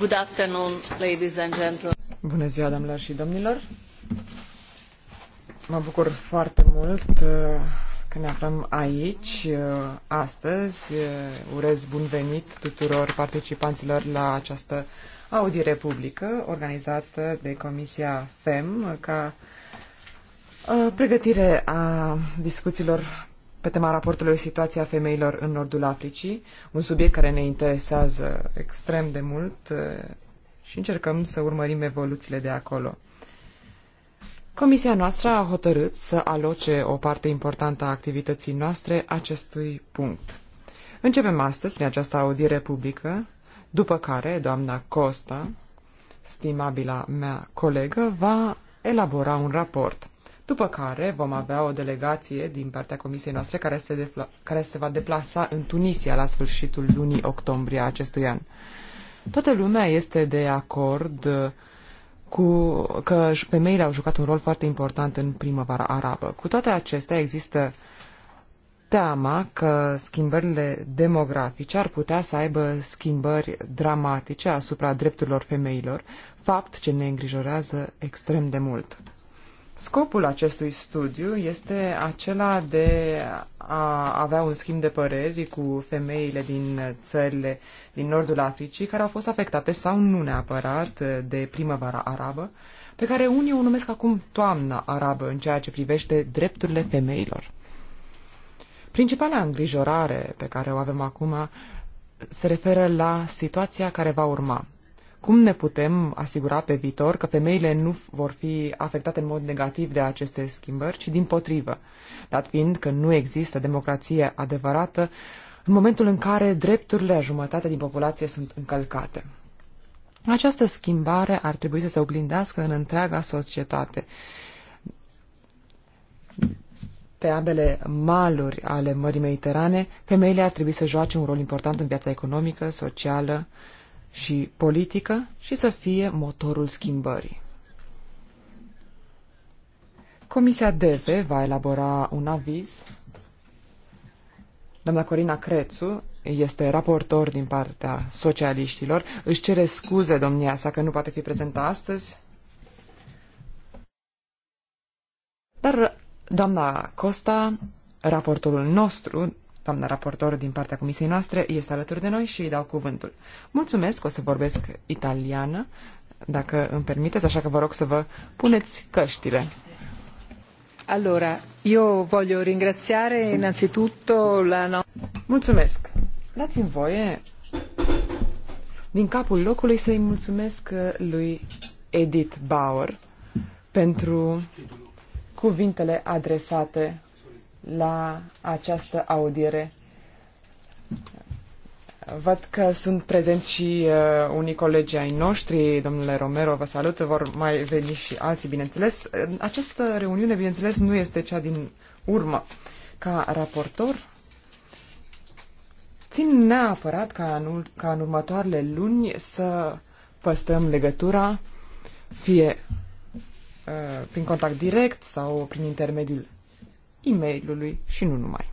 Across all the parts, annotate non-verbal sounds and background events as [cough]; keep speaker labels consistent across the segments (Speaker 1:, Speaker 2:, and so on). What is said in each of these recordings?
Speaker 1: Good afternoon, ladies and gentlemen.
Speaker 2: Bună ziua, doamnelor și domnilor. Mă bucur foarte mult uh, că ne aflăm aici uh, astăzi. Uh, urez bun venit tuturor participanților la această audiere publică organizată de Comisia FEM ca pregătire a discuțiilor pe tema raportului Situația femeilor în Nordul Africii, un subiect care ne interesează extrem de mult uh, și încercăm să urmărim evoluțiile de acolo. Comisia noastră a hotărât să aloce o parte importantă a activității noastre acestui punct. Începem astăzi prin această audiere publică, după care doamna Costa, stimabila mea colegă, va elabora un raport după care vom avea o delegație din partea comisiei noastre care se, care se va deplasa în Tunisia la sfârșitul lunii octombrie acestui an. Toată lumea este de acord uh, cu, că femeile au jucat un rol foarte important în primăvara arabă. Cu toate acestea există teama că schimbările demografice ar putea să aibă schimbări dramatice asupra drepturilor femeilor, fapt ce ne îngrijorează extrem de mult. Scopul acestui studiu este acela de a avea un schimb de păreri cu femeile din țările din nordul Africii care au fost afectate sau nu neapărat de primăvara arabă, pe care unii o numesc acum toamna arabă în ceea ce privește drepturile femeilor. Principala îngrijorare pe care o avem acum se referă la situația care va urma, cum ne putem asigura pe viitor că femeile nu vor fi afectate în mod negativ de aceste schimbări, ci din potrivă, dat fiind că nu există democrație adevărată în momentul în care drepturile a jumătate din populație sunt încălcate? Această schimbare ar trebui să se oglindească în întreaga societate pe ambele maluri ale Mării Mediterane, femeile ar trebui să joace un rol important în viața economică, socială și politică și să fie motorul schimbării. Comisia DEVE va elabora un aviz. Doamna Corina Crețu este raportor din partea socialiștilor. Își cere scuze domnia sa că nu poate fi prezentă astăzi. Dar doamna Costa, raportorul nostru Doamna raportor din partea comisiei noastre este alături de noi și îi dau cuvântul. Mulțumesc, o să vorbesc italiană, dacă îmi permiteți, așa că vă rog să vă puneți căștile. Allora, io voglio ringraziare innanzitutto la no... Mulțumesc. Dați-mi voie din capul locului să-i mulțumesc lui Edith Bauer pentru cuvintele adresate la această audiere. Văd că sunt prezenți și uh, unii colegi ai noștri, domnule Romero, vă salut, vor mai veni și alții, bineînțeles. Această reuniune, bineînțeles, nu este cea din urmă. Ca raportor, țin neapărat ca în, ca în următoarele luni să păstrăm legătura, fie uh, prin contact direct sau prin intermediul e mail și nu numai.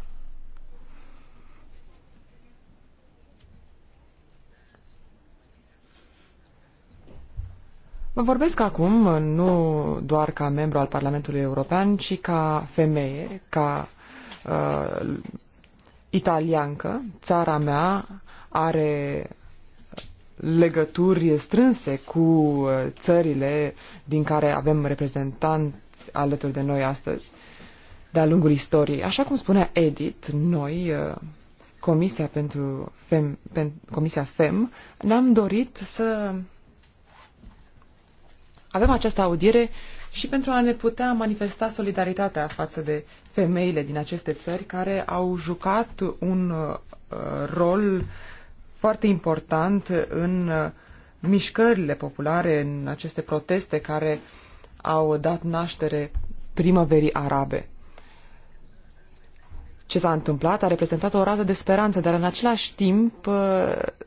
Speaker 2: Vă vorbesc acum nu doar ca membru al Parlamentului European, ci ca femeie, ca uh, italiancă. Țara mea are legături strânse cu uh, țările din care avem reprezentanți alături de noi astăzi. Uh, de-a lungul istoriei. Așa cum spunea Edith, noi, uh, Comisia, pentru FEM, pen, Comisia FEM, ne-am dorit să avem această audiere și pentru a ne putea manifesta solidaritatea față de femeile din aceste țări care au jucat un uh, rol foarte important în uh, mișcările populare, în aceste proteste care au dat naștere primăverii arabe ce s-a întâmplat a reprezentat o rată de speranță, dar în același timp uh,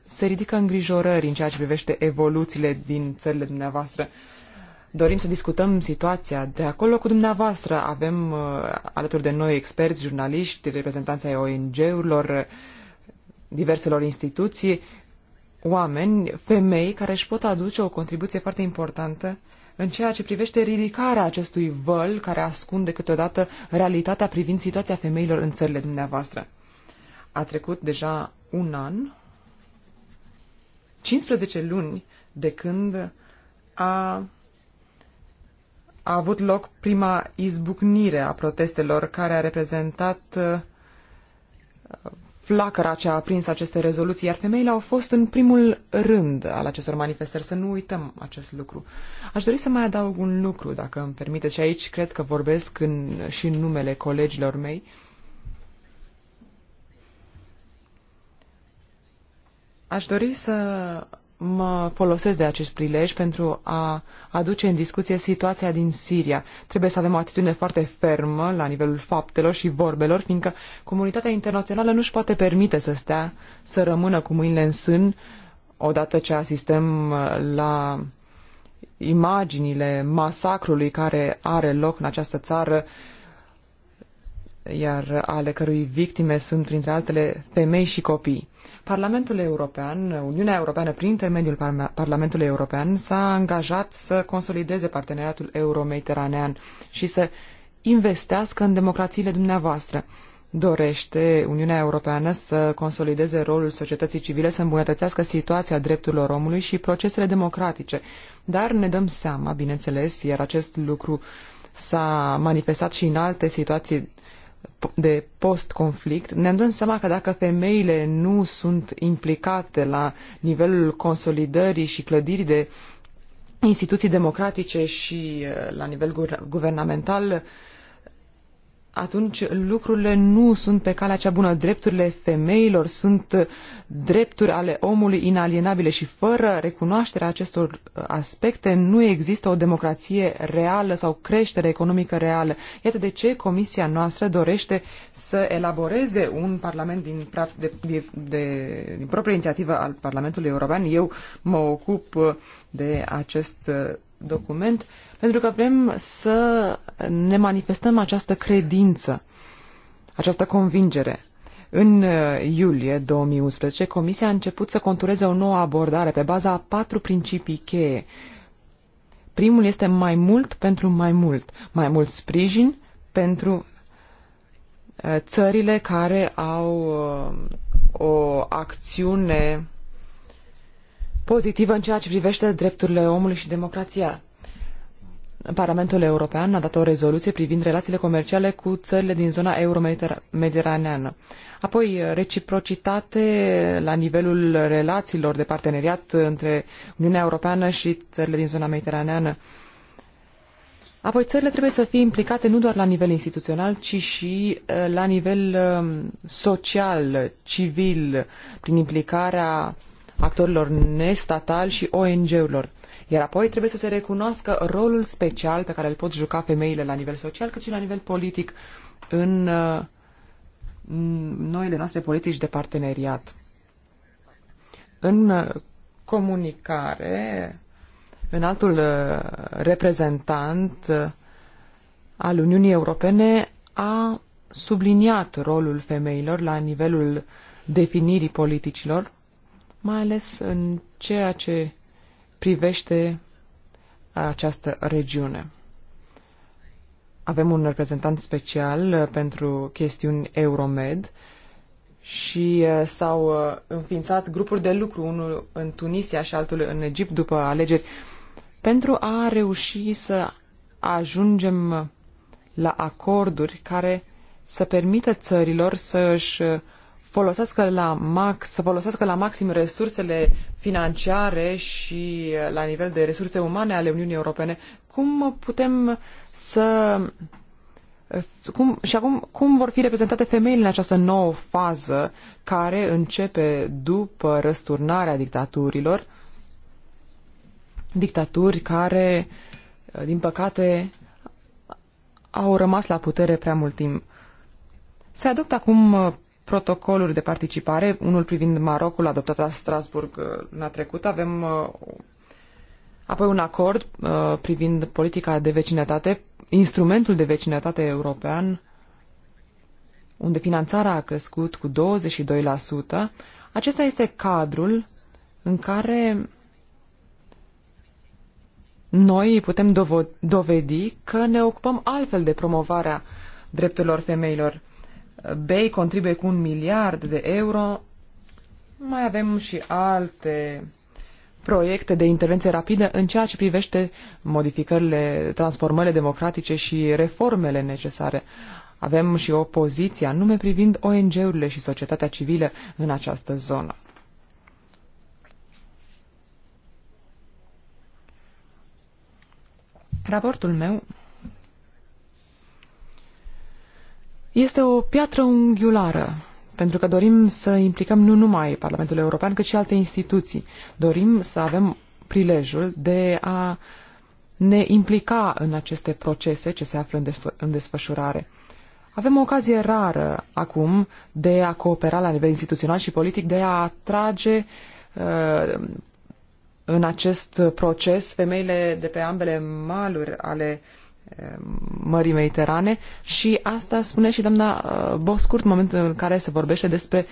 Speaker 2: se ridică îngrijorări în ceea ce privește evoluțiile din țările dumneavoastră. Dorim să discutăm situația de acolo cu dumneavoastră. Avem uh, alături de noi experți, jurnaliști, reprezentanți ai ONG-urilor, diverselor instituții, oameni, femei care își pot aduce o contribuție foarte importantă în ceea ce privește ridicarea acestui văl care ascunde câteodată realitatea privind situația femeilor în țările dumneavoastră. A trecut deja un an, 15 luni de când a a avut loc prima izbucnire a protestelor care a reprezentat uh, flacăra ce a aprins aceste rezoluții, iar femeile au fost în primul rând al acestor manifestări, să nu uităm acest lucru. Aș dori să mai adaug un lucru, dacă îmi permiteți, și aici cred că vorbesc în, și în numele colegilor mei. Aș dori să mă folosesc de acest prilej pentru a aduce în discuție situația din Siria. Trebuie să avem o atitudine foarte fermă la nivelul faptelor și vorbelor, fiindcă comunitatea internațională nu își poate permite să stea, să rămână cu mâinile în sân, odată ce asistăm la imaginile masacrului care are loc în această țară, uh, iar ale cărui victime sunt, printre altele, femei și copii. Parlamentul European, Uniunea Europeană, prin intermediul Parlamentului European, s-a angajat să consolideze parteneriatul euro-mediteranean și să investească în democrațiile dumneavoastră. Dorește Uniunea Europeană să consolideze rolul societății civile, să îmbunătățească situația drepturilor omului și procesele democratice. Dar ne dăm seama, bineînțeles, iar acest lucru s-a manifestat și în alte situații de post-conflict, ne-am dat seama că dacă femeile nu sunt implicate la nivelul consolidării și clădirii de instituții democratice și uh, la nivel guvernamental, atunci lucrurile nu sunt pe calea cea bună. Drepturile femeilor sunt drepturi ale omului inalienabile și fără recunoașterea acestor uh, aspecte nu există o democrație reală sau creștere economică reală. Iată de ce Comisia noastră dorește să elaboreze un Parlament din, de, de, de, din proprie inițiativă al Parlamentului European. Eu mă ocup uh, de acest uh, document pentru că vrem să ne manifestăm această credință, această convingere. În uh, iulie 2011, Comisia a început să contureze o nouă abordare pe baza a patru principii cheie. Primul este mai mult pentru mai mult, mai mult sprijin pentru uh, țările care au uh, o acțiune pozitivă în ceea ce privește drepturile omului și democrația. Parlamentul European a dat o rezoluție privind relațiile comerciale cu țările din zona euro Apoi, reciprocitate la nivelul relațiilor de parteneriat între Uniunea Europeană și țările din zona mediteraneană. Apoi, țările trebuie să fie implicate nu doar la nivel instituțional, ci și eh, la nivel eh, social, civil, prin implicarea actorilor nestatali și ONG-urilor. Iar apoi trebuie să se recunoască rolul special pe care îl pot juca femeile la nivel social, cât și la nivel politic în, uh, în noile noastre politici de parteneriat. În uh, comunicare, în altul uh, reprezentant al Uniunii Europene a subliniat rolul femeilor la nivelul definirii politicilor, mai ales în ceea ce privește această regiune. Avem un reprezentant special uh, pentru chestiuni Euromed și uh, s-au uh, înființat grupuri de lucru, unul în Tunisia și altul în Egipt după alegeri, pentru a reuși să ajungem la acorduri care să permită țărilor să își folosească la, max, să folosească la maxim resursele financiare și uh, la nivel de resurse umane ale Uniunii Europene, cum putem să... Uh, cum, și acum, cum vor fi reprezentate femeile în această nouă fază care începe după răsturnarea dictaturilor? Dictaturi care, uh, din păcate, au rămas la putere prea mult timp. Se adoptă acum protocoluri de participare, unul privind Marocul adoptat la Strasburg uh, luna trecută. Avem uh, apoi un acord uh, privind politica de vecinătate, instrumentul de vecinătate european, unde finanțarea a crescut cu 22%. Acesta este cadrul în care noi putem dovedi că ne ocupăm altfel de promovarea drepturilor femeilor BEI contribuie cu un miliard de euro. Mai avem și alte proiecte de intervenție rapidă în ceea ce privește modificările, transformările democratice și reformele necesare. Avem și o poziție anume privind ONG-urile și societatea civilă în această zonă. Raportul meu este o piatră unghiulară, pentru că dorim să implicăm nu numai Parlamentul European, cât și alte instituții. Dorim să avem prilejul de a ne implica în aceste procese ce se află în, desf- în desfășurare. Avem o ocazie rară acum de a coopera la nivel instituțional și politic, de a atrage uh, în acest proces femeile de pe ambele maluri ale Mării Mediterane și asta spune și doamna uh, Boscurt în momentul în care se vorbește despre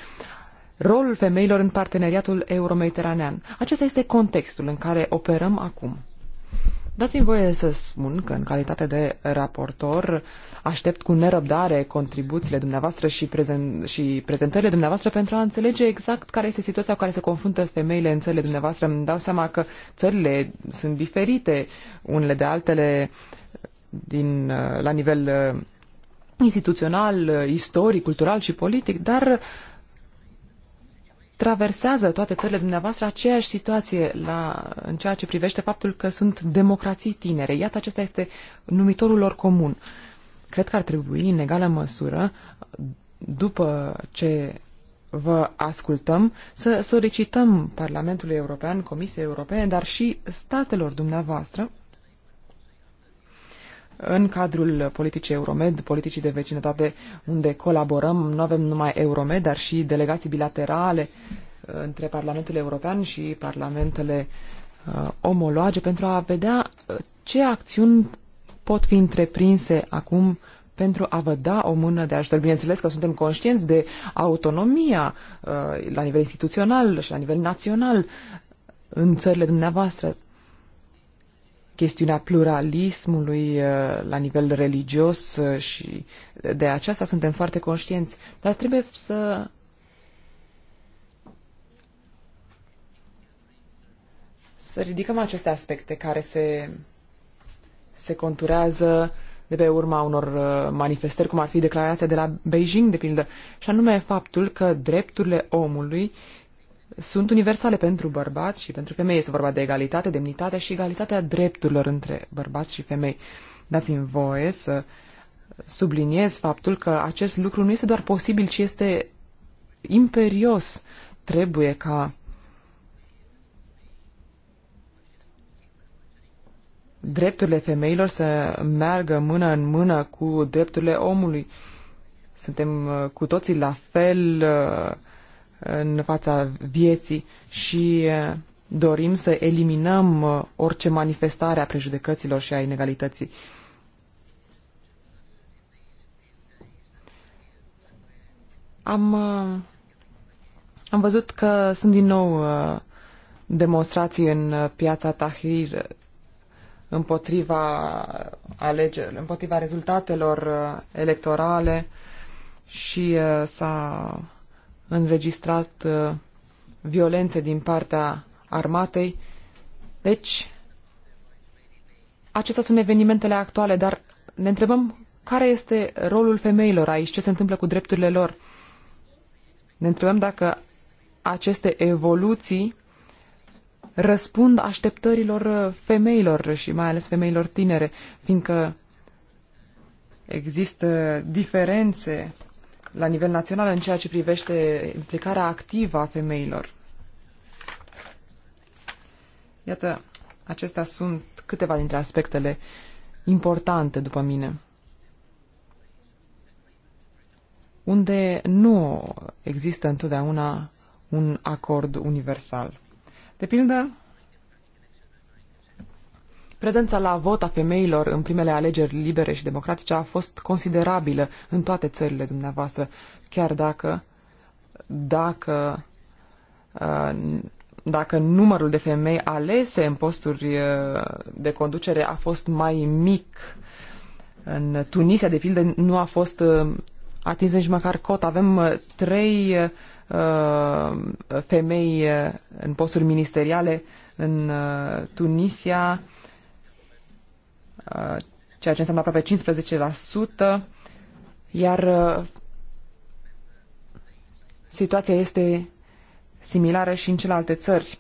Speaker 2: rolul femeilor în parteneriatul euromediteranean. Acesta este contextul în care operăm acum. Dați-mi voie să spun că, în calitate de raportor, aștept cu nerăbdare contribuțiile dumneavoastră și, prezen- și prezentările dumneavoastră pentru a înțelege exact care este situația cu care se confruntă femeile în țările dumneavoastră. Îmi dau seama că țările sunt diferite unele de altele, din, uh, la nivel uh, instituțional, uh, istoric, cultural și politic, dar traversează toate țările dumneavoastră aceeași situație la, în ceea ce privește faptul că sunt democrații tinere. Iată, acesta este numitorul lor comun. Cred că ar trebui, în egală măsură, după ce vă ascultăm, să solicităm Parlamentului European, Comisiei Europene, dar și statelor dumneavoastră în cadrul politicii Euromed, politicii de vecinătate, unde colaborăm, nu avem numai Euromed, dar și delegații bilaterale uh, între Parlamentul European și Parlamentele uh, omologe pentru a vedea uh, ce acțiuni pot fi întreprinse acum pentru a vă da o mână de ajutor. Bineînțeles că suntem conștienți de autonomia uh, la nivel instituțional și la nivel național în țările dumneavoastră, chestiunea pluralismului uh, la nivel religios uh, și de aceasta suntem foarte conștienți. Dar trebuie să să ridicăm aceste aspecte care se, se conturează de pe urma unor uh, manifestări, cum ar fi declarația de la Beijing, de pildă, și anume faptul că drepturile omului sunt universale pentru bărbați și pentru femei. Este vorba de egalitate, demnitate și egalitatea drepturilor între bărbați și femei. Dați-mi voie să subliniez faptul că acest lucru nu este doar posibil, ci este imperios. Trebuie ca drepturile femeilor să meargă mână în mână cu drepturile omului. Suntem uh, cu toții la fel uh, în fața vieții și eh, dorim să eliminăm eh, orice manifestare a prejudecăților și a inegalității. Am, eh, am văzut că sunt din nou demonstrații în piața Tahrir împotriva alegerilor, împotriva rezultatelor electorale și s-a înregistrat uh, violențe din partea armatei. Deci, acestea sunt evenimentele actuale, dar ne întrebăm care este rolul femeilor aici, ce se întâmplă cu drepturile lor. Ne întrebăm dacă aceste evoluții răspund așteptărilor uh, femeilor și mai ales femeilor tinere, fiindcă există diferențe la nivel național în ceea ce privește implicarea activă a femeilor. Iată, acestea sunt câteva dintre aspectele importante după mine. Unde nu există întotdeauna un acord universal. De pildă, Prezența la vot a femeilor în primele alegeri libere și democratice a fost considerabilă în toate țările dumneavoastră, chiar dacă, dacă, uh, dacă numărul de femei alese în posturi uh, de conducere a fost mai mic. În Tunisia, de pildă, nu a fost uh, atins nici măcar cot. Avem trei femei în posturi ministeriale în Tunisia, Uh, ceea ce înseamnă aproape 15%, iar uh, situația este similară și în celelalte țări.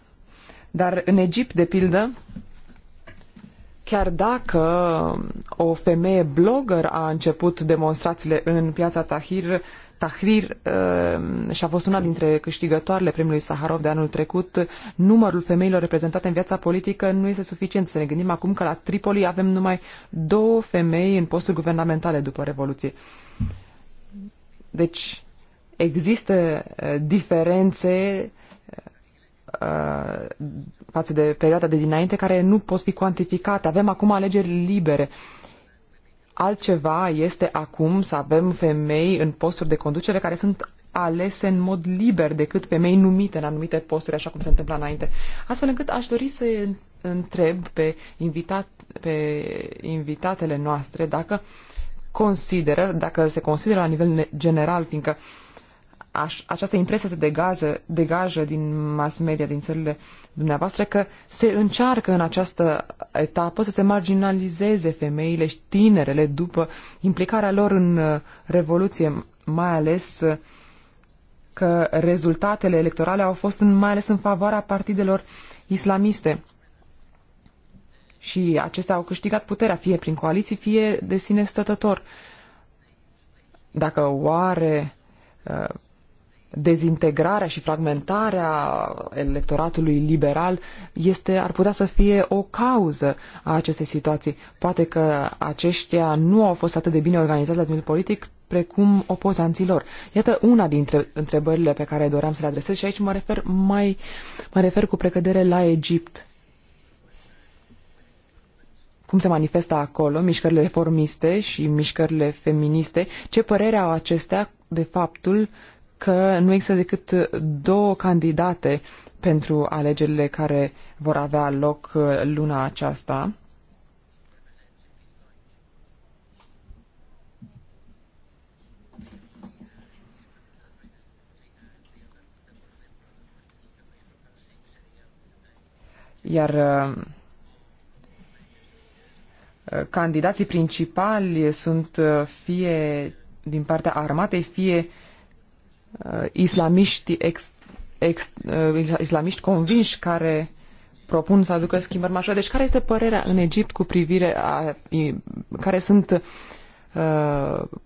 Speaker 2: Dar în Egipt, de pildă, chiar dacă o femeie blogger a început demonstrațiile în piața Tahrir, Tahrir uh, ehm, și-a fost una dintre câștigătoarele premiului Saharov de anul trecut, numărul femeilor reprezentate în viața politică nu este suficient. Să ne gândim acum că la Tripoli avem numai două femei în posturi guvernamentale după Revoluție. Deci există uh, diferențe uh, față de perioada de dinainte care nu pot fi cuantificate. Avem acum alegeri libere. Uh, Altceva este acum să avem femei în posturi de conducere care sunt alese în mod liber decât femei numite în anumite posturi, așa cum se întâmpla înainte. Astfel încât aș dori să întreb pe, invitat, pe invitatele noastre dacă consideră, dacă se consideră la nivel general, fiindcă uh, aș, această impresie se degază, degajă din mass media, din țările dumneavoastră, că se încearcă în această etapă să se marginalizeze femeile și tinerele după implicarea lor în uh, Revoluție, mai ales uh, că rezultatele electorale au fost în, mai ales în favoarea partidelor islamiste. Și acestea au câștigat puterea, fie prin coaliții, fie de sine stătător. Dacă oare uh, dezintegrarea și fragmentarea electoratului liberal este, ar putea să fie o cauză a acestei situații. Poate că aceștia nu au fost atât de bine organizați la nivel politic precum opozanților. Iată una dintre întrebările pe care doream să le adresez și aici mă refer, mai, mă refer cu precădere la Egipt. Cum se manifestă acolo mișcările reformiste și mișcările feministe? Ce părere au acestea de faptul că nu există decât două candidate pentru alegerile care vor avea loc uh, luna aceasta. Iar uh, candidații principali sunt uh, fie din partea armatei, fie uh, Uh, islamiști, ex, ex, uh, islamiști convinși care propun să aducă schimbări majore. Deci care este părerea în Egipt cu privire a... care sunt uh,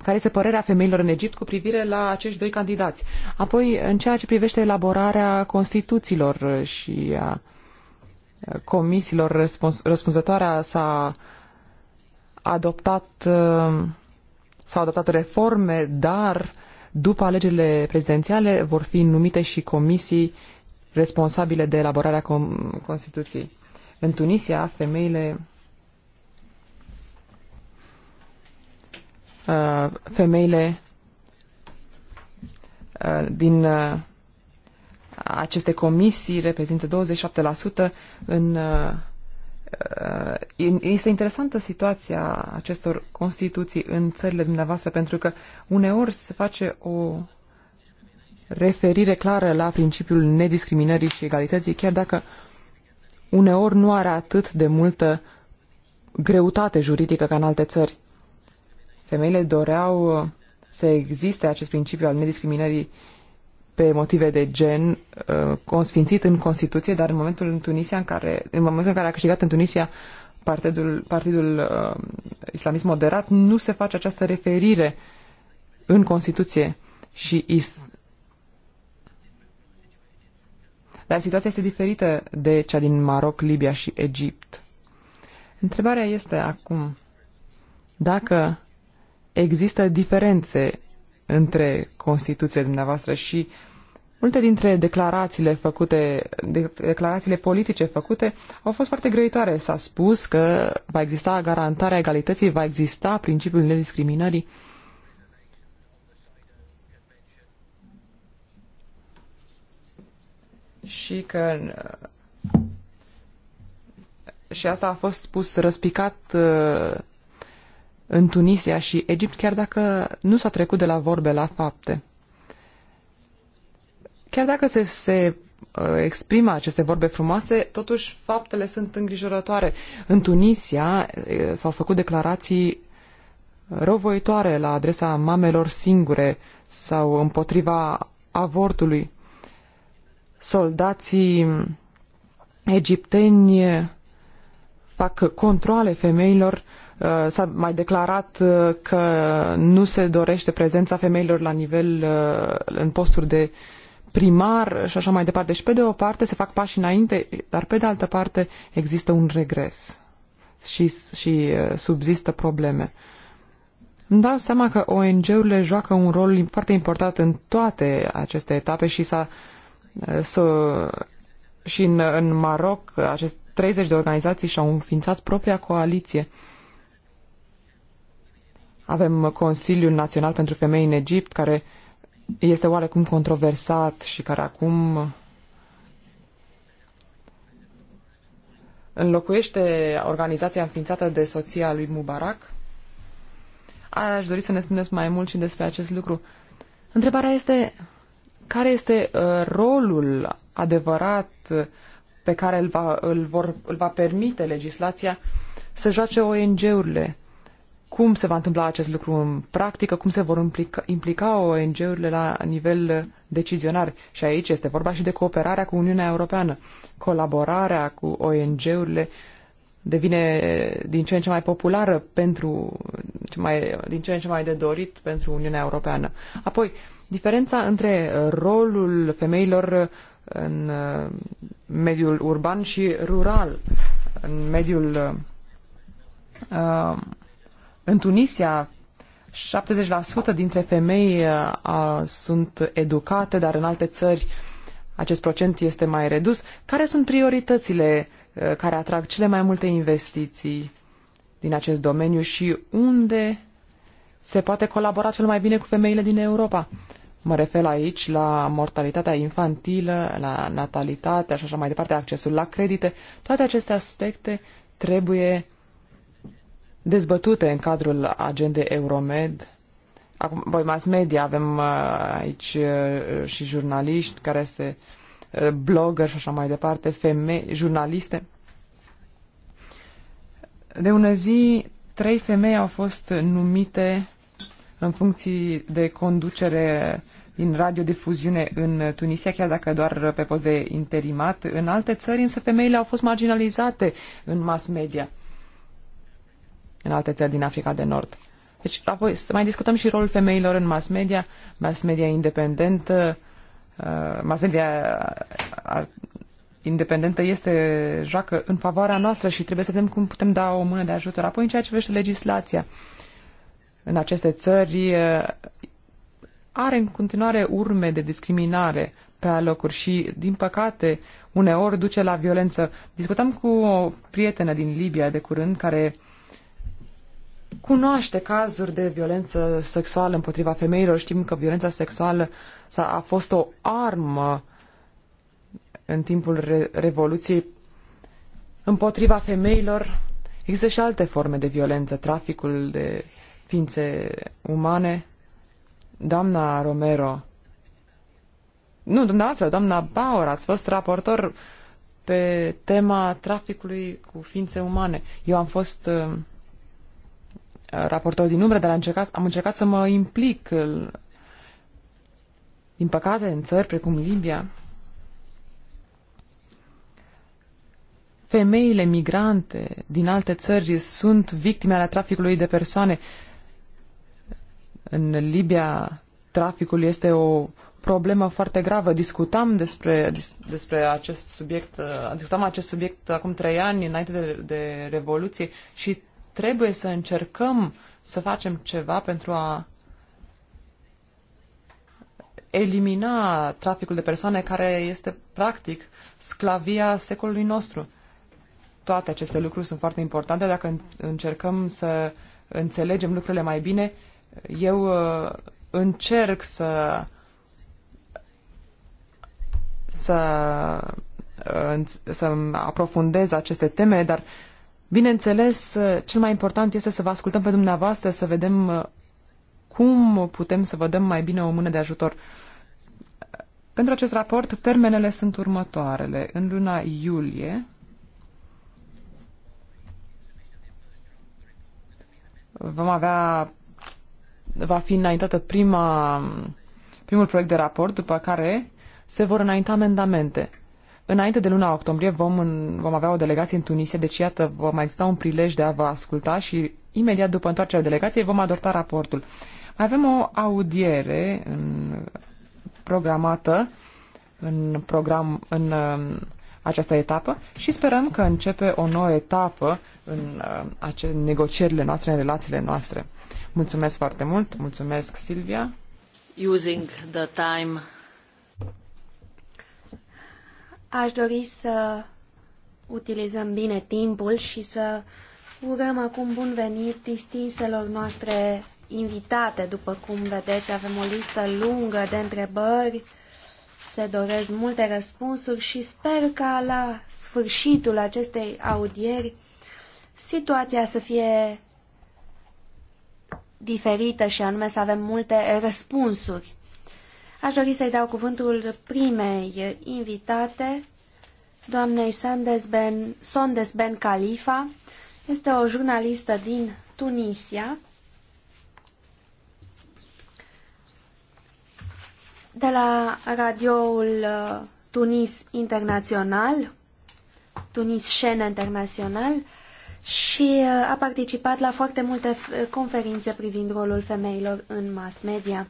Speaker 2: care este părerea femeilor în Egipt cu privire la acești doi candidați. Apoi, în ceea ce privește elaborarea Constituțiilor și a comisiilor răspuns, răspunzătoare, s-a adoptat, uh, s-au adoptat reforme, dar după alegerile prezidențiale vor fi numite și comisii responsabile de elaborarea Constituției. În Tunisia, femeile uh, femeile uh, din uh, aceste comisii reprezintă 27% în Uh, este interesantă situația acestor constituții în țările dumneavoastră pentru că uneori se face o referire clară la principiul nediscriminării și egalității, chiar dacă uneori nu are atât de multă greutate juridică ca în alte țări. Femeile doreau să existe acest principiu al nediscriminării pe motive de gen uh, consfințit în Constituție, dar în momentul în Tunisia în care, în momentul în care a câștigat în Tunisia partidul, partidul uh, islamist moderat, nu se face această referire în Constituție și is... Dar situația este diferită de cea din Maroc, Libia și Egipt. Întrebarea este acum dacă există diferențe între constituția dumneavoastră și multe dintre declarațiile făcute, declarațiile politice făcute au fost foarte grăitoare. S-a spus că va exista garantarea egalității, va exista principiul nediscriminării. Și că și asta a fost spus răspicat uh, în Tunisia și Egipt, chiar dacă nu s-a trecut de la vorbe la fapte. Chiar dacă se, se uh, exprimă aceste vorbe frumoase, totuși faptele sunt îngrijorătoare. În Tunisia uh, s-au făcut declarații răvoitoare la adresa mamelor singure sau împotriva avortului. Soldații egipteni fac controle femeilor Uh, s-a mai declarat uh, că nu se dorește prezența femeilor la nivel uh, în posturi de primar și așa mai departe. Deci, pe de o parte, se fac pași înainte, dar pe de altă parte există un regres și, și subzistă probleme. Îmi dau seama că ONG-urile joacă un rol foarte important în toate aceste etape și s-a, și în, în Maroc acest 30 de organizații și-au înființat propria coaliție. Uh, avem Consiliul Național pentru Femei în Egipt, care este oarecum controversat și care acum înlocuiește organizația înființată de soția lui Mubarak. Aș dori să ne spuneți mai mult și despre acest lucru. Întrebarea este care este uh, rolul adevărat uh, pe care îl va, îl vor, îl va permite legislația să joace ONG-urile cum se va întâmpla acest lucru în practică, cum se vor implica, implica ONG-urile la nivel decizionar. Și aici este vorba și de cooperarea cu Uniunea Europeană. Colaborarea cu ONG-urile devine din ce în ce mai populară pentru, mai, din ce în ce mai de dorit pentru Uniunea Europeană. Apoi, diferența între rolul femeilor în mediul urban și rural, în mediul uh, în Tunisia, 70% dintre femei uh, sunt educate, dar în alte țări acest procent este mai redus. Care sunt prioritățile uh, care atrag cele mai multe investiții din acest domeniu și unde se poate colabora cel mai bine cu femeile din Europa? Mă refer aici la mortalitatea infantilă, la natalitate și așa mai departe, accesul la credite. Toate aceste aspecte trebuie dezbătute în cadrul agendei Euromed. Acum, voi mass media, avem uh, aici uh, și jurnaliști care este uh, blogger și așa mai departe, femei, jurnaliste. De ună zi, trei femei au fost numite în funcții de conducere din radiodifuziune în Tunisia, chiar dacă doar pe post de interimat. În alte țări, însă, femeile au fost marginalizate în mass media în alte țări din Africa de Nord. Deci, apoi, să mai discutăm și rolul femeilor în mass media, mass media independentă, uh, mass media uh, independentă este joacă în favoarea noastră și trebuie să vedem cum putem da o mână de ajutor. Apoi, în ceea ce privește legislația, în aceste țări uh, are în continuare urme de discriminare pe alocuri și, din păcate, uneori duce la violență. Discutam cu o prietenă din Libia de curând care uh, cunoaște cazuri de violență sexuală împotriva femeilor. Știm că violența sexuală a fost o armă în timpul re- Revoluției împotriva femeilor. Există și alte forme de violență, traficul de ființe umane. Doamna Romero, nu, dumneavoastră, doamna Bauer, ați fost raportor pe tema traficului cu ființe umane. Eu am fost uh, raportor din umbră, dar am încercat, am încercat să mă implic. Din păcate, în țări precum Libia, femeile migrante din alte țări sunt victime ale traficului de persoane. În Libia, traficul este o problemă foarte gravă. Discutam despre, despre acest subiect, uh, discutam acest subiect acum trei ani, înainte de, de Revoluție, și trebuie să încercăm să facem ceva pentru a elimina traficul de persoane care este practic sclavia secolului nostru. Toate aceste lucruri sunt foarte importante dacă încercăm să înțelegem lucrurile mai bine. Eu uh, încerc să să uh, să aprofundez aceste teme, dar uh, Bineînțeles, uh, cel mai important este să vă ascultăm pe dumneavoastră, să vedem uh, cum putem să vă dăm mai bine o mână de ajutor. Pentru acest raport, termenele sunt următoarele. În luna iulie vom avea, va fi înaintată prima, primul proiect de raport, după care se vor înainta amendamente. Înainte de luna octombrie vom, în, vom avea o delegație în Tunisia, deci iată, vom mai sta un prilej de a vă asculta și imediat după întoarcerea delegației vom adopta raportul. Mai avem o audiere în, programată în, program, în uh, această etapă și sperăm că începe o nouă etapă în uh, ace- negocierile noastre, în relațiile noastre. Mulțumesc foarte mult, mulțumesc Silvia. Using the time
Speaker 3: Aș dori să utilizăm bine timpul și să urăm acum bun venit distinselor noastre invitate. După cum vedeți, avem o listă lungă de întrebări, se doresc multe răspunsuri și sper ca la sfârșitul acestei audieri situația să fie diferită și anume să avem multe răspunsuri. Aș dori să-i dau cuvântul primei invitate, doamnei Sondesben, Sondesben Khalifa. Este o jurnalistă din Tunisia. de la radioul uh, Tunis Internațional, Tunis Scena Internațional și uh, a participat la foarte multe uh, conferințe privind rolul femeilor în mass media.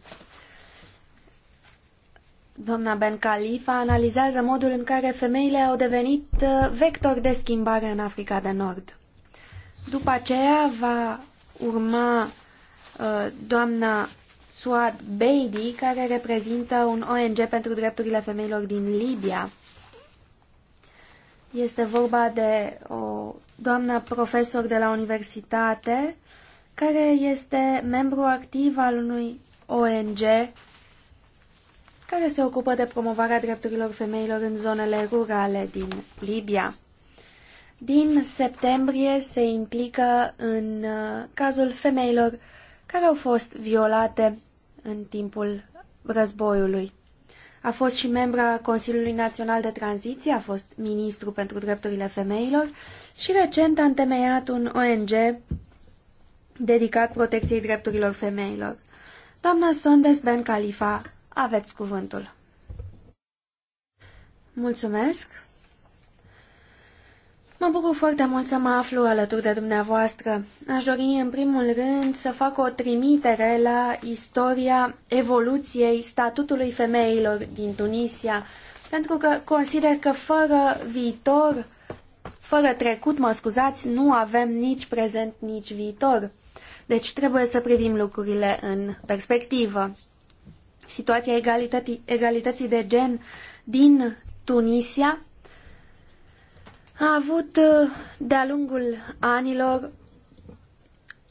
Speaker 3: Doamna Ben Khalifa analizează modul în care femeile au devenit uh, vector de schimbare în Africa de Nord. După aceea va urma uh, doamna Suad Beidi, care reprezintă un ONG pentru drepturile femeilor din Libia. Este vorba de o doamnă profesor de la universitate, care este membru activ al unui ONG care se ocupă de promovarea drepturilor femeilor în zonele rurale din Libia. Din septembrie se implică în uh, cazul femeilor care au fost violate în timpul războiului. A fost și membra Consiliului Național de Tranziție, a fost ministru pentru drepturile femeilor și recent a întemeiat un ONG dedicat protecției drepturilor femeilor. Doamna Sondes Ben Khalifa aveți cuvântul. Mulțumesc! Mă bucur foarte mult să mă aflu alături de dumneavoastră. Aș dori, în primul rând, să fac o trimitere la istoria evoluției statutului femeilor din Tunisia, pentru că consider că fără viitor, fără trecut, mă scuzați, nu avem nici prezent, nici viitor. Deci trebuie să privim lucrurile în perspectivă situația egalității, egalității de gen din Tunisia a avut uh, de-a lungul anilor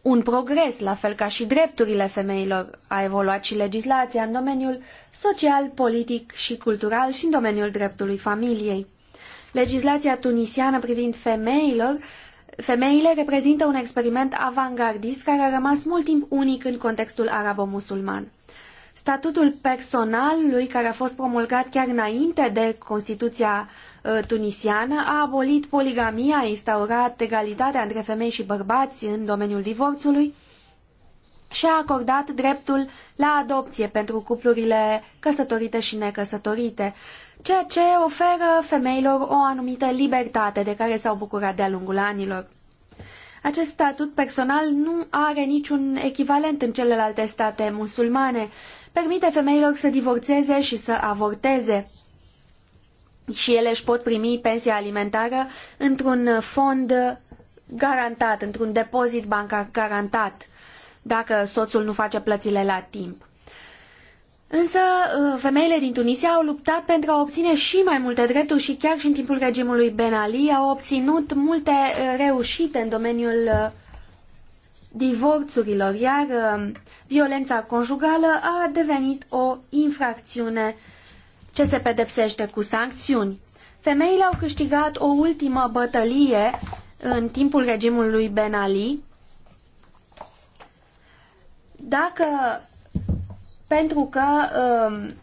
Speaker 3: un progres, la fel ca și drepturile femeilor. A evoluat și legislația în domeniul social, politic și cultural și în domeniul dreptului familiei. Legislația tunisiană privind femeilor, femeile reprezintă un experiment avangardist care a rămas mult timp unic în contextul arabo-musulman. Statutul lui care a fost promulgat chiar înainte de Constituția uh, tunisiană, a abolit poligamia, a instaurat egalitatea între femei și bărbați în domeniul divorțului și a acordat dreptul la adopție pentru cuplurile căsătorite și necăsătorite, ceea ce oferă femeilor o anumită libertate de care s-au bucurat de-a lungul anilor. Acest statut personal nu are niciun echivalent în celelalte state musulmane, permite femeilor să divorțeze și să avorteze. Și ele își pot primi pensia alimentară într-un fond garantat, într-un depozit bancar garantat, dacă soțul nu face plățile la timp. Însă, uh, femeile din Tunisia au luptat pentru a obține și mai multe drepturi și chiar și în timpul regimului Ben Ali au obținut multe uh, reușite în domeniul uh, divorțurilor, iar um, violența conjugală a devenit o infracțiune ce se pedepsește cu sancțiuni. Femeile au câștigat o ultimă bătălie în timpul regimului Ben Ali. Dacă pentru că um,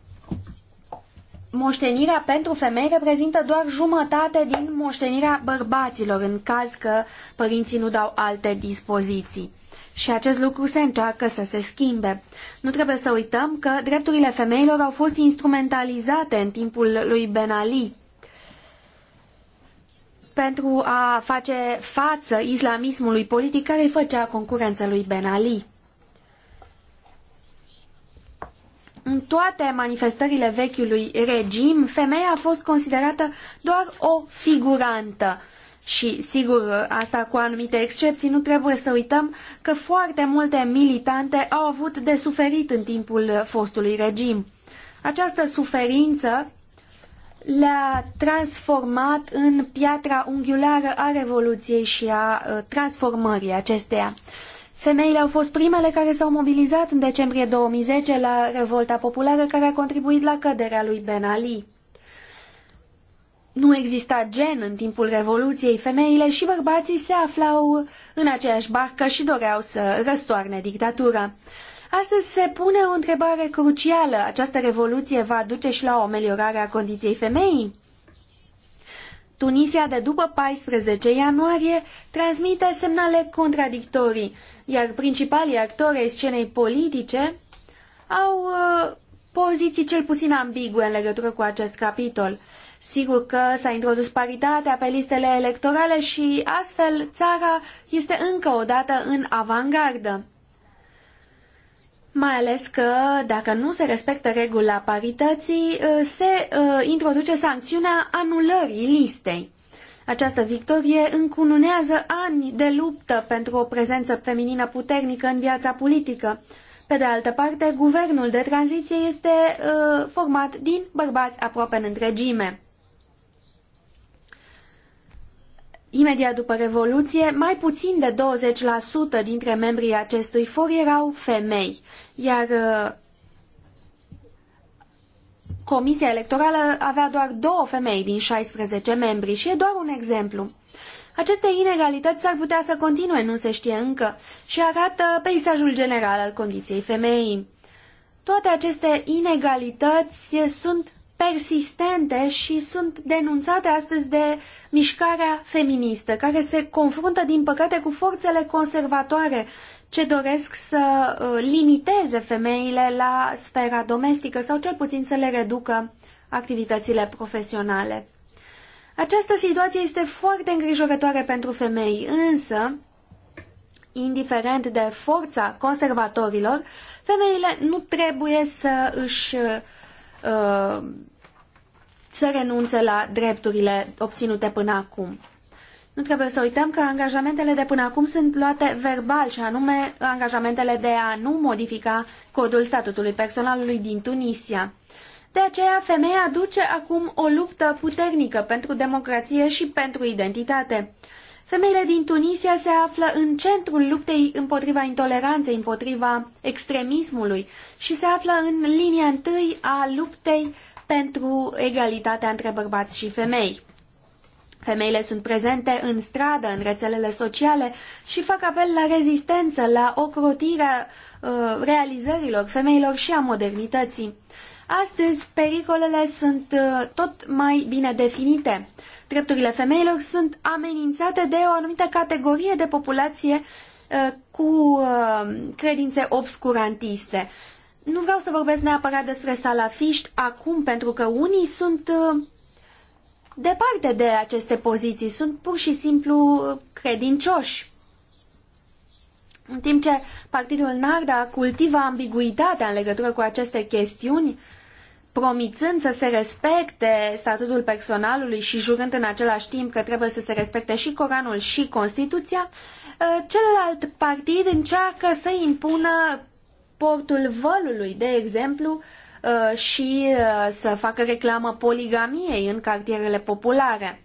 Speaker 3: moștenirea pentru femei reprezintă doar jumătate din moștenirea bărbaților, în caz că părinții nu dau alte dispoziții. Și acest lucru se încearcă să se schimbe. Nu trebuie să uităm că drepturile femeilor au fost instrumentalizate în timpul lui Ben Ali pentru a face față islamismului politic care îi făcea concurență lui Ben Ali. În toate manifestările vechiului regim, femeia a fost considerată doar o figurantă, și, sigur, asta cu anumite excepții, nu trebuie să uităm că foarte multe militante au avut de suferit în timpul fostului regim. Această suferință le-a transformat în piatra unghiulară a Revoluției și a uh, transformării acesteia. Femeile au fost primele care s-au mobilizat în decembrie 2010 la revolta populară care a contribuit la căderea lui Ben Ali nu exista gen în timpul Revoluției, femeile și bărbații se aflau în aceeași barcă și doreau să răstoarne dictatura. Astăzi se pune o întrebare crucială. Această revoluție va duce și la o ameliorare a condiției femeii? Tunisia de după 14 ianuarie transmite semnale contradictorii, iar principalii actori ai scenei politice au uh, poziții cel puțin ambigue în legătură cu acest capitol. Sigur că s-a introdus paritatea pe listele electorale și astfel țara este încă o dată în avangardă. Mai ales că dacă nu se respectă regula parității, uh, se uh, introduce sancțiunea anulării listei. Această victorie încununează ani de luptă pentru o prezență feminină puternică în viața politică. Pe de altă parte, guvernul de tranziție este uh, format din bărbați aproape în întregime. Imediat după Revoluție, mai puțin de 20% dintre membrii acestui for erau femei, iar uh, Comisia Electorală avea doar două femei din 16 membri și e doar un exemplu. Aceste inegalități s-ar putea să continue, nu se știe încă, și arată peisajul general al condiției femeii. Toate aceste inegalități sunt persistente și sunt denunțate astăzi de mișcarea feministă, care se confruntă, din păcate, cu forțele conservatoare ce doresc să uh, limiteze femeile la sfera domestică sau cel puțin să le reducă activitățile profesionale. Această situație este foarte îngrijorătoare pentru femei, însă, indiferent de forța conservatorilor, femeile nu trebuie să își uh, Uh, să renunțe la drepturile obținute până acum. Nu trebuie să uităm că angajamentele de până acum sunt luate verbal și anume angajamentele de a nu modifica codul statutului personalului din Tunisia. De aceea, femeia duce acum o luptă puternică pentru democrație și pentru identitate. Femeile din Tunisia se află în centrul luptei împotriva intoleranței, împotriva extremismului și se află în linia întâi a luptei pentru egalitatea între bărbați și femei. Femeile sunt prezente în stradă, în rețelele sociale și fac apel la rezistență, la ocrotirea uh, realizărilor femeilor și a modernității. Astăzi, pericolele sunt uh, tot mai bine definite. Drepturile femeilor sunt amenințate de o anumită categorie de populație uh, cu uh, credințe obscurantiste. Nu vreau să vorbesc neapărat despre salafiști acum, pentru că unii sunt departe de aceste poziții, sunt pur și simplu credincioși. În timp ce Partidul Narda cultivă ambiguitatea în legătură cu aceste chestiuni, promițând să se respecte statutul personalului și jurând în același timp că trebuie să se respecte și Coranul și Constituția, ă, celălalt partid încearcă să impună portul vălului, de exemplu, ă, și ă, să facă reclamă poligamiei în cartierele populare.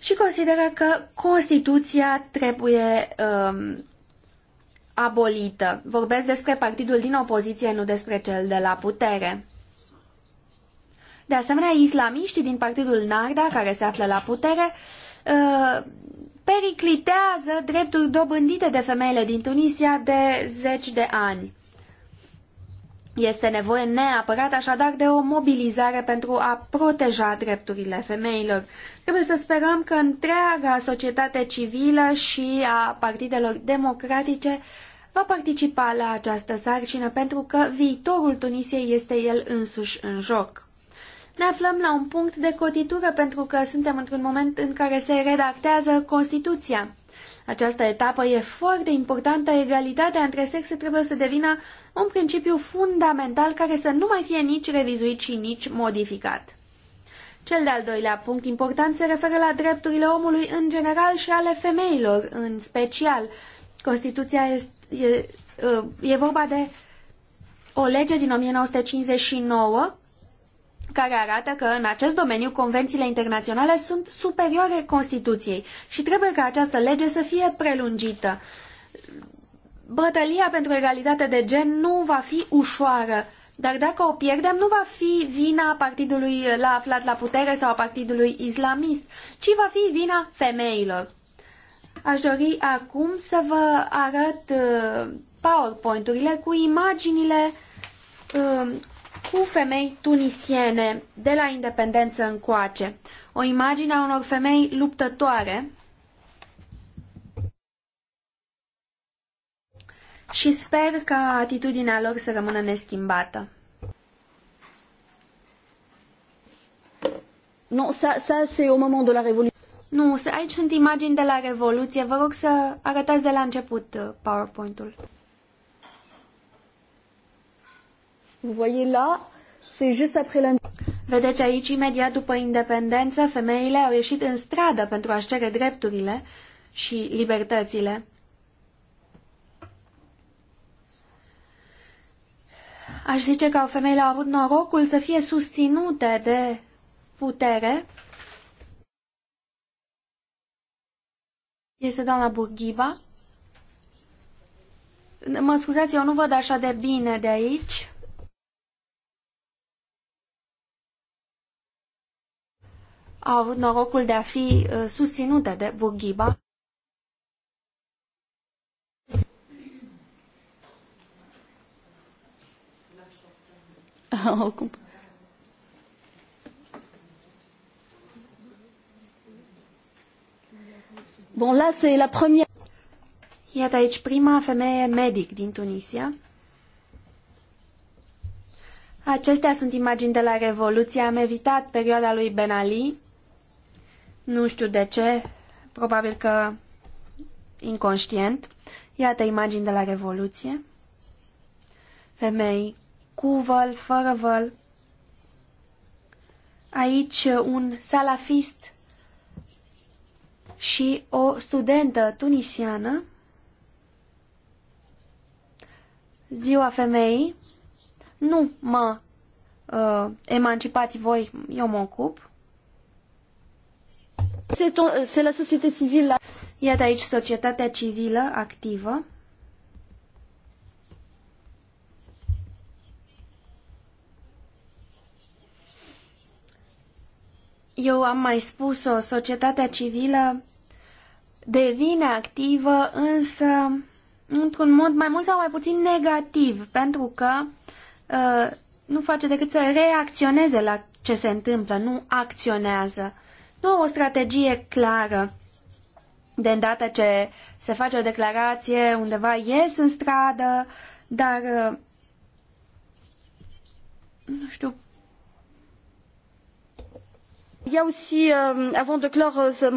Speaker 3: Și consideră că Constituția trebuie um, abolită. Vorbesc despre partidul din opoziție, nu despre cel de la putere. De asemenea, islamiștii din partidul Narda, care se află la putere, uh, periclitează drepturi dobândite de femeile din Tunisia de zeci de ani. Este nevoie neapărat așadar de o mobilizare pentru a proteja drepturile femeilor. Trebuie să sperăm că întreaga societate civilă și a partidelor democratice va participa la această sarcină pentru că viitorul Tunisiei este el însuși în joc. Ne aflăm la un punct de cotitură pentru că suntem într-un moment în care se redactează Constituția. Această etapă e foarte importantă, egalitatea între sexe trebuie să devină un principiu fundamental care să nu mai fie nici revizuit și nici modificat. Cel de-al doilea punct important se referă la drepturile omului în general și ale femeilor în special. Constituția este, e, e vorba de o lege din 1959 care arată că în acest domeniu convențiile internaționale sunt superioare Constituției și trebuie ca această lege să fie prelungită. Bătălia pentru egalitate de gen nu va fi ușoară, dar dacă o pierdem, nu va fi vina partidului la aflat la putere sau a partidului islamist, ci va fi vina femeilor. Aș dori acum să vă arăt uh, PowerPoint-urile cu imaginile uh, cu femei tunisiene de la independență încoace. O imagine a unor femei luptătoare și sper ca atitudinea lor să rămână neschimbată. ça, ça c'est au moment de la Nu, aici sunt imagini de la Revoluție. Vă rog să arătați de la început uh, PowerPoint-ul. Vous voyez là, c'est juste après Vedeți aici, imediat după independență, femeile au ieșit în stradă pentru a-și cere drepturile și libertățile. Aș zice că femeile au avut norocul să fie susținute de putere. Este doamna Burghiba. Mă scuzați, eu nu văd așa de bine de aici. a avut norocul de a fi uh, susținută de Bourguiba. [laughs] Oricum. Bon, là, c'est la première. Iată aici prima femeie medic din Tunisia. Acestea sunt imagini de la Revoluție. Am evitat perioada lui Ben Ali nu știu de ce, probabil că inconștient. Iată imagini de la Revoluție. Femei cu văl, fără văl. Aici un salafist și o studentă tunisiană. Ziua femeii. Nu mă uh, emancipați voi, eu mă ocup. Iată aici societatea civilă activă. Eu am mai spus-o, societatea civilă devine activă, însă într-un mod mai mult sau mai puțin negativ, pentru că uh, nu face decât să reacționeze la ce se întâmplă, nu acționează. Nu o strategie clară. De îndată ce se face o declarație, undeva ies în stradă, dar uh, nu știu. Il y a aussi, euh, avant de clore euh, ce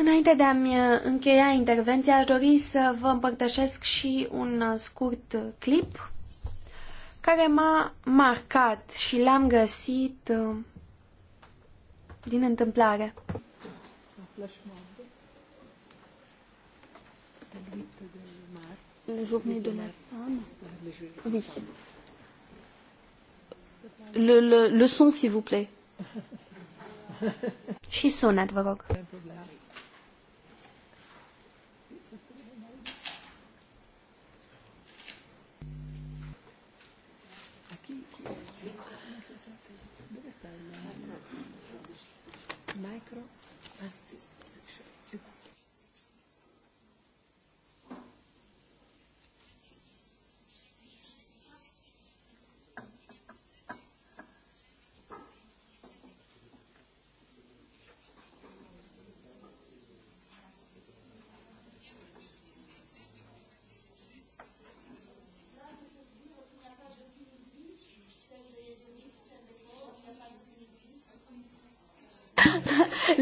Speaker 3: Înainte de a-mi uh, încheia intervenția, aș dori să vă împărtășesc și un uh, scurt clip care m-a marcat și l-am găsit din întâmplare.
Speaker 2: Le journée de la femme. Oui.
Speaker 3: Le, le, le son, s'il vous plaît. Și sunet, vă rog.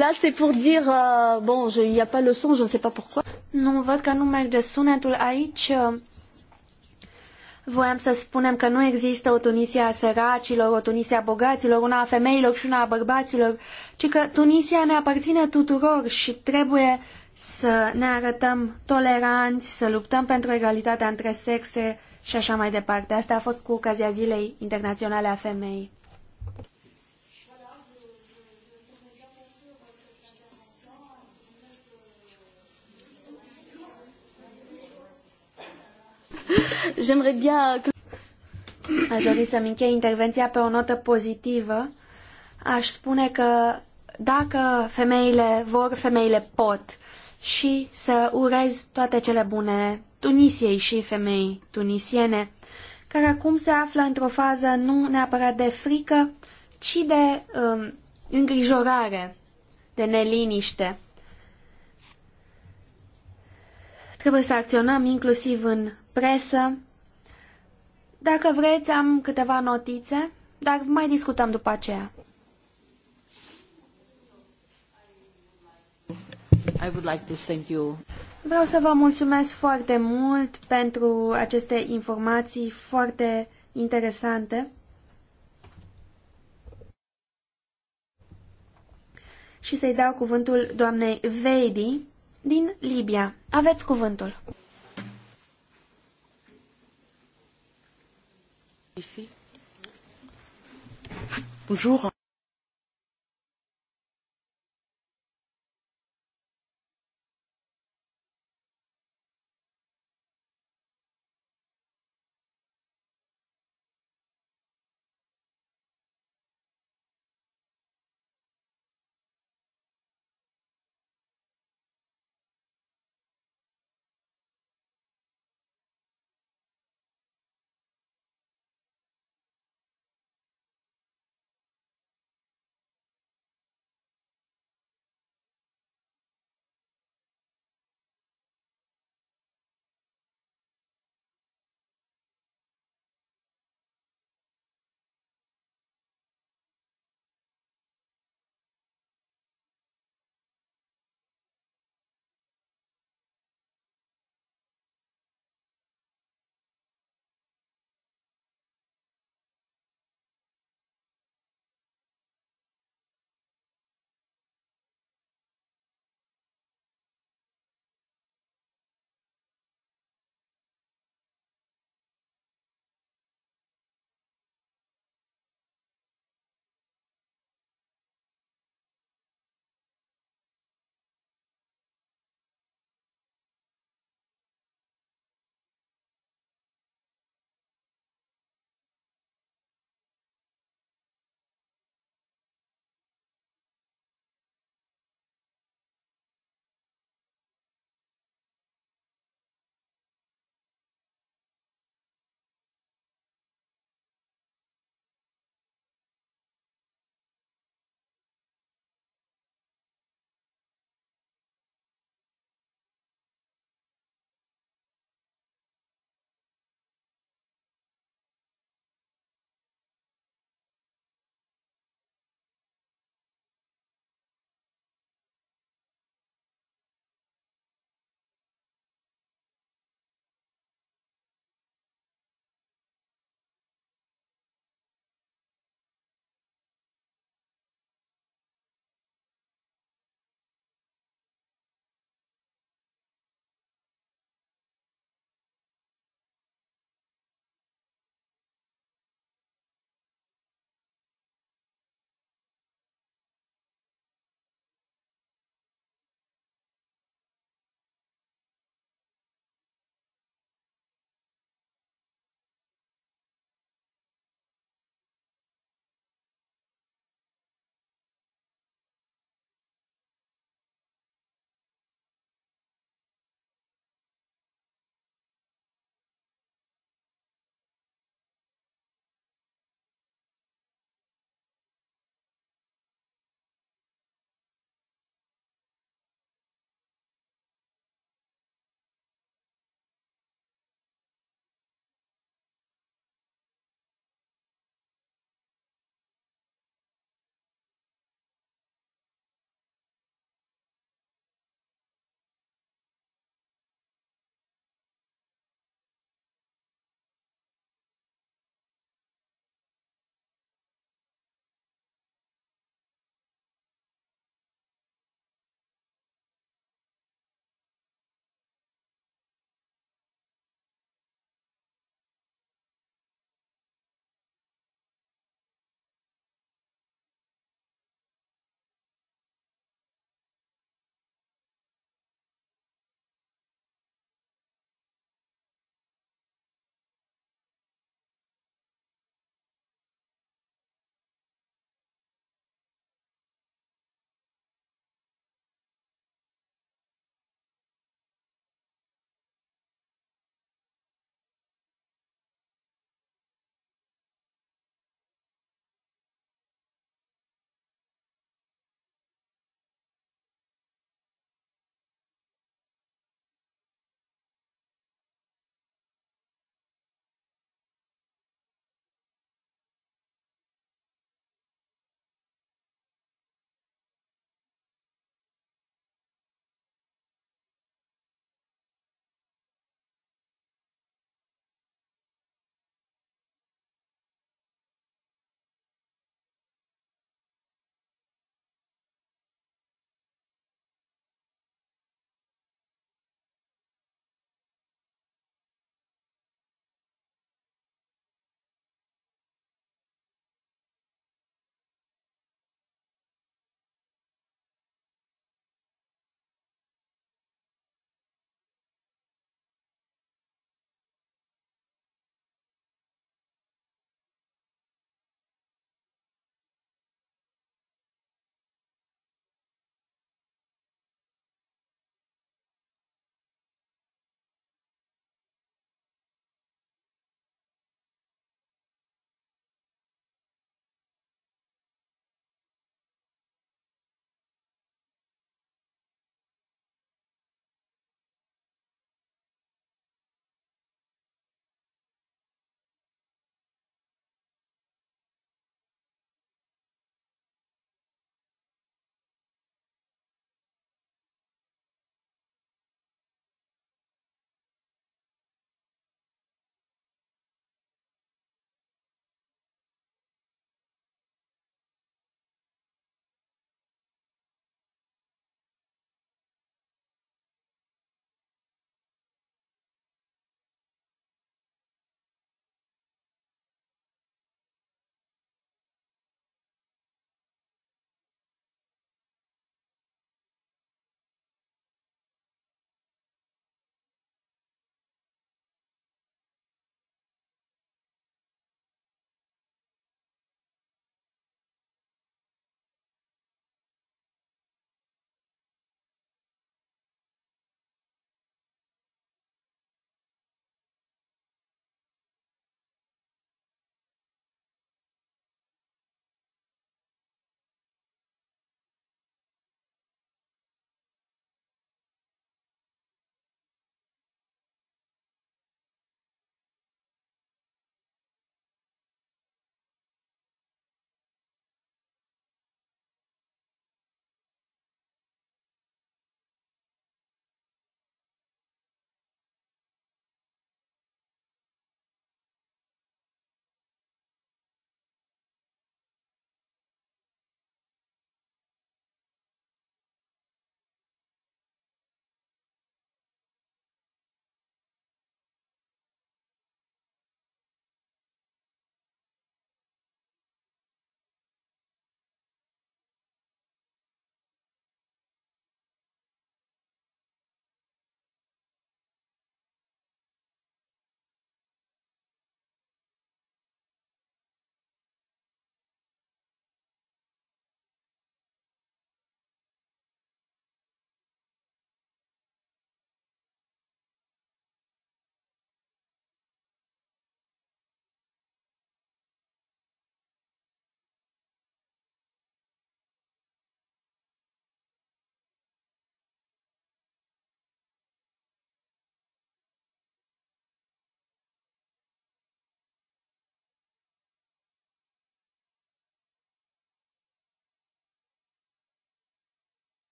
Speaker 3: Là, c'est pour dire, euh, bon, il n'y a pas le son, je ne sais pas pourquoi. Nu văd că nu merge sunetul aici. Voiam să spunem că nu există o Tunisia a săracilor, o Tunisia a bogaților, una a femeilor și una a bărbaților, ci că Tunisia ne aparține tuturor și trebuie să ne arătăm toleranți, să luptăm pentru egalitatea între sexe și așa mai departe. Asta a fost cu ocazia Zilei Internaționale a Femeii.
Speaker 1: J'aimerais bien...
Speaker 3: Aș dori să-mi închei intervenția pe o notă pozitivă. Aș spune că dacă femeile vor, femeile pot. Și să urez toate cele bune Tunisiei și femei tunisiene, care acum se află într-o fază nu neapărat de frică, ci de um, îngrijorare, de neliniște. Trebuie să acționăm inclusiv în presă. Dacă vreți, am câteva notițe, dar mai discutăm după aceea.
Speaker 2: I would like to thank you.
Speaker 3: Vreau să vă mulțumesc foarte mult pentru aceste informații foarte interesante. Și să-i dau cuvântul doamnei Veidi din Libia. Aveți cuvântul.
Speaker 1: ici. Bonjour.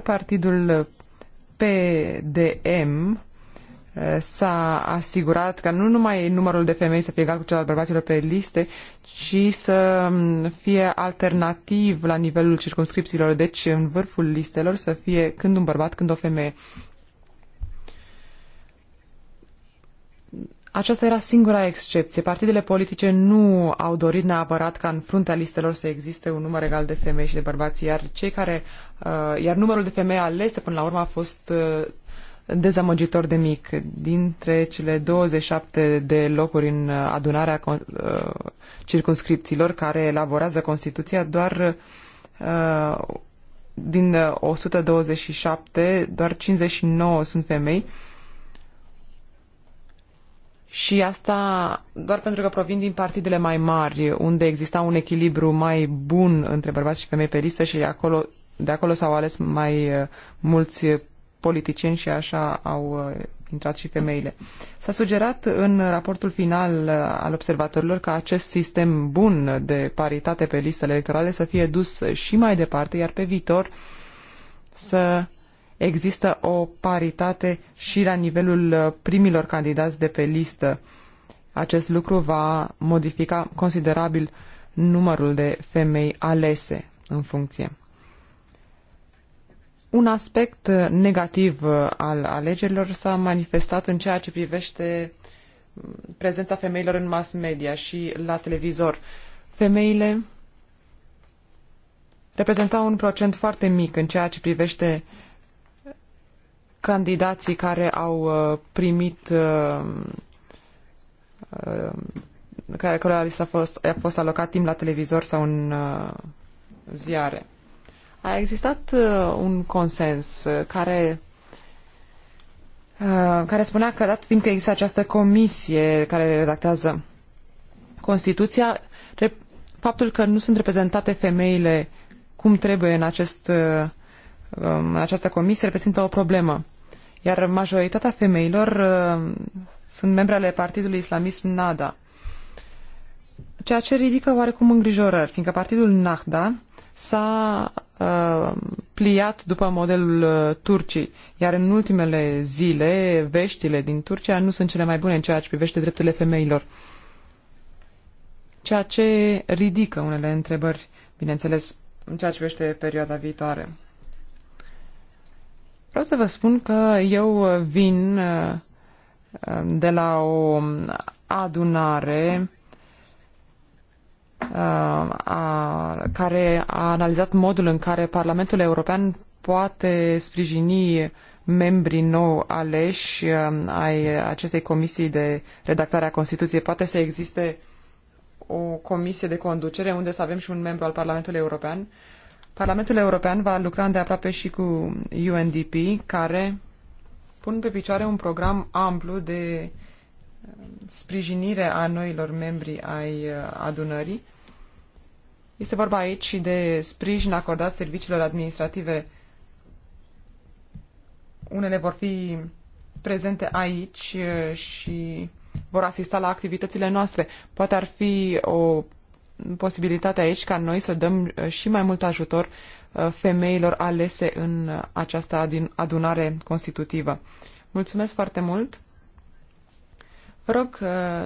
Speaker 2: Partidul PDM eh, s-a asigurat ca nu numai numărul de femei să fie egal cu cel al bărbaților pe liste, ci să mm, fie alternativ la nivelul circumscripțiilor, deci în vârful listelor să fie când un bărbat, când o femeie. Aceasta era singura excepție. Partidele politice nu au dorit neapărat ca în fruntea listelor să existe un număr egal de femei și de bărbați, iar cei care, uh, iar numărul de femei alese până la urmă a fost uh, dezamăgitor de mic. Dintre cele 27 de locuri în adunarea uh, circunscripțiilor care elaborează Constituția, doar uh, din 127, uh, doar 59 sunt femei, și asta doar pentru că provin din partidele mai mari, unde exista un echilibru mai bun între bărbați și femei pe listă și acolo, de acolo s-au ales mai uh, mulți politicieni și așa au uh, intrat și femeile. S-a sugerat în raportul final uh, al observatorilor ca acest sistem bun de paritate pe listele electorale să fie dus și mai departe, iar pe viitor să există o paritate și la nivelul uh, primilor candidați de pe listă. Acest lucru va modifica considerabil numărul de femei alese în funcție. Un aspect uh, negativ uh, al alegerilor s-a manifestat în ceea ce privește mm, prezența femeilor în mass media și la televizor. Femeile reprezentau un procent foarte mic în ceea ce privește uh, candidații care au uh, primit uh, uh, care, cărora li s-a fost, a fost alocat timp la televizor sau în ziare. A existat un consens care care spunea că, dat fiindcă există această comisie care redactează Constituția, faptul că nu sunt reprezentate femeile cum trebuie în acest în um, această comisie reprezintă o problemă. Iar majoritatea femeilor uh, sunt membre ale partidului islamist NADA. Ceea ce ridică oarecum îngrijorări, fiindcă partidul Nada s-a uh, pliat după modelul uh, Turcii, iar în ultimele zile veștile din Turcia nu sunt cele mai bune în ceea ce privește drepturile femeilor. Ceea ce ridică unele întrebări, bineînțeles, în ceea ce privește perioada viitoare. Vreau să vă spun că eu vin uh, de la o adunare uh, a, care a analizat modul în care Parlamentul European poate sprijini membrii nou aleși uh, ai acestei comisii de redactare a Constituției. Poate să existe o comisie de conducere unde să avem și un membru al Parlamentului European Parlamentul European va lucra îndeaproape și cu UNDP, care pun pe picioare un program amplu de um, sprijinire a noilor membri ai uh, adunării. Este vorba aici și de sprijin acordat serviciilor administrative. Unele vor fi prezente aici uh, și vor asista la activitățile noastre. Poate ar fi o posibilitatea aici ca noi să dăm uh, și mai mult ajutor uh, femeilor alese în uh, această adunare constitutivă. Mulțumesc foarte mult! Vă rog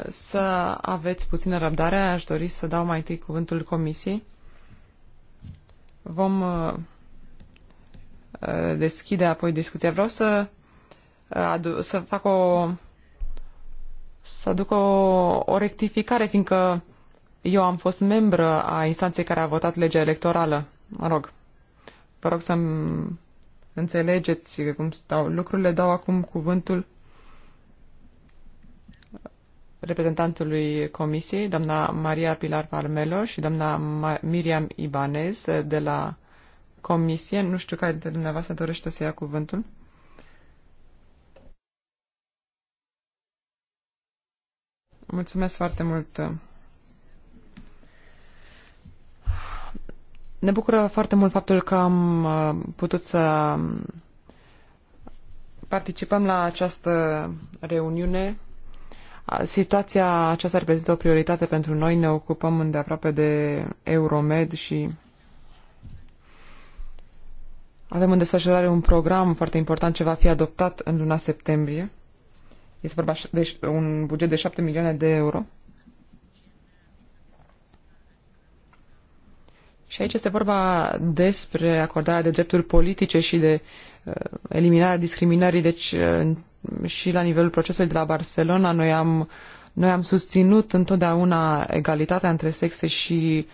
Speaker 2: să aveți puțină răbdare. Aș dori să dau mai întâi cuvântul comisiei. Vom deschide apoi discuția. Vreau să, să fac o să aduc o, o rectificare, fiindcă eu am fost membră a instanței care a votat legea electorală. Mă rog, vă rog să înțelegeți cum stau lucrurile. Dau acum cuvântul reprezentantului comisiei, doamna Maria Pilar Parmelo și doamna Miriam Ibanez de la comisie. Nu știu care dintre dumneavoastră dorește să ia cuvântul. Mulțumesc foarte mult. Ne bucură foarte mult faptul că am uh, putut să participăm la această reuniune. Situația aceasta reprezintă o prioritate pentru noi. Ne ocupăm îndeaproape de Euromed și avem în desfășurare un program foarte important ce va fi adoptat în luna septembrie. Este vorba de un buget de 7 milioane de euro Și aici este vorba despre acordarea de drepturi politice și de uh, eliminarea discriminării. Deci uh, și la nivelul procesului de la Barcelona noi am, noi am susținut întotdeauna egalitatea între sexe și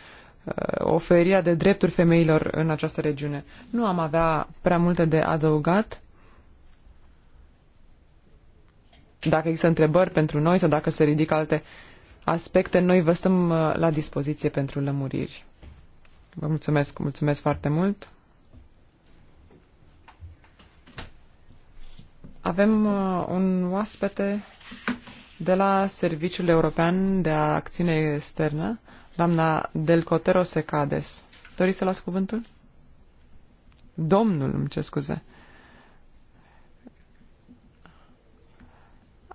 Speaker 2: uh, oferirea de drepturi femeilor în această regiune. Nu am avea prea multe de adăugat. Dacă există întrebări pentru noi sau dacă se ridică alte aspecte, noi vă stăm uh, la dispoziție pentru lămuriri. Vă mulțumesc, mulțumesc foarte mult. Avem uh, un oaspete de la Serviciul European de Acțiune Externă, doamna Delcotero Secades. Doriți să las cuvântul? Domnul, îmi ce scuze.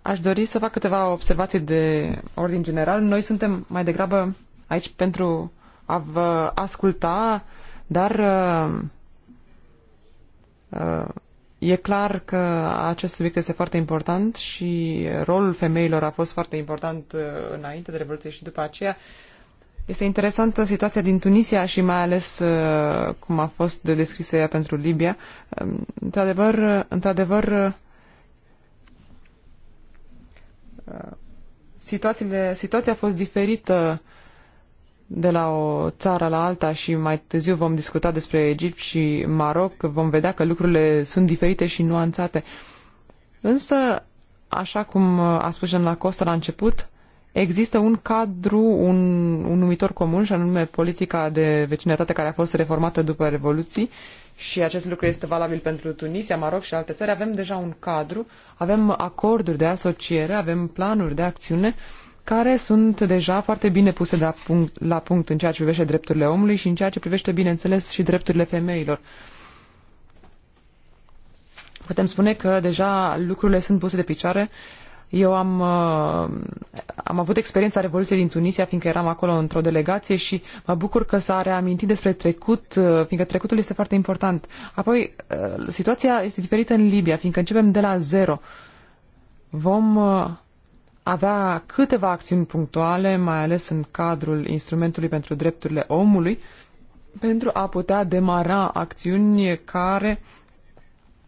Speaker 2: Aș dori să fac câteva observații de ordin general. Noi suntem mai degrabă aici pentru a vă asculta, dar uh, uh, e clar că acest subiect este foarte important și rolul femeilor a fost foarte important uh, înainte de Revoluție și după aceea. Este interesantă situația din Tunisia și mai ales cum a fost de descrisă ea pentru Libia. Um, într-adevăr, într-adevăr situațiile, situația a fost diferită de la o țară la alta și mai târziu vom discuta despre Egipt și Maroc, vom vedea că lucrurile sunt diferite și nuanțate. Însă, așa cum uh, a spus la Costa la început, există un cadru, un, un numitor comun și anume politica de vecinătate care a fost reformată după Revoluții și acest lucru este valabil pentru Tunisia, Maroc și alte țări. Avem deja un cadru, avem acorduri de asociere, avem planuri de acțiune uh, care sunt deja foarte bine puse la punct, la punct în ceea ce privește drepturile omului și în ceea ce privește, bineînțeles, și drepturile femeilor. Putem spune că deja lucrurile sunt puse de picioare. Eu am, uh, am avut experiența Revoluției din Tunisia, fiindcă eram acolo într-o delegație și mă bucur că s-a reamintit despre trecut, uh, fiindcă trecutul este foarte important. Apoi, uh, situația este diferită în Libia, fiindcă începem de la zero. Vom avea câteva acțiuni punctuale, mai ales în cadrul instrumentului pentru drepturile omului, pentru a putea demara acțiuni care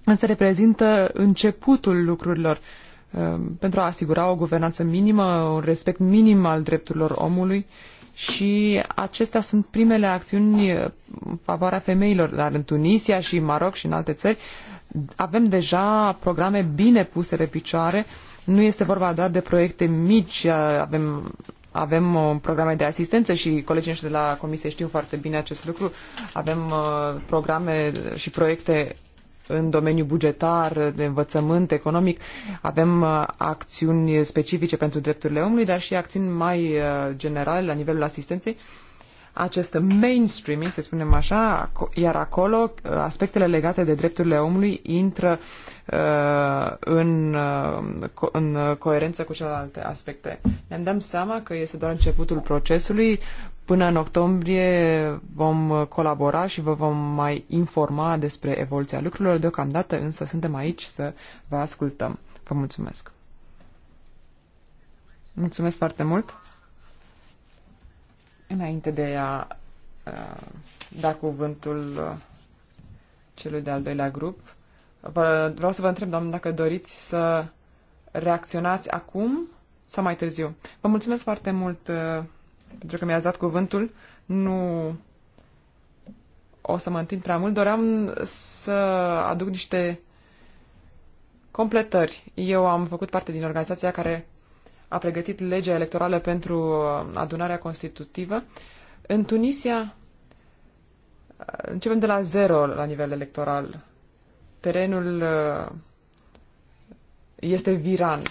Speaker 2: însă reprezintă începutul lucrurilor um, pentru a asigura o guvernanță minimă, un respect minim al drepturilor omului și acestea sunt primele acțiuni în favoarea femeilor, dar în Tunisia și în Maroc și în alte țări avem deja programe bine puse pe picioare uh, nu este vorba doar de proiecte mici, avem avem uh, programe de asistență și colegii noștri de la Comisie știu foarte bine acest lucru. Avem uh, programe și proiecte în domeniul bugetar, de învățământ economic, avem uh, acțiuni specifice pentru drepturile omului, dar și acțiuni mai uh, generale la nivelul asistenței. Uh, acest mainstreaming, să spunem așa, iar acolo uh, aspectele legate de drepturile omului intră uh, în, uh, în coerență cu celelalte aspecte. Ne am dat seama că este doar începutul procesului. Până în octombrie vom uh, colabora și vă vom mai informa despre evoluția lucrurilor. Deocamdată însă suntem aici să vă ascultăm. Vă mulțumesc! Mulțumesc foarte mult! Înainte de a da cuvântul uh, celui de-al doilea grup, vă, vreau să vă întreb, doamnă, dacă doriți să reacționați acum sau mai târziu. Vă mulțumesc foarte mult uh, pentru că mi-ați dat cuvântul. Nu o să mă întind prea mult. Doream să aduc niște completări. Eu am făcut parte din organizația care a pregătit legea electorală pentru uh, adunarea constitutivă. În Tunisia uh, începem de la zero la nivel electoral. Terenul uh, este viran.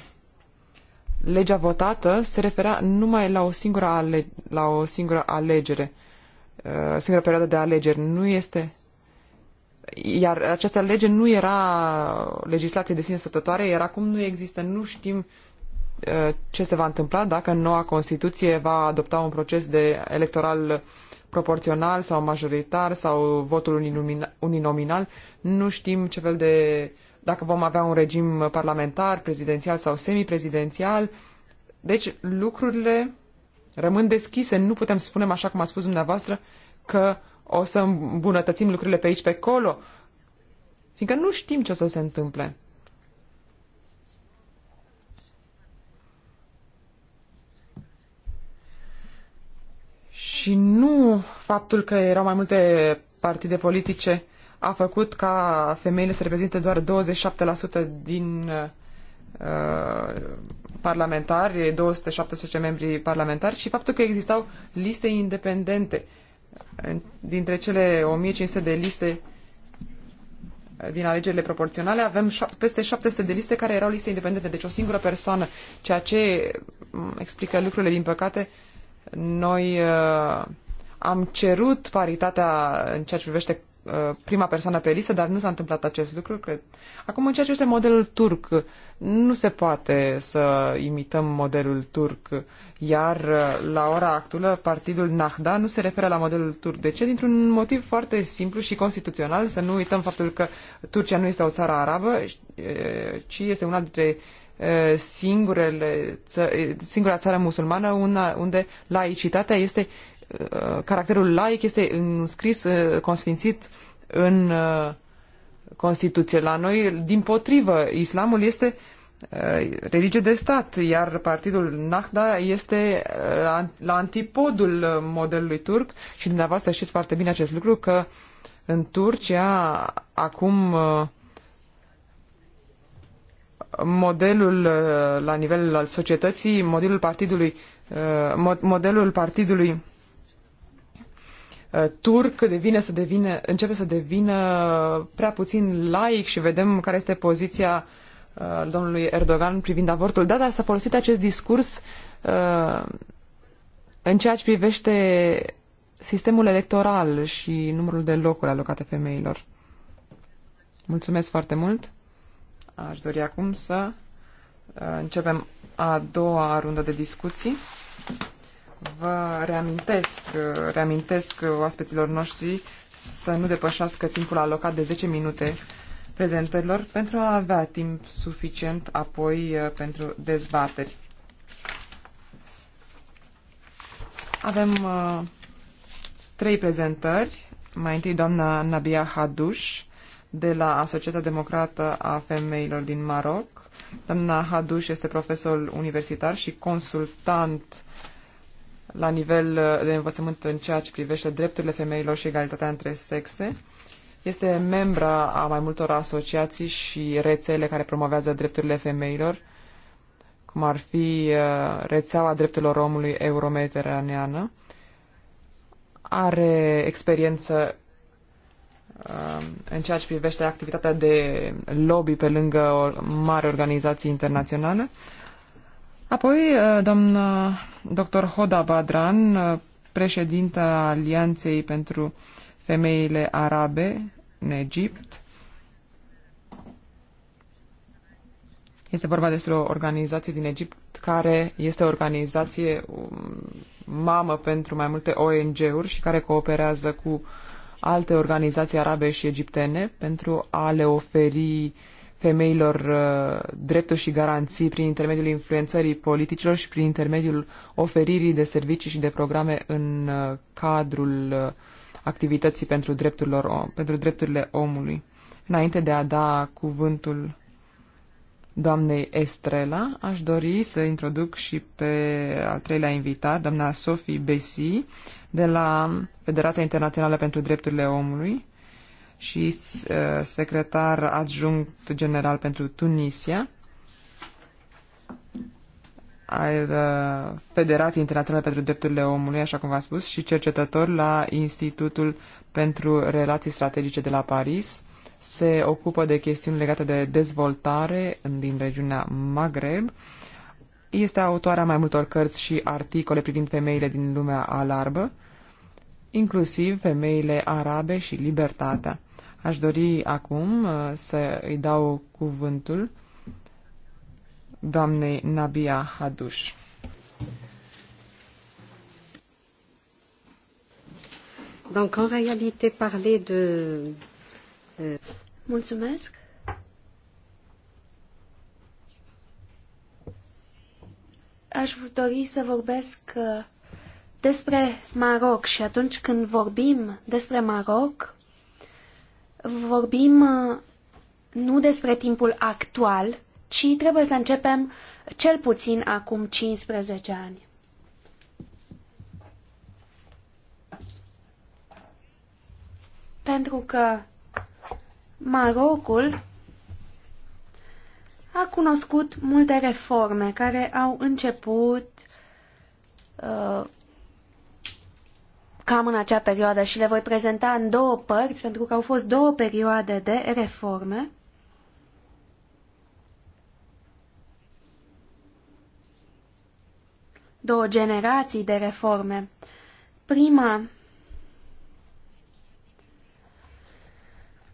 Speaker 2: Legea votată se referea numai la o singură, ale- la o singură alegere, o singură perioadă de alegeri. Nu este iar această lege nu era legislație de sine stătătoare, iar acum nu există, nu știm ce se va întâmpla dacă noua Constituție va adopta un proces de electoral proporțional sau majoritar sau votul uninominal. Nu știm ce fel de dacă vom avea un regim parlamentar, prezidențial sau semiprezidențial. Deci lucrurile rămân deschise. Nu putem să spunem, așa cum a spus dumneavoastră, că o să îmbunătățim lucrurile pe aici, pe acolo, fiindcă nu știm ce o să se întâmple. și nu faptul că erau mai multe partide politice a făcut ca femeile să reprezinte doar 27% din uh, parlamentari, 217 membri parlamentari și faptul că existau liste independente. Dintre cele 1500 de liste uh, din alegerile proporționale, avem peste 700 de liste care erau liste independente, deci o singură persoană, ceea ce mm, explică lucrurile, din păcate, uh, noi uh, am cerut paritatea în ceea ce privește uh, prima persoană pe listă, dar nu s-a întâmplat acest lucru. Cred. Acum, în ceea ce este modelul turc, nu se poate să imităm modelul turc, iar uh, la ora actuală partidul Nahda nu se referă la modelul turc. De ce? Dintr-un motiv foarte simplu și constituțional, să nu uităm faptul că Turcia nu este o țară arabă, ci este una dintre singurele, singura țară musulmană una, unde laicitatea este, caracterul laic este înscris, consfințit în Constituție. La noi, din potrivă, islamul este religie de stat, iar partidul Nahda este la antipodul modelului turc și dumneavoastră știți foarte bine acest lucru că în Turcia acum modelul uh, la nivel al societății, modelul partidului, uh, modelul partidului uh, turc devine să devine, începe să devină prea puțin laic și vedem care este poziția domnului Erdogan privind avortul. Da, dar s-a folosit acest discurs în ceea ce privește sistemul electoral și numărul de locuri alocate femeilor. Mulțumesc foarte mult! Aș dori acum să uh, începem a doua rundă de discuții. Vă reamintesc, uh, reamintesc oaspeților noștri să nu depășească timpul alocat de 10 minute prezentărilor pentru a avea timp suficient apoi uh, pentru dezbateri. Avem uh, trei prezentări. Mai întâi doamna Nabia Hadush, de la Asociația Democrată a Femeilor din Maroc. Doamna Haduș este profesor universitar și consultant la nivel de învățământ în ceea ce privește drepturile femeilor și egalitatea între sexe. Este membra a mai multor asociații și rețele care promovează drepturile femeilor, cum ar fi uh, rețeaua drepturilor omului euromediteraneană. Are experiență Um, în ceea ce privește activitatea de lobby pe lângă mari organizație internațională. Apoi, uh, doamna dr. Hoda Badran, uh, președinta Alianței pentru Femeile Arabe în Egipt. Este vorba despre o organizație din Egipt care este o organizație um, mamă pentru mai multe ONG-uri și care cooperează cu uh, alte organizații arabe și egiptene pentru a le oferi femeilor uh, drepturi și garanții prin intermediul influențării politicilor și prin intermediul oferirii de servicii și de programe în uh, cadrul uh, activității pentru, drepturilor, om, pentru drepturile omului. Înainte de a da cuvântul doamnei Estrela, aș dori să introduc și pe al treilea invitat, doamna Sophie Besi, de la Federația Internațională pentru Drepturile Omului și uh, secretar adjunct general pentru Tunisia al uh, Federației Internaționale pentru Drepturile Omului, așa cum v-am spus, și cercetător la Institutul pentru Relații Strategice de la Paris. Se ocupă de chestiuni legate de dezvoltare din regiunea Maghreb. Este autoarea mai multor cărți și articole privind femeile din lumea alarbă inclusiv femeile arabe și libertatea. Aș dori acum uh, să îi dau cuvântul doamnei Nabia Haduș. Donc en réalité parler de
Speaker 3: euh, Mulțumesc. Aș dori să vorbesc uh, despre Maroc și atunci când vorbim despre Maroc, vorbim uh, nu despre timpul actual, ci trebuie să începem cel puțin acum 15 ani. Pentru că Marocul a cunoscut multe reforme care au început uh, cam în acea perioadă și le voi prezenta în două părți, pentru că au fost două perioade de reforme. Două generații de reforme. Prima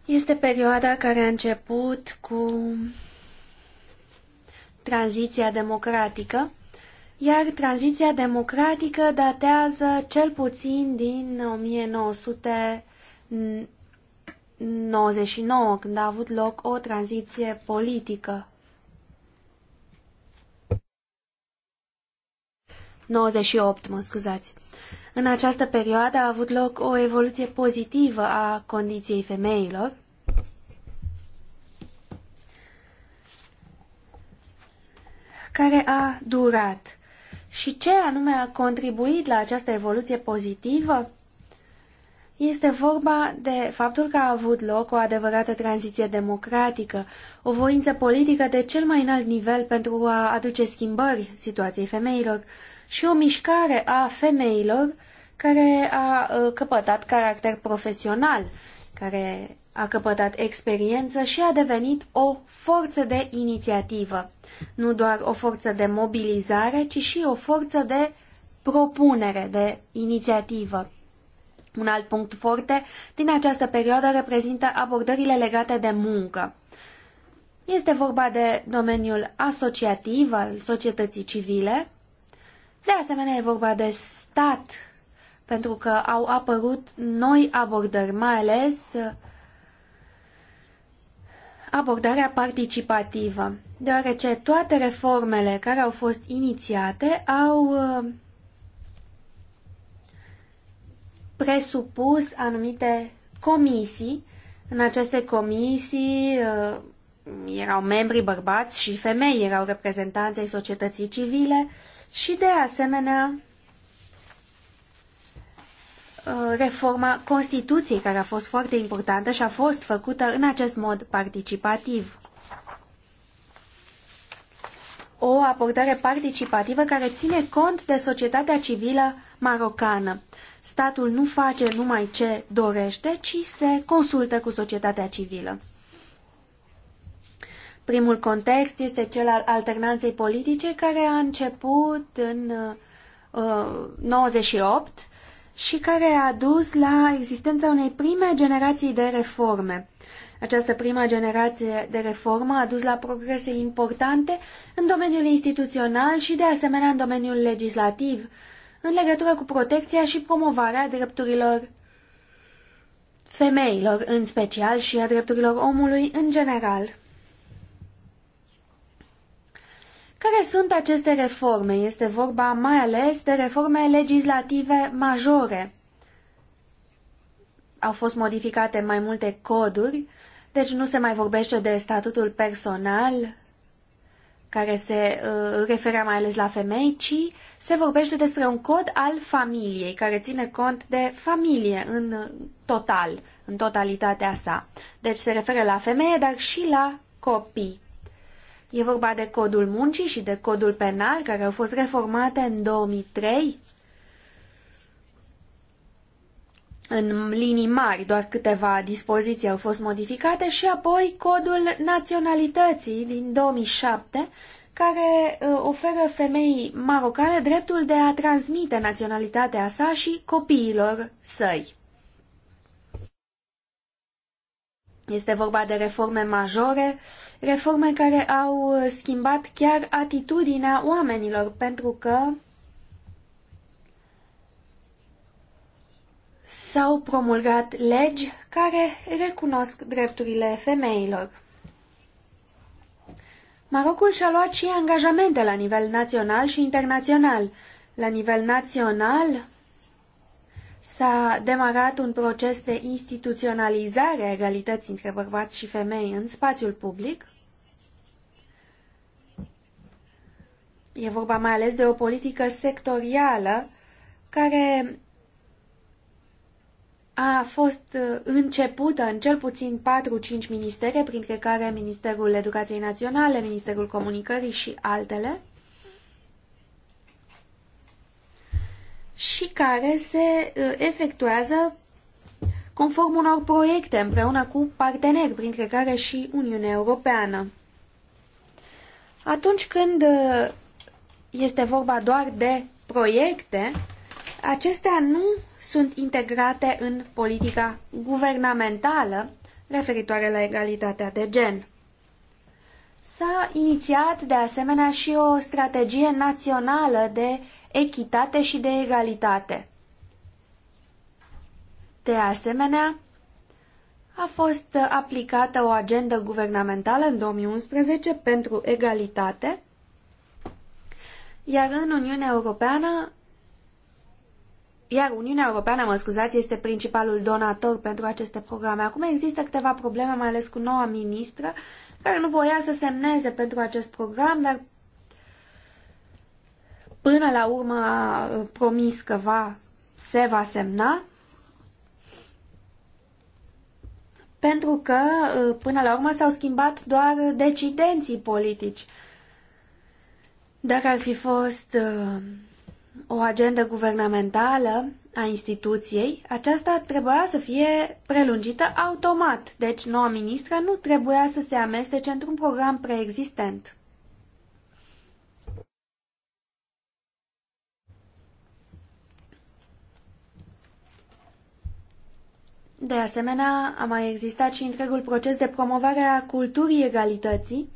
Speaker 3: este perioada care a început cu tranziția democratică, iar tranziția democratică datează cel puțin din 1999, când a avut loc o tranziție politică. 98, mă scuzați. În această perioadă a avut loc o evoluție pozitivă a condiției femeilor. care a durat. Și ce anume a contribuit la această evoluție pozitivă? Este vorba de faptul că a avut loc o adevărată tranziție democratică, o voință politică de cel mai înalt nivel pentru a aduce schimbări situației femeilor și o mișcare a femeilor care a uh, căpătat caracter profesional, care a căpătat experiență și a devenit o forță de inițiativă. Nu doar o forță de mobilizare, ci și o forță de propunere, de inițiativă. Un alt punct forte din această perioadă reprezintă abordările legate de muncă. Este vorba de domeniul asociativ al societății civile. De asemenea, e vorba de stat, pentru că au apărut noi abordări, mai ales uh, abordarea participativă, deoarece toate reformele care au fost inițiate au uh, presupus anumite comisii. În aceste comisii uh, erau membri bărbați și femei, erau reprezentanți societății civile și, de asemenea, Uh, reforma Constituției, care a fost foarte importantă și a fost făcută în acest mod participativ. O abordare participativă care ține cont de societatea civilă marocană. Statul nu face numai ce dorește, ci se consultă cu societatea civilă. Primul context este cel al alternanței politice care a început în uh, 98 și care a dus la existența unei prime generații de reforme. Această prima generație de reformă a dus la progrese importante în domeniul instituțional și de asemenea în domeniul legislativ, în legătură cu protecția și promovarea drepturilor femeilor în special și a drepturilor omului în general. Care sunt aceste reforme? Este vorba mai ales de reforme legislative majore. Au fost modificate mai multe coduri, deci nu se mai vorbește de statutul personal, care se uh, referea mai ales la femei, ci se vorbește despre un cod al familiei, care ține cont de familie în total, în totalitatea sa. Deci se referă la femeie, dar și la copii. E vorba de codul muncii și de codul penal, care au fost reformate în 2003 în linii mari, doar câteva dispoziții au fost modificate și apoi codul naționalității din 2007, care uh, oferă femeii marocane dreptul de a transmite naționalitatea sa și copiilor săi. Este vorba de reforme majore reforme care au uh, schimbat chiar atitudinea oamenilor, pentru că s-au promulgat legi care recunosc drepturile femeilor. Marocul și-a luat și angajamente la nivel național și internațional. La nivel național s-a demarat un proces de instituționalizare a egalității între bărbați și femei în spațiul public E vorba mai ales de o politică sectorială care a fost uh, începută în cel puțin 4-5 ministere, printre care Ministerul Educației Naționale, Ministerul Comunicării și altele, și care se uh, efectuează conform unor proiecte împreună cu parteneri, printre care și Uniunea Europeană. Atunci când uh, este vorba doar de proiecte, acestea nu sunt integrate în politica guvernamentală referitoare la egalitatea de gen. S-a inițiat de asemenea și o strategie națională de echitate și de egalitate. De asemenea, a fost aplicată o agendă guvernamentală în 2011 pentru egalitate, iar în Uniunea Europeană, iar Uniunea Europeană, mă scuzați, este principalul donator pentru aceste programe. Acum există câteva probleme, mai ales cu noua ministră, care nu voia să semneze pentru acest program, dar până la urmă a promis că va, se va semna. Pentru că, până la urmă, s-au schimbat doar decidenții politici. Dacă ar fi fost uh, o agendă guvernamentală a instituției, aceasta trebuia să fie prelungită automat, deci noua ministră nu trebuia să se amestece într-un program preexistent. De asemenea, a mai existat și întregul proces de promovare a culturii egalității,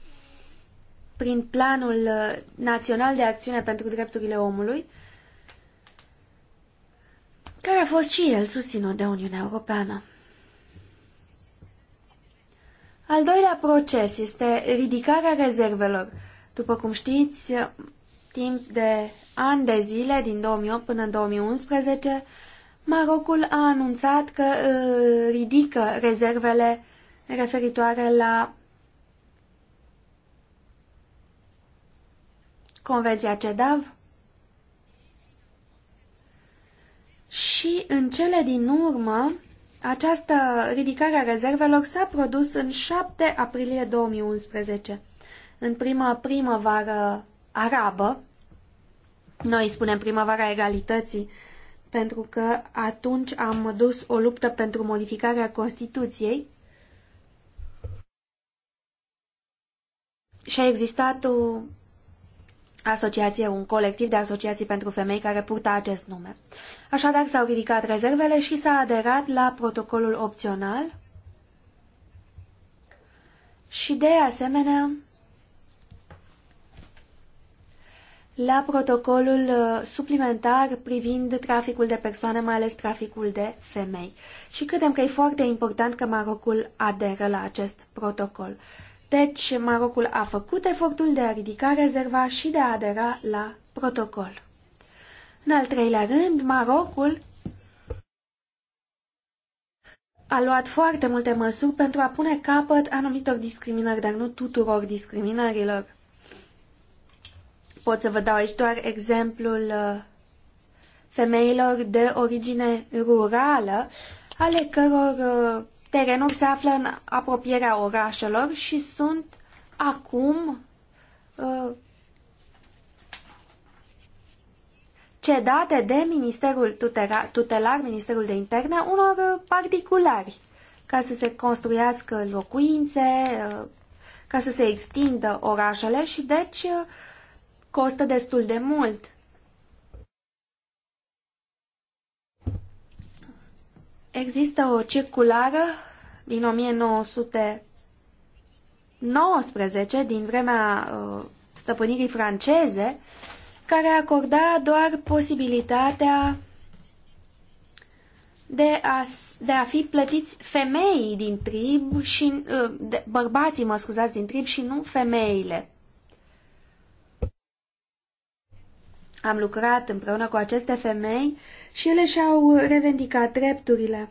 Speaker 3: prin Planul uh, Național de Acțiune pentru Drepturile Omului, care a fost și el susținut de Uniunea Europeană. Al doilea proces este ridicarea rezervelor. După cum știți, timp de ani de zile, din 2008 până în 2011, Marocul a anunțat că uh, ridică rezervele referitoare la Convenția CEDAV și în cele din urmă această ridicare a rezervelor s-a produs în 7 aprilie 2011, în prima primăvară arabă. Noi spunem primăvara egalității, pentru că atunci am dus o luptă pentru modificarea Constituției și a existat o asociație, un colectiv de asociații pentru femei care purta acest nume. Așadar, s-au ridicat rezervele și s-a aderat la protocolul opțional și, de asemenea, la protocolul uh, suplimentar privind traficul de persoane, mai ales traficul de femei. Și credem că e foarte important că Marocul aderă la acest protocol. Deci, Marocul a făcut efortul de a ridica rezerva și de a adera la protocol. În al treilea rând, Marocul a luat foarte multe măsuri pentru a pune capăt anumitor discriminări, dar nu tuturor discriminărilor. Pot să vă dau aici doar exemplul uh, femeilor de origine rurală, ale căror uh, terenul se află în apropierea orașelor și sunt acum uh, cedate de Ministerul Tutelar, Ministerul de Interne, unor uh, particulari, ca să se construiască locuințe, uh, ca să se extindă orașele și deci uh, costă destul de mult. Există o circulară din 1919, din vremea uh, stăpânirii franceze, care acorda doar posibilitatea de a, de a fi plătiți femeii din trib și uh, de, bărbații, mă scuzați, din trib și nu femeile. Am lucrat împreună cu aceste femei și ele și-au revendicat drepturile.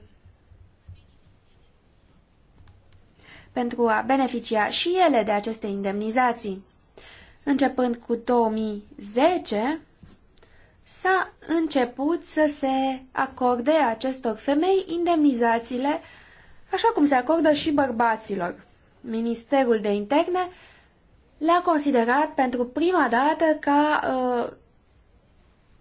Speaker 3: pentru a beneficia și ele de aceste indemnizații. Începând cu 2010, s-a început să se acorde acestor femei indemnizațiile așa cum se acordă și bărbaților. Ministerul de Interne le-a considerat pentru prima dată ca uh,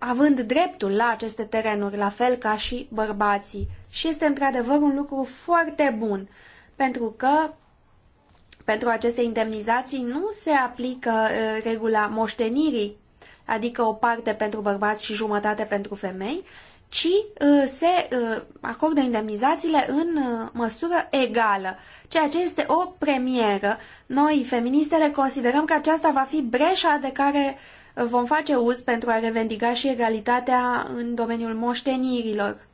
Speaker 3: având dreptul la aceste terenuri, la fel ca și bărbații. Și este într-adevăr un lucru foarte bun, pentru că pentru aceste indemnizații nu se aplică uh, regula moștenirii, adică o parte pentru bărbați și jumătate pentru femei, ci uh, se uh, acordă indemnizațiile în măsură egală, ceea ce este o premieră. Noi, feministele, considerăm că aceasta va fi breșa de care uh, vom face uz pentru a revendica și egalitatea în domeniul moștenirilor.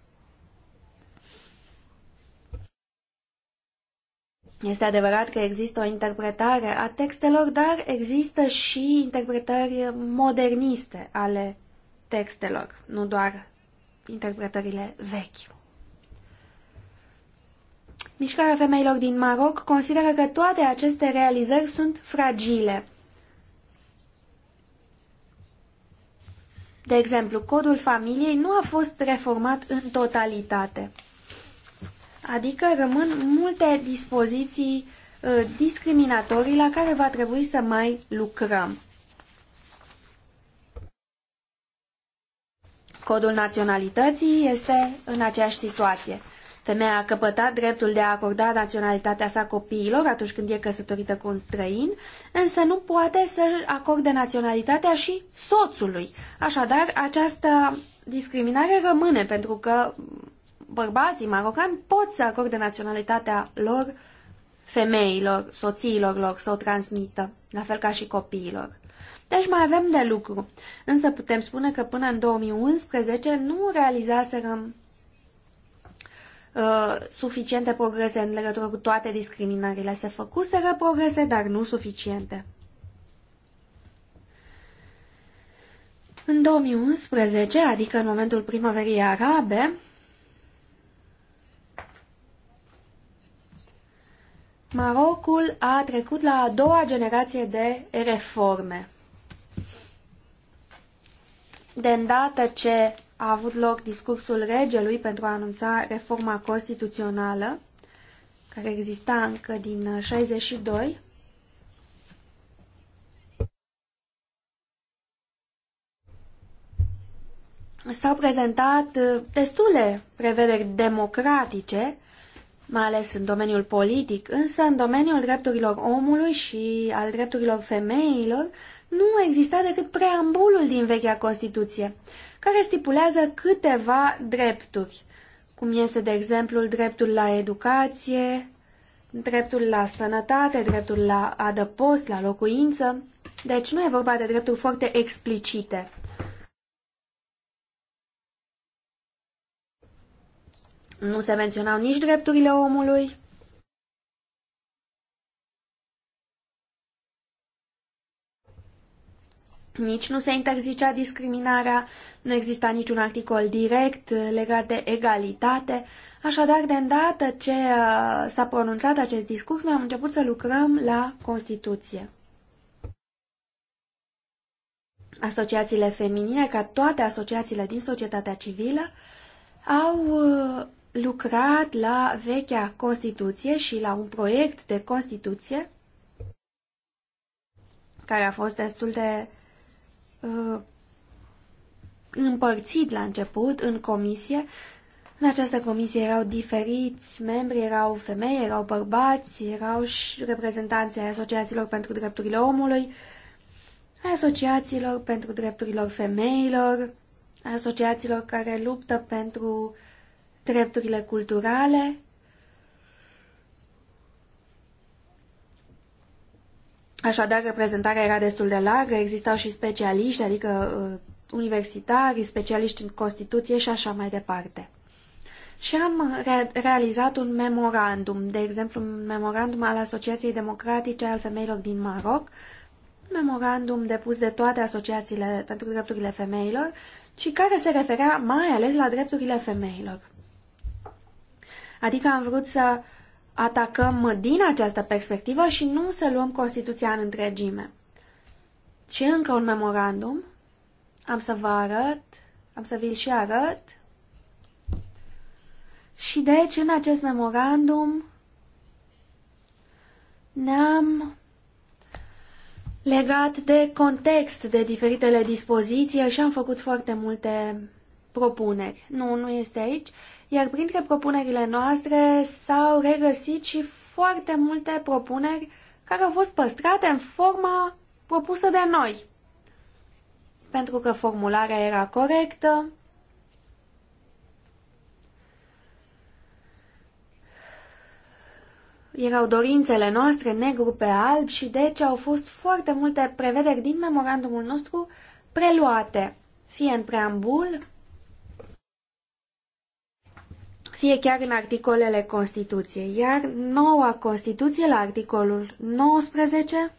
Speaker 3: Este adevărat că există o interpretare a textelor, dar există și interpretări moderniste ale textelor, nu doar interpretările vechi. Mișcarea femeilor din Maroc consideră că toate aceste realizări sunt fragile De exemplu, codul familiei nu a fost reformat în totalitate. Adică rămân multe dispoziții uh, discriminatorii la care va trebui să mai lucrăm. Codul naționalității este în aceeași situație. Femeia a căpătat dreptul de a acorda naționalitatea sa copiilor atunci când e căsătorită cu un străin, însă nu poate să acorde naționalitatea și soțului. Așadar, această discriminare rămâne pentru că bărbații marocani pot să acorde naționalitatea lor femeilor, soțiilor lor să o transmită, la fel ca și copiilor. Deci mai avem de lucru, însă putem spune că până în 2011 nu realizaserăm Uh, suficiente progrese în legătură cu toate discriminările. Se făcuseră progrese, dar nu suficiente. În 2011, adică în momentul primăverii arabe, Marocul a trecut la a doua generație de reforme. De îndată ce a avut loc discursul regelui pentru a anunța reforma constituțională, care exista încă din 62. Uh, S-au prezentat uh, destule prevederi democratice, mai ales în domeniul politic, însă în domeniul drepturilor omului și al drepturilor femeilor nu exista decât preambulul din vechea Constituție care stipulează câteva drepturi, cum este, de exemplu, dreptul la educație, dreptul la sănătate, dreptul la adăpost, la locuință. Deci nu e vorba de drepturi foarte explicite. Nu se menționau nici drepturile omului, nici nu se interzicea discriminarea, nu exista niciun articol direct legat de egalitate. Așadar, de îndată ce uh, s-a pronunțat acest discurs, noi am început să lucrăm la Constituție. Asociațiile feminine, ca toate asociațiile din societatea civilă, au uh, lucrat la vechea Constituție și la un proiect de Constituție care a fost destul de Uh, împărțit la început în comisie. În această comisie erau diferiți membri, erau femei, erau bărbați, erau și reprezentanții ai asociațiilor pentru drepturile omului, ai asociațiilor pentru drepturile femeilor, ai asociațiilor care luptă pentru drepturile culturale Așadar, reprezentarea era destul de largă, existau și specialiști, adică uh, universitari, specialiști în Constituție și așa mai departe. Și am re realizat un memorandum, de exemplu, un memorandum al Asociației Democratice al Femeilor din Maroc, un memorandum depus de toate asociațiile pentru drepturile femeilor și care se referea mai ales la drepturile femeilor. Adică am vrut să uh, atacăm din această perspectivă și nu să luăm Constituția în întregime. Și încă un memorandum. Am să vă arăt, am să vi-l și arăt. Și deci, în acest memorandum, ne-am legat de context, de diferitele dispoziții și am făcut foarte multe propuneri. Nu, nu este aici. Iar printre propunerile noastre s-au regăsit și foarte multe propuneri care au fost păstrate în forma propusă de noi. Pentru că formularea era corectă, erau dorințele noastre negru pe alb și deci au fost foarte multe prevederi din memorandumul nostru preluate, fie în preambul, fie chiar în articolele Constituției. Iar noua Constituție, la articolul 19,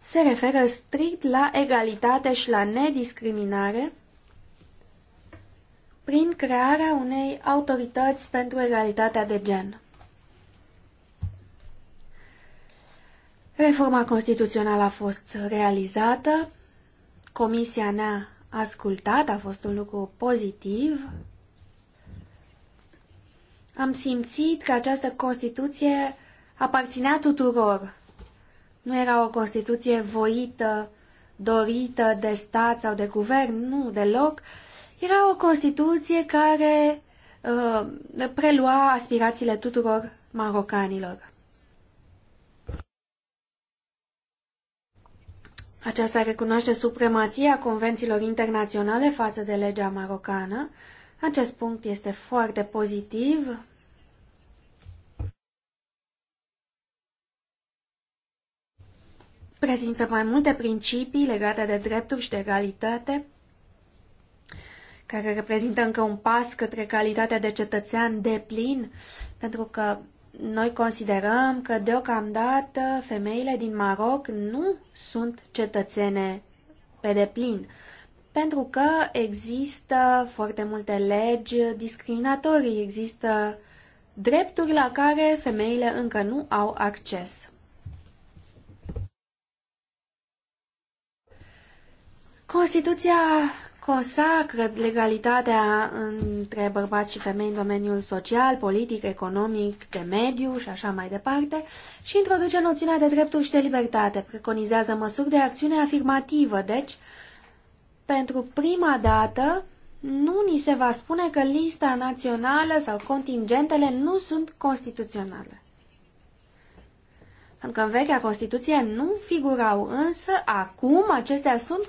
Speaker 3: se referă strict la egalitate și la nediscriminare prin crearea unei autorități pentru egalitatea de gen. Reforma constituțională a fost realizată, comisia ne-a ascultat, a fost un lucru pozitiv am simțit că această Constituție aparținea tuturor. Nu era o Constituție voită, dorită de stat sau de guvern, nu, deloc. Era o Constituție care uh, prelua aspirațiile tuturor marocanilor. Aceasta recunoaște supremația convențiilor internaționale față de legea marocană. Acest punct este foarte pozitiv. prezintă mai multe principii legate de drepturi și de egalitate, care reprezintă încă un pas către calitatea de cetățean de plin, pentru că noi considerăm că deocamdată femeile din Maroc nu sunt cetățene pe deplin, pentru că există foarte multe legi discriminatorii, există drepturi la care femeile încă nu au acces. Constituția consacră legalitatea între bărbați și femei în domeniul social, politic, economic, de mediu și așa mai departe și introduce noțiunea de drepturi și de libertate, preconizează măsuri de acțiune afirmativă, deci pentru prima dată nu ni se va spune că lista națională sau contingentele nu sunt constituționale. Pentru că în vechea Constituție nu figurau, însă acum acestea sunt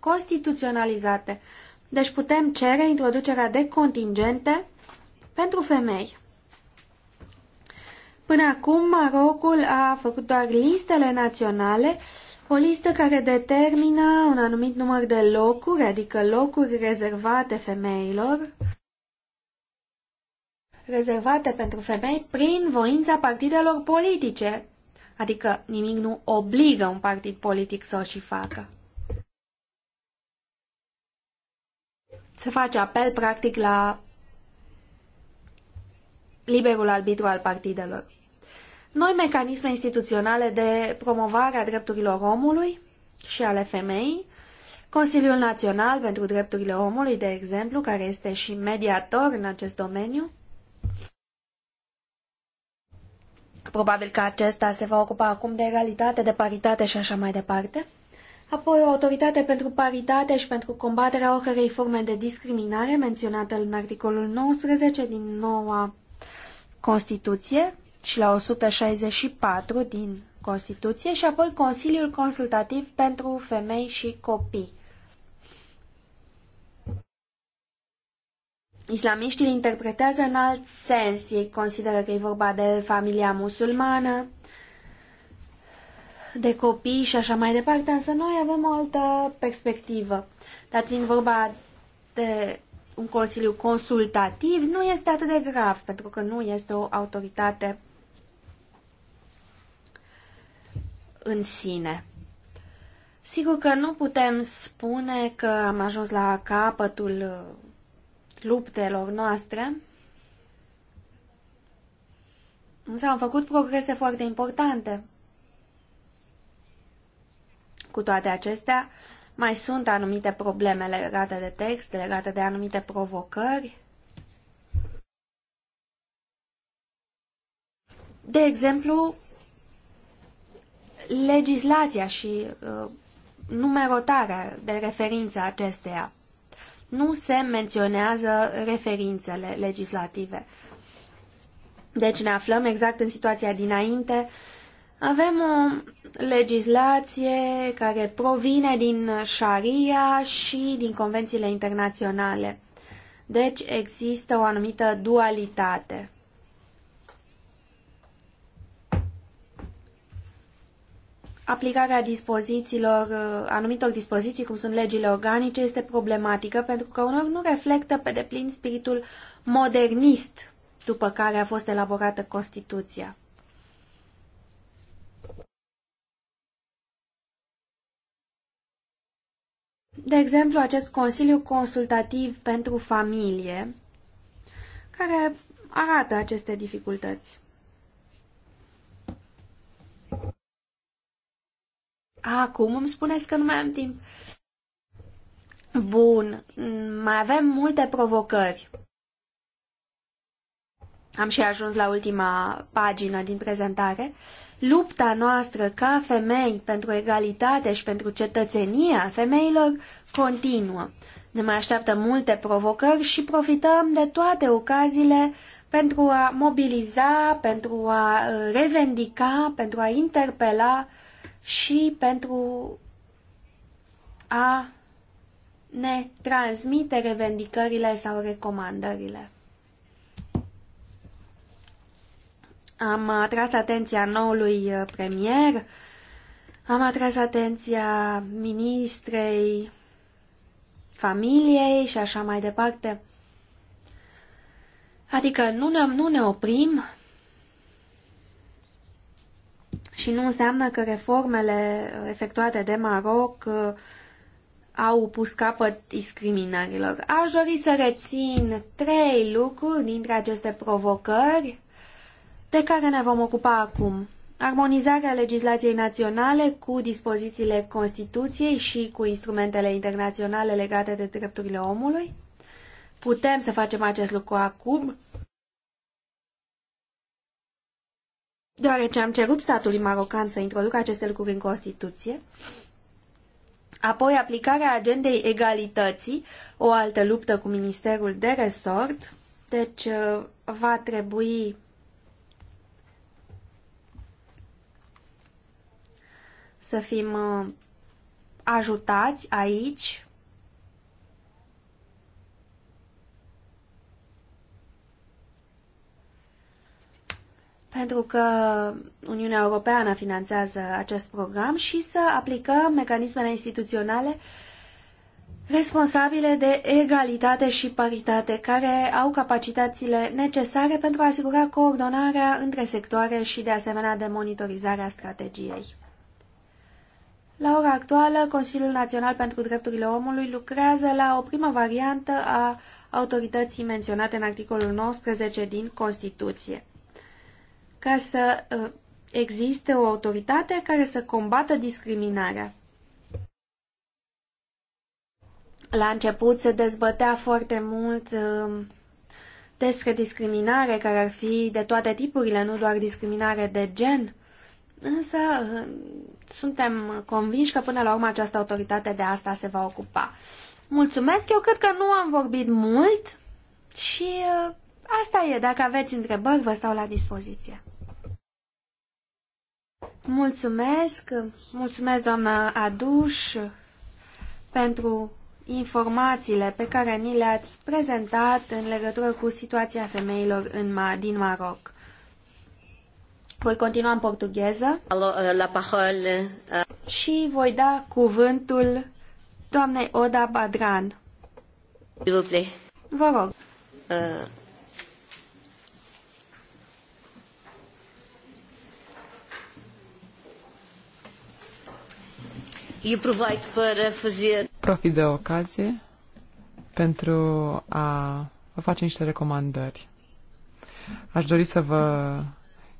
Speaker 3: constituționalizate. Deci putem cere introducerea de contingente pentru femei. Până acum, Marocul a făcut doar listele naționale, o listă care determină un anumit număr de locuri, adică locuri rezervate femeilor, rezervate pentru femei prin voința partidelor politice, Adică nimic nu obligă un partid politic să o și facă. Se face apel, practic, la liberul arbitru al partidelor. Noi mecanisme instituționale de promovare a drepturilor omului și ale femeii, Consiliul Național pentru Drepturile Omului, de exemplu, care este și mediator în acest domeniu, Probabil că acesta se va ocupa acum de egalitate, de paritate și așa mai departe. Apoi o autoritate pentru paritate și pentru combaterea oricărei forme de discriminare menționată în articolul 19 din noua Constituție și la 164 din Constituție și apoi Consiliul Consultativ pentru Femei și Copii. Islamiștii interpretează în alt sens. Ei consideră că e vorba de familia musulmană, de copii și așa mai departe, însă noi avem o altă perspectivă. Dar fiind vorba de un consiliu consultativ, nu este atât de grav, pentru că nu este o autoritate în sine. Sigur că nu putem spune că am ajuns la capătul luptelor noastre. Însă am făcut progrese foarte importante. Cu toate acestea, mai sunt anumite probleme legate de text, legate de anumite provocări. De exemplu, legislația și uh, numerotarea de referință acesteia nu se menționează referințele legislative. Deci ne aflăm exact în situația dinainte. Avem o legislație care provine din șaria și din convențiile internaționale. Deci există o anumită dualitate. aplicarea dispozițiilor, uh, anumitor dispoziții, cum sunt legile organice, este problematică pentru că unor nu reflectă pe deplin spiritul modernist după care a fost elaborată Constituția. De exemplu, acest Consiliu Consultativ pentru Familie, care arată aceste dificultăți. Acum îmi spuneți că nu mai am timp. Bun, mai avem multe provocări. Am și ajuns la ultima pagină din prezentare. Lupta noastră ca femei pentru egalitate și pentru cetățenia femeilor continuă. Ne mai așteaptă multe provocări și profităm de toate ocaziile pentru a mobiliza, pentru a uh, revendica, pentru a interpela și pentru a ne transmite revendicările sau recomandările. Am atras atenția noului uh, premier, am atras atenția ministrei familiei și așa mai departe. Adică nu ne, nu ne oprim, și nu înseamnă că reformele efectuate de Maroc uh, au pus capăt discriminărilor. Aș dori să rețin trei lucruri dintre aceste provocări de care ne vom ocupa acum. Armonizarea legislației naționale cu dispozițiile Constituției și cu instrumentele internaționale legate de drepturile omului. Putem să facem acest lucru acum deoarece am cerut statului marocan să introducă aceste lucruri în Constituție. Apoi aplicarea agendei egalității, o altă luptă cu Ministerul de Resort. Deci uh, va trebui să fim uh, ajutați aici pentru că Uniunea Europeană finanțează acest program și să aplicăm mecanismele instituționale responsabile de egalitate și paritate, care au capacitățile necesare pentru a asigura coordonarea între sectoare și de asemenea de monitorizarea strategiei. La ora actuală, Consiliul Național pentru Drepturile Omului lucrează la o primă variantă a autorității menționate în articolul 19 din Constituție ca să uh, existe o autoritate care să combată discriminarea. La început se dezbătea foarte mult uh, despre discriminare, care ar fi de toate tipurile, nu doar discriminare de gen. Însă uh, suntem convinși că până la urmă această autoritate de asta se va ocupa. Mulțumesc, eu cred că nu am vorbit mult și asta e. Dacă aveți întrebări, vă stau la dispoziție. Mulțumesc, mulțumesc doamna Aduș pentru informațiile pe care ni le-ați prezentat în legătură cu situația femeilor în din Maroc. Voi continua în portugheză
Speaker 2: eh, la parole. Eh.
Speaker 3: și voi da cuvântul doamnei Oda Badran. Vă rog. Uh. E aproveito para fazer...
Speaker 2: Profit de ocazie pentru a vă face niște recomandări. Aș dori să vă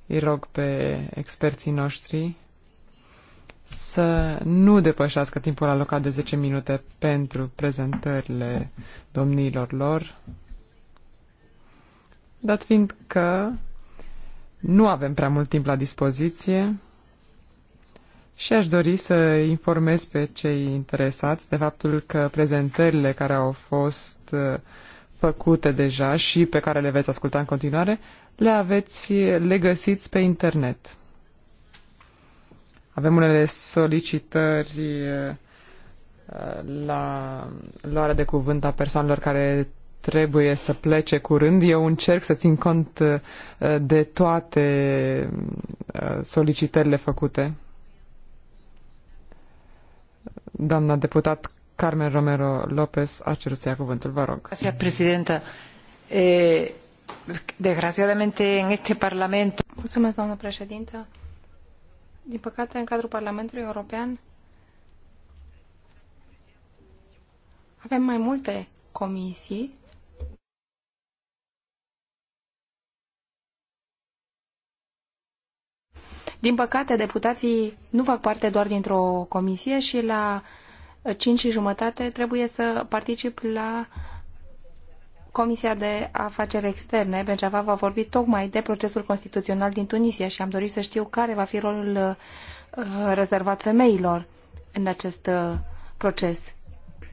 Speaker 2: îi rog pe experții noștri să nu depășească timpul alocat de 10 minute pentru prezentările domniilor lor, dat fiind că nu avem prea mult timp la dispoziție și aș dori să informez pe cei interesați de faptul că prezentările care au fost uh, făcute deja și pe care le veți asculta în continuare, le aveți, le găsiți pe internet. Avem unele solicitări uh, la luarea de cuvânt a persoanelor care trebuie să plece curând. Eu încerc să țin cont uh, de toate solicitările făcute. Doamna deputat Carmen Romero López a cerut să ia cuvântul. Vă rog. Gracias, presidenta. Eh, desgraciadamente, en este
Speaker 1: Parlamento... Mulțumesc, doamnă președintă. Din păcate, în cadrul Parlamentului European avem mai multe comisii Din păcate, deputații nu fac parte doar dintr-o comisie și la 5 și jumătate trebuie să particip la Comisia de Afaceri Externe. Benceva va vorbi tocmai de procesul constituțional din Tunisia și am dorit să știu care va fi rolul uh, rezervat femeilor în acest uh, proces.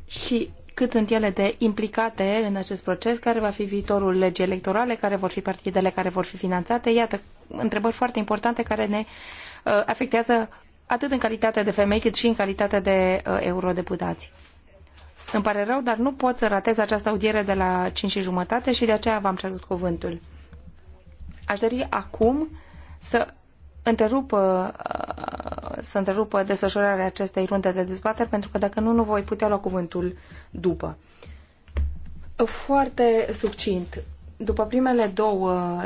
Speaker 1: Și cât sunt ele de implicate în acest proces, care va fi viitorul legii electorale, care vor fi partidele care vor fi finanțate. Iată, întrebări foarte importante care ne uh, afectează atât în calitate de femei cât și în calitate de uh, eurodeputați. Îmi pare rău, dar nu pot să ratez această audiere de la 5 și jumătate și de aceea v-am cerut cuvântul. Aș dori acum să întrerupă, uh, să întrerupă desfășurarea acestei runde de dezbateri, pentru că dacă nu, nu voi putea lua cuvântul după. Foarte succint, după primele două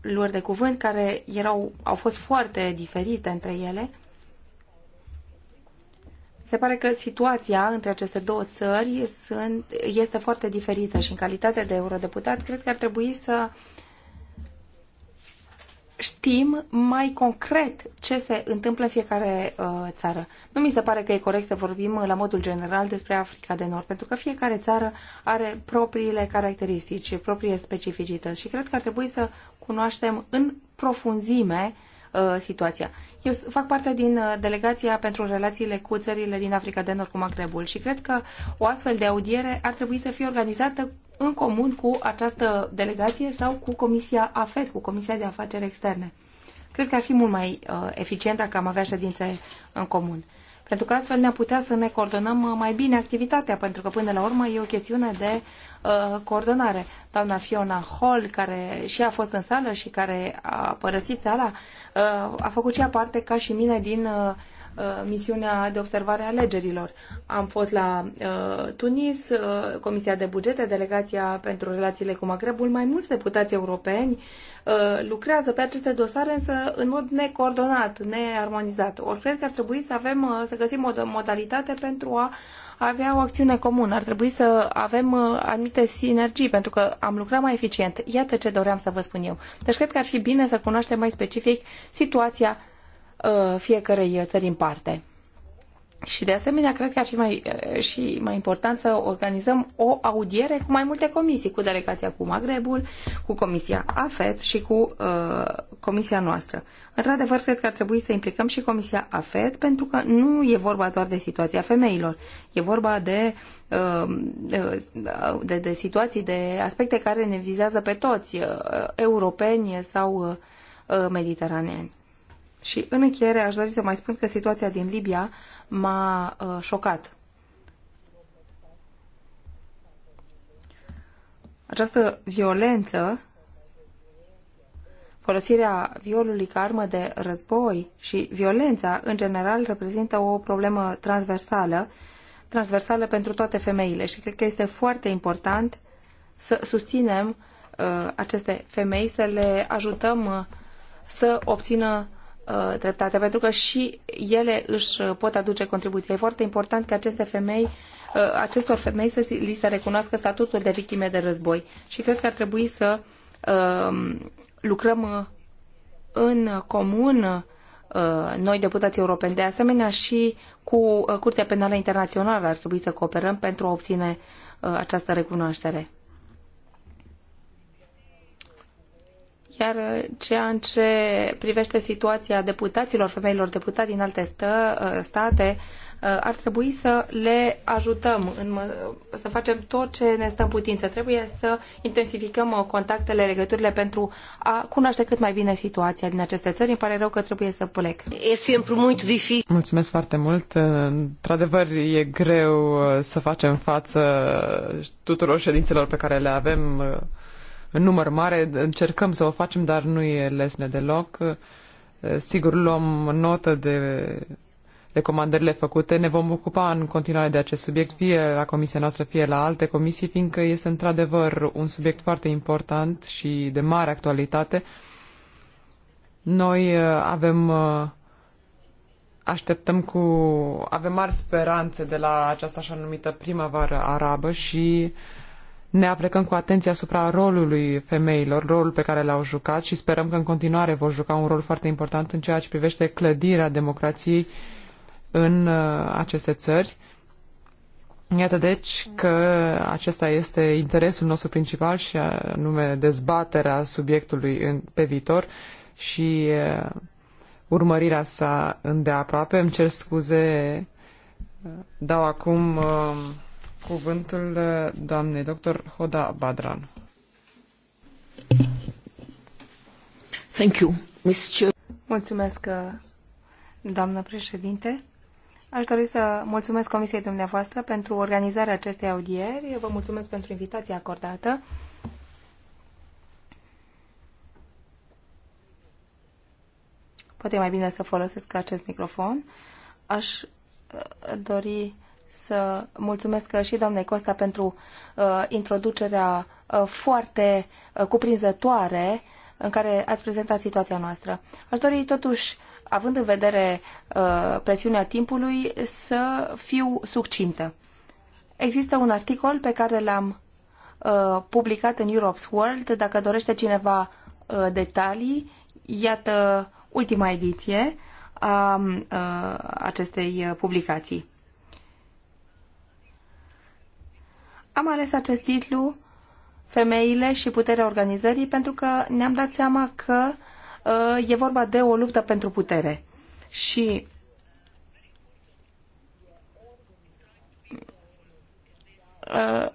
Speaker 1: luări de cuvânt, care erau, au fost foarte diferite între ele, se pare că situația între aceste două țări sunt, este foarte diferită și în calitate de eurodeputat cred că ar trebui să uh, știm mai concret ce se întâmplă în fiecare uh, țară. Nu mi se pare că e corect să vorbim la modul general despre Africa de Nord, pentru că fiecare țară are propriile caracteristici, proprie specificități și cred că ar trebui să cunoaștem în profunzime uh, Uh, situația. Eu fac parte din uh, delegația pentru relațiile cu țările din Africa de Nord, cu Macrebul și cred că o astfel de audiere ar trebui să fie organizată în comun cu această delegație sau cu Comisia AFET, cu Comisia de Afaceri Externe. Cred că ar fi mult mai uh, eficient dacă am avea ședințe în comun. Pentru că astfel ne-am putea să ne coordonăm uh, mai bine activitatea, pentru că până la urmă e o chestiune de uh, coordonare doamna Fiona Hall, care și a fost în sală și care a părăsit sala, uh, a făcut și ea parte, ca și mine, din uh, uh, misiunea de observare a alegerilor. Am fost la uh, Tunis, uh, Comisia de Bugete, Delegația pentru Relațiile cu Magrebul, mai mulți deputați europeni uh, lucrează pe aceste dosare, însă în mod necoordonat, nearmonizat. Ori cred că ar trebui să avem, uh, să găsim o modalitate pentru a avea o acțiune comună, ar trebui să avem uh, anumite sinergii, pentru că am lucrat mai eficient. Iată ce doream să vă spun eu. Deci cred că ar fi bine să cunoaștem mai specific situația uh, fiecărei uh, țări în parte. Și de asemenea, cred că ar fi mai, și mai important să organizăm o audiere cu mai multe comisii, cu delegația cu Magrebul, cu Comisia AFET și cu uh, Comisia noastră. Într-adevăr, cred că ar trebui să implicăm și Comisia AFET, pentru că nu e vorba doar de situația femeilor, e vorba de, uh, uh de, de situații, de aspecte care ne vizează pe toți, uh, europeni sau uh, mediteraneeni. Și în încheiere aș dori să mai spun că situația din Libia m-a uh, șocat. Această violență, folosirea violului ca armă de război și violența, în general, reprezintă o problemă transversală, transversală pentru toate femeile și cred că este foarte important să susținem uh, aceste femei, să le ajutăm uh, să obțină treptate, uh, dreptate, pentru că și ele își pot aduce contribuție. E foarte important că aceste femei, uh, acestor femei să li se recunoască statutul de victime de război. Și cred că ar trebui să uh, lucrăm în comun noi deputații europeni. De asemenea și cu Curtea Penală Internațională ar trebui să cooperăm pentru a obține această recunoaștere. Iar uh, ceea în ce privește situația deputaților, femeilor deputați din alte stă, uh, state, uh, ar trebui să le ajutăm, în, să facem tot ce ne stă în putință. Trebuie să intensificăm contactele, legăturile pentru a cunoaște cât mai bine situația din aceste țări. Îmi pare rău că trebuie să plec. E
Speaker 2: mult dificil. Mulțumesc foarte mult. Într-adevăr, e greu să facem față tuturor ședințelor pe care le avem în număr mare. Încercăm să o facem, dar nu e lesne deloc. Uh, sigur, luăm notă de recomandările făcute. Ne vom ocupa în continuare de acest subiect, fie la comisia noastră, fie la alte comisii, fiindcă este într-adevăr un subiect foarte important și de mare actualitate. Noi uh, avem uh, așteptăm cu avem mari speranțe de la această așa numită primăvară arabă și uh, ne aplecăm cu atenție asupra rolului femeilor, rolul pe care l-au jucat și sperăm că în continuare vor juca un rol foarte important în ceea ce privește clădirea democrației în uh, aceste țări. Iată deci că acesta este interesul nostru principal și anume dezbaterea subiectului în, pe viitor și uh, urmărirea sa îndeaproape. Îmi cer scuze, uh, dau acum cuvântul uh, doamnei dr. Hoda Badran. Thank you, Mr.
Speaker 1: Mulțumesc, uh, doamnă președinte. Aș dori să mulțumesc Comisiei dumneavoastră pentru organizarea acestei audieri. vă mulțumesc pentru invitația acordată. Poate mai bine să folosesc acest microfon. Aș uh, dori să mulțumesc uh, și doamnei Costa pentru uh, introducerea uh, foarte uh, cuprinzătoare în care ați prezentat situația noastră. Aș dori totuși, având în vedere uh, presiunea timpului, să fiu succintă. Există un articol pe care l-am uh, publicat în Europe's World. Dacă dorește cineva uh, detalii, iată ultima ediție a uh, acestei uh, publicații. Am ales acest titlu, Femeile și puterea organizării, pentru că ne-am dat seama că uh, e vorba de o luptă pentru putere. Și uh,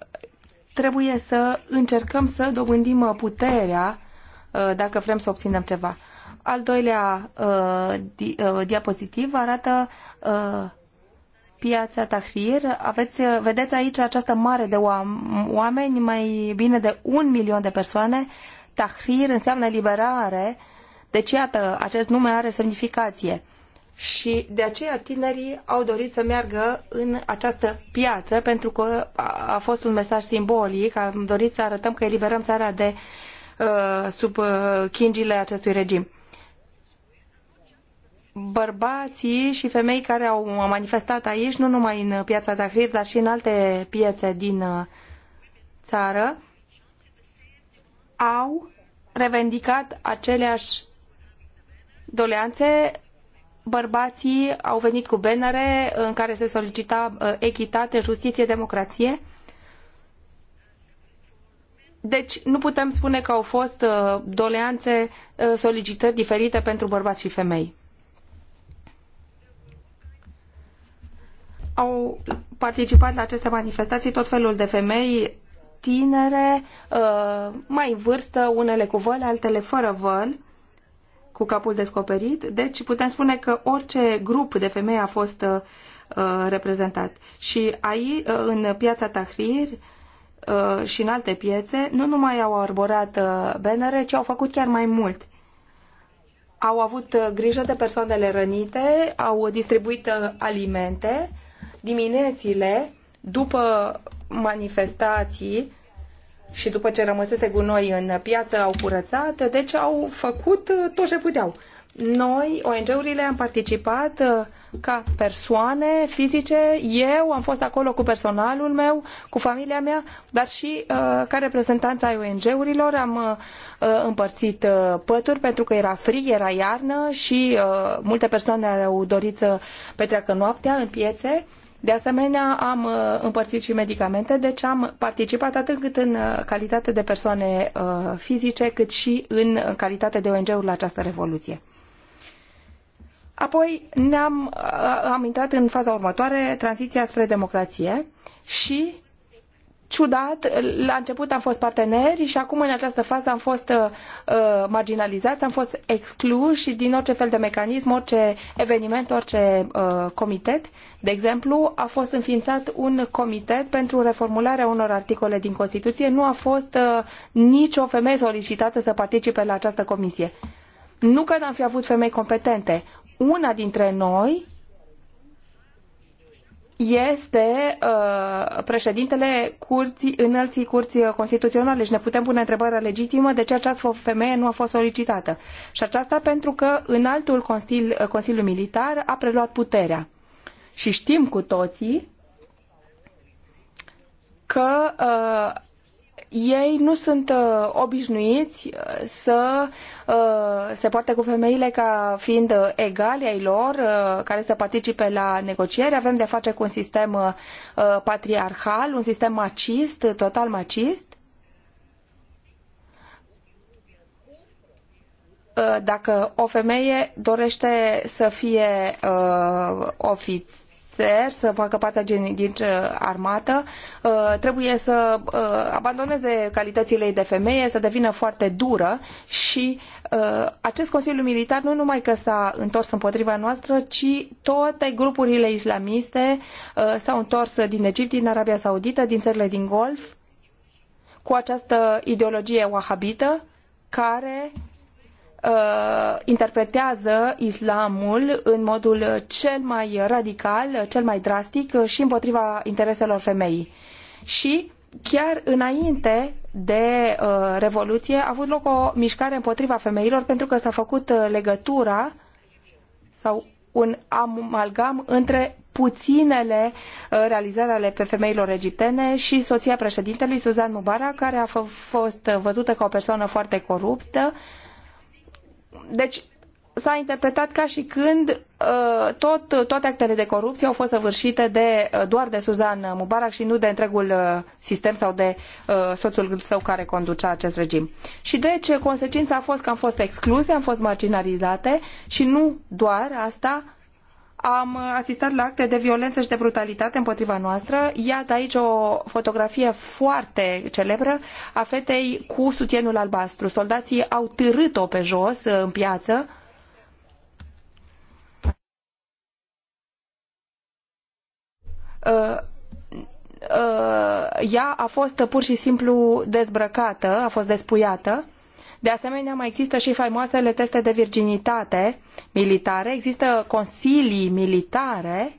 Speaker 1: trebuie să încercăm să dobândim uh, puterea uh, dacă vrem să obținem ceva. Al doilea uh, di, uh, diapozitiv arată uh, piața Tahrir. Aveți, vedeți aici această mare de oameni, mai bine de un milion de persoane. Tahrir înseamnă liberare, deci iată, acest nume are semnificație. Și de aceea tinerii au dorit să meargă în această piață, pentru că a fost un mesaj simbolic, am dorit să arătăm că eliberăm țara de uh, sub uh, chingile acestui regim bărbații și femei care au manifestat aici, nu numai în piața Zahrir, dar și în alte piețe din uh, țară, au revendicat aceleași doleanțe. Bărbații au venit cu benere în care se solicita uh, echitate, justiție, democrație. Deci nu putem spune că au fost uh, doleanțe, solicitări diferite pentru bărbați și femei. au participat la aceste manifestații tot felul de femei tinere, uh, mai în vârstă, unele cu văl, altele fără văl, cu capul descoperit. Deci putem spune că orice grup de femei a fost uh, reprezentat. Și aici, uh, în piața Tahrir și în alte piețe, nu numai au arborat bannere, ci au făcut chiar mai mult au avut grijă de persoanele rănite, au distribuit alimente diminețile, după manifestații și după ce rămăsese gunoi în piață, au curățat, deci au făcut uh, tot ce puteau. Noi, ONG-urile, am participat uh, ca persoane fizice, eu am fost acolo cu personalul meu, cu familia mea, dar și uh, ca reprezentanța ai ONG-urilor am uh, uh, împărțit uh, pături pentru că era frig, era iarnă și multe persoane au dorit să petreacă noaptea în piețe. Uh, de asemenea, am uh, împărțit și medicamente, deci am participat atât cât în uh, calitate de persoane uh, fizice, cât și în calitate de ONG-uri la această revoluție. Apoi ne-am, am intrat în faza următoare, tranziția spre democrație și ciudat, la început am fost parteneri și acum în această fază am fost uh, uh, marginalizați, am fost excluși din orice fel de mecanism, orice eveniment, orice uh, comitet. De exemplu, a fost înființat un comitet pentru reformularea unor articole din Constituție. Nu a fost uh, nicio femeie solicitată să participe la această comisie. Nu că n-am fi avut femei competente. Una dintre noi este uh, președintele curții, înălții curții constituționale și deci ne putem pune întrebarea legitimă de ce această femeie nu a fost solicitată. Și aceasta pentru că în altul Consiliu, Consiliu Militar a preluat puterea. Și știm cu toții că uh, ei nu sunt uh, obișnuiți uh, să uh, Uh, se poartă cu femeile ca fiind uh, egali ai lor, uh, care să participe la negocieri. Avem de a face cu un sistem patriarhal, un sistem macist, total macist. dacă o femeie dorește să fie uh, ofiț țări să facă parte din armată, uh, trebuie să uh, abandoneze calitățile ei de femeie, să devină foarte dură și uh, acest Consiliu Militar nu numai că s-a întors împotriva noastră, ci toate grupurile islamiste s-au întors din Egipt, din Arabia Saudită, din țările din Golf, cu această ideologie wahabită care Uh, interpretează islamul în modul cel mai radical, cel mai drastic și împotriva intereselor femeii. Și chiar înainte de uh, Revoluție a avut loc o mișcare împotriva femeilor pentru că s-a făcut uh, legătura sau un amalgam între puținele realizări ale pe femeilor egiptene și soția președintelui Suzan Mubarak, care a fost văzută ca o persoană foarte coruptă, uh, deci s-a interpretat ca și când uh, tot, toate actele de corupție au fost săvârșite de, uh, doar de Suzan Mubarak și nu de întregul uh, sistem sau de soțul său care conducea acest regim. Și deci consecința a fost că am fost excluse, am fost marginalizate și nu doar asta, am asistat la acte de violență și de brutalitate împotriva noastră. Iată aici o fotografie foarte celebră a fetei cu sutienul albastru. Soldații au târât-o pe jos uh, în piață. Uh, uh, ea a fost pur și simplu dezbrăcată, a fost despuiată de asemenea, mai există și faimoasele teste de virginitate militare. Există consilii militare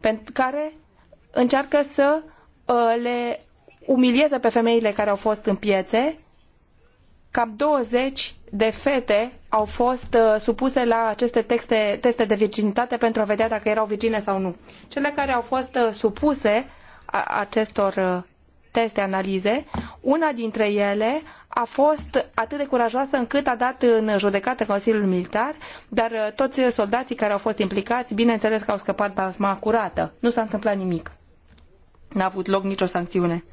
Speaker 1: pentru care încearcă să uh, le umilieze pe femeile care au fost în piețe. Cam 20 de fete au fost uh, supuse la aceste texte, teste de virginitate pentru a vedea dacă erau virgine sau nu. Cele care au fost uh, supuse acestor teste, analize, una dintre ele a fost atât de curajoasă încât a dat în judecată Consiliul Militar, dar uh, toți soldații care au fost implicați, bineînțeles că au scăpat basma curată. Nu s-a întâmplat nimic. N-a avut loc nicio sancțiune.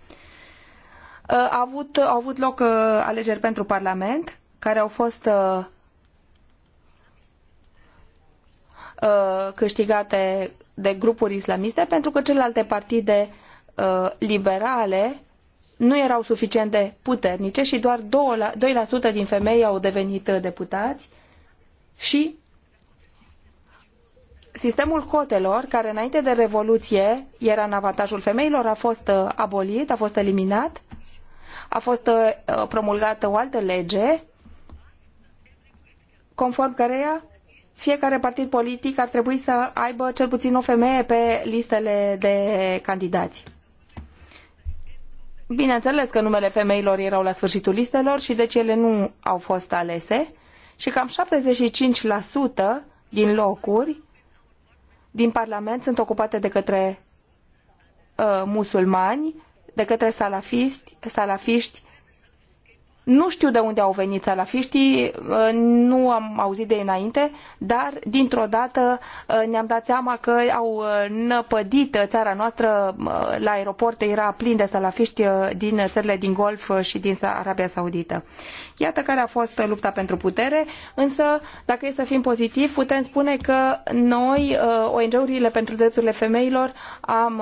Speaker 1: Uh, a avut, au avut loc uh, alegeri pentru Parlament, care au fost câștigate de grupuri islamiste, pentru că celelalte partide liberale nu erau suficient de puternice și doar 2% din femei au devenit uh, deputați și sistemul cotelor, care înainte de Revoluție era în avantajul femeilor, a fost uh, abolit, a fost eliminat, a fost uh, promulgată o altă lege, conform căreia fiecare partid politic ar trebui să aibă cel puțin o femeie pe listele de candidați bineînțeles că numele femeilor erau la sfârșitul listelor și deci ele nu au fost alese și cam 75% din locuri din Parlament sunt ocupate de către uh, musulmani, de către salafisti salafiști nu știu de unde au venit salafiștii, uh, nu am auzit de ei înainte, dar dintr-o dată uh, ne-am dat seama că au uh, năpădit țara noastră. La aeroport era plin de salafiști din țările din Golf și din Arabia Saudită. Iată care a fost lupta pentru putere, însă dacă e să fim pozitiv, putem spune că noi, ONG-urile pentru drepturile femeilor, am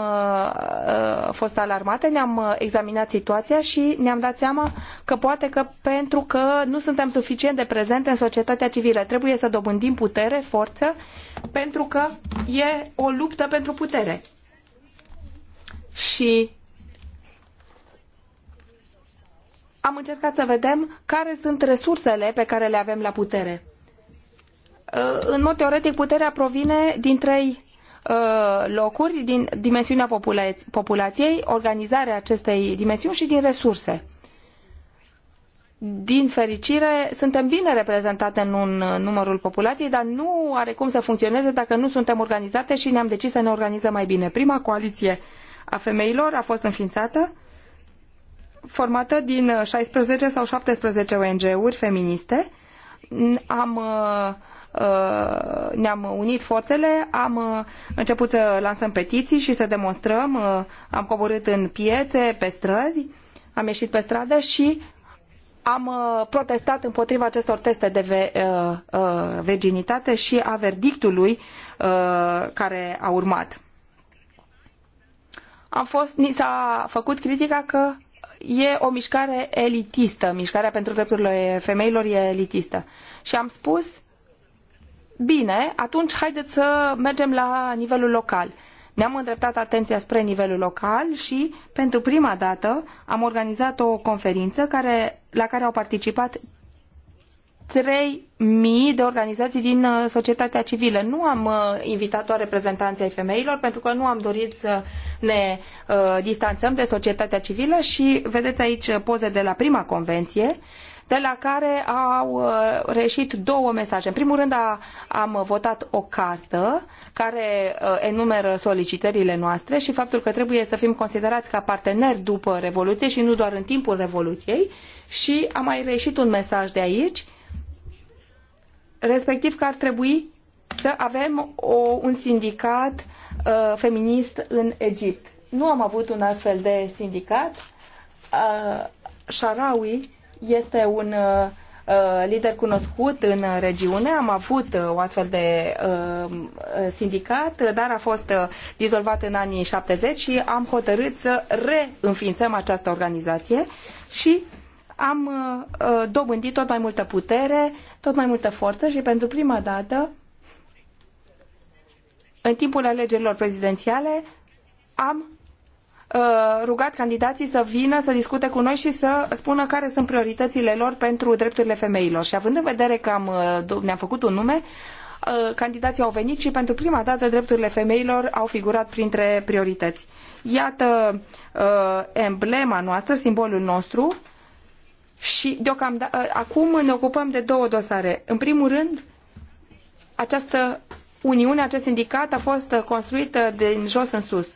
Speaker 1: fost alarmate, ne-am examinat situația și ne-am dat seama că poate că pentru că nu suntem suficient de prezente în societatea civilă. Trebuie să dobândim putere, forță, pentru că e o luptă pentru putere. Și am încercat să vedem care sunt resursele pe care le avem la putere. În mod teoretic, puterea provine din trei uh, locuri, din dimensiunea populației, organizarea acestei dimensiuni și din resurse din fericire, suntem bine reprezentate în un uh, numărul populației, dar nu are cum să funcționeze dacă nu suntem organizate și ne-am decis să ne organizăm mai bine. Prima coaliție a femeilor a fost înființată, formată din 16 uh, sau 17 ONG-uri feministe. Am, uh, ne-am unit forțele, am început să lansăm petiții și să demonstrăm, am coborât în piețe, pe străzi, am ieșit pe stradă și am uh, protestat împotriva acestor teste de uh, uh, virginitate și a verdictului care a urmat. Am fost, ni s-a făcut critica că e o mișcare elitistă, mișcarea pentru drepturile femeilor e elitistă. Și am spus, bine, atunci haideți să mergem la nivelul local. Ne-am îndreptat atenția spre nivelul local și, pentru prima dată, am organizat o conferință care, la care au participat 3.000 de organizații din uh, societatea civilă. Nu am uh, invitat doar reprezentanții ai femeilor pentru că nu am dorit să ne uh, distanțăm de societatea civilă și vedeți aici poze de la prima convenție. Uh, de la care au uh, reșit două mesaje. În primul rând a, am votat o cartă care uh, enumeră solicitările noastre și faptul că trebuie să fim considerați ca parteneri după Revoluție și nu doar în timpul Revoluției și a mai reșit un mesaj de aici, respectiv că ar trebui să avem o, un sindicat uh, feminist în Egipt. Nu am avut un astfel de sindicat. Uh, Sharawi este un uh, uh, lider cunoscut în regiune. Am avut uh, o astfel de sindicat, dar a fost dizolvat în anii 70 și am hotărât să reînființăm această organizație și am dobândit tot mai multă putere, tot mai multă forță și pentru prima dată în timpul alegerilor prezidențiale am Uh, rugat candidații să vină să discute cu noi și să spună care sunt prioritățile lor pentru drepturile femeilor. Și având în vedere că am, uh, ne-am făcut un nume, uh, candidații au venit și pentru prima dată drepturile femeilor au figurat printre priorități. Iată emblema noastră, simbolul nostru și deocamdată acum ne ocupăm de două dosare. În primul rând, această uniune, acest sindicat a fost construită din jos în sus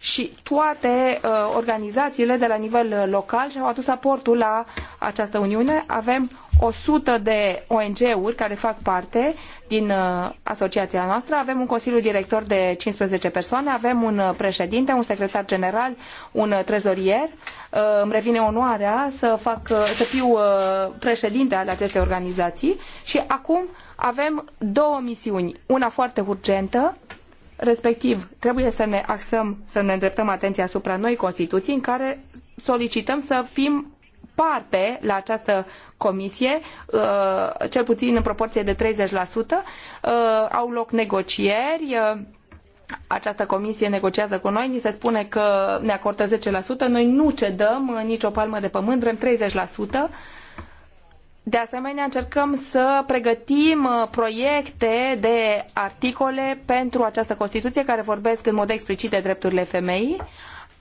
Speaker 1: și toate uh, organizațiile de la nivel uh, local și-au adus aportul la această uniune. Avem 100 de ONG-uri care fac parte din uh, asociația noastră, avem un consiliu director de 15 persoane, avem un uh, președinte, un secretar general, un uh, trezorier. Uh, îmi revine onoarea să, fac, uh, să fiu uh, președinte al acestei organizații și acum avem două misiuni, una foarte urgentă, Respectiv, trebuie să ne axăm, să ne îndreptăm atenția asupra noi Constituții în care solicităm să fim parte la această comisie, uh, cel puțin în proporție de 30%, uh, au loc negocieri, uh, această comisie negociază cu noi, ni se spune că ne acordă 10%, noi nu cedăm nicio palmă de pământ, vrem 30%, de asemenea, încercăm să pregătim uh, proiecte de articole pentru această Constituție care vorbesc în mod explicit de drepturile femeii.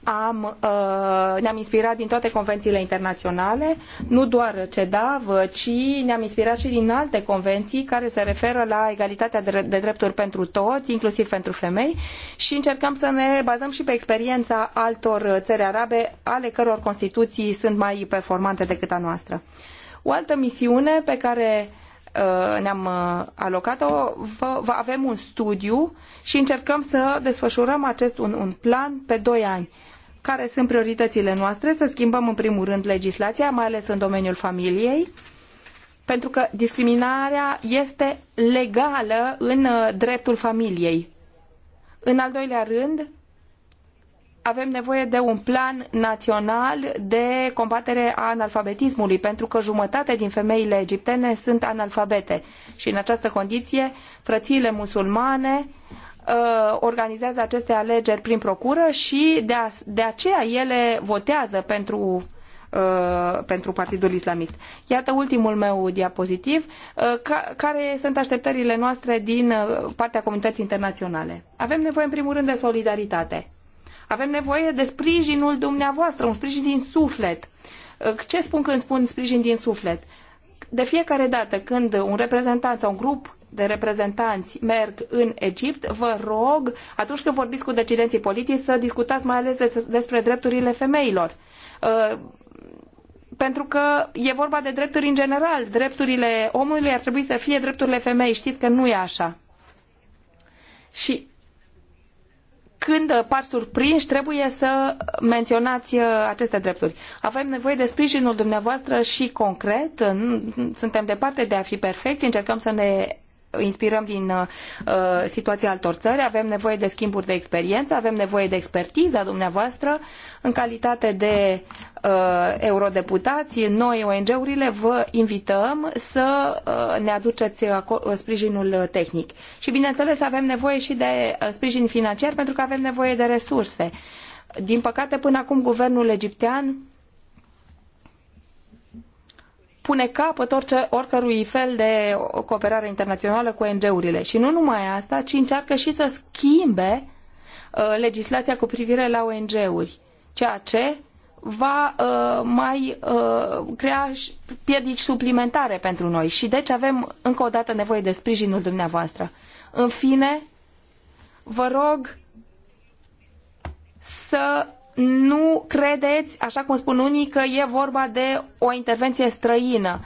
Speaker 1: Am, uh, ne-am inspirat din toate convențiile internaționale, nu doar CEDAV, ci ne-am inspirat și din alte convenții care se referă la egalitatea de drepturi pentru toți, inclusiv pentru femei, și încercăm să ne bazăm și pe experiența altor țări arabe, ale căror constituții sunt mai performante decât a noastră. Uh, o altă misiune pe care uh, ne-am uh, alocat-o, avem un studiu și încercăm să desfășurăm acest un, un plan pe doi ani. Care sunt prioritățile noastre? Să schimbăm în primul rând legislația, mai ales în domeniul familiei, pentru că discriminarea este legală în uh, dreptul familiei. În al doilea rând, avem nevoie de un plan național de combatere a analfabetismului, pentru că jumătate din femeile egiptene sunt analfabete și în această condiție frățiile musulmane uh, organizează aceste alegeri prin procură și de, a, de aceea ele votează pentru uh, pentru Partidul Islamist. Iată ultimul meu diapozitiv, uh, care sunt așteptările noastre din partea comunității internaționale. Avem nevoie, în primul rând, de solidaritate. Avem nevoie de sprijinul dumneavoastră, un sprijin din suflet. Ce spun când spun sprijin din suflet? De fiecare dată când un reprezentant sau un grup de reprezentanți merg în Egipt, vă rog, atunci când vorbiți cu decidenții politici, să discutați mai ales despre drepturile femeilor uh, pentru că e vorba de drepturi în general. Drepturile omului ar trebui să fie drepturile femei. Știți că nu e așa. Și când par surprinși, trebuie să menționați uh, aceste drepturi. Avem nevoie de sprijinul dumneavoastră și concret. Suntem departe de a fi perfecți, încercăm să ne inspirăm din uh, situația altor țări, avem nevoie de schimburi de experiență, avem nevoie de expertiza dumneavoastră în calitate de uh, eurodeputați. Noi, ONG-urile, vă invităm să uh, ne aduceți uh, sprijinul tehnic. Și, bineînțeles, avem nevoie și de uh, sprijin financiar pentru că avem nevoie de resurse. Din păcate, până acum, guvernul egiptean pune capăt orice, oricărui fel de cooperare internațională cu ONG-urile. Și nu numai asta, ci încearcă și să schimbe uh, legislația cu privire la ONG-uri, ceea ce va uh, mai uh, crea piedici suplimentare pentru noi și deci avem încă o dată nevoie de sprijinul dumneavoastră. În fine, vă rog să nu credeți, așa cum spun unii, că e vorba de o intervenție străină.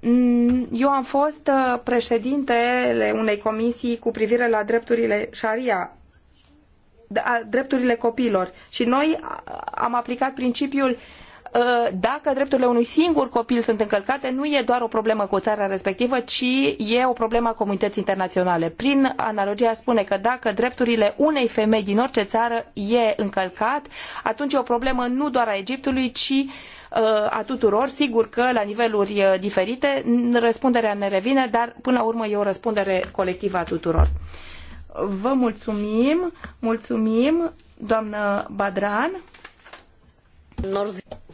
Speaker 1: Mm, eu am fost uh, președintele unei comisii cu privire la drepturile șaria, da, drepturile copilor și noi am aplicat principiul uh, Ă, dacă drepturile unui singur copil sunt încălcate, nu e doar o problemă cu țara respectivă, ci e o problemă a comunității internaționale. Prin analogie, spune că dacă drepturile unei femei din orice țară e încălcat, atunci e o problemă nu doar a Egiptului, ci ă, a tuturor. Sigur că la niveluri ă, diferite răspunderea ne revine, dar până la urmă e o răspundere colectivă a tuturor. Vă mulțumim, mulțumim, doamnă Badran.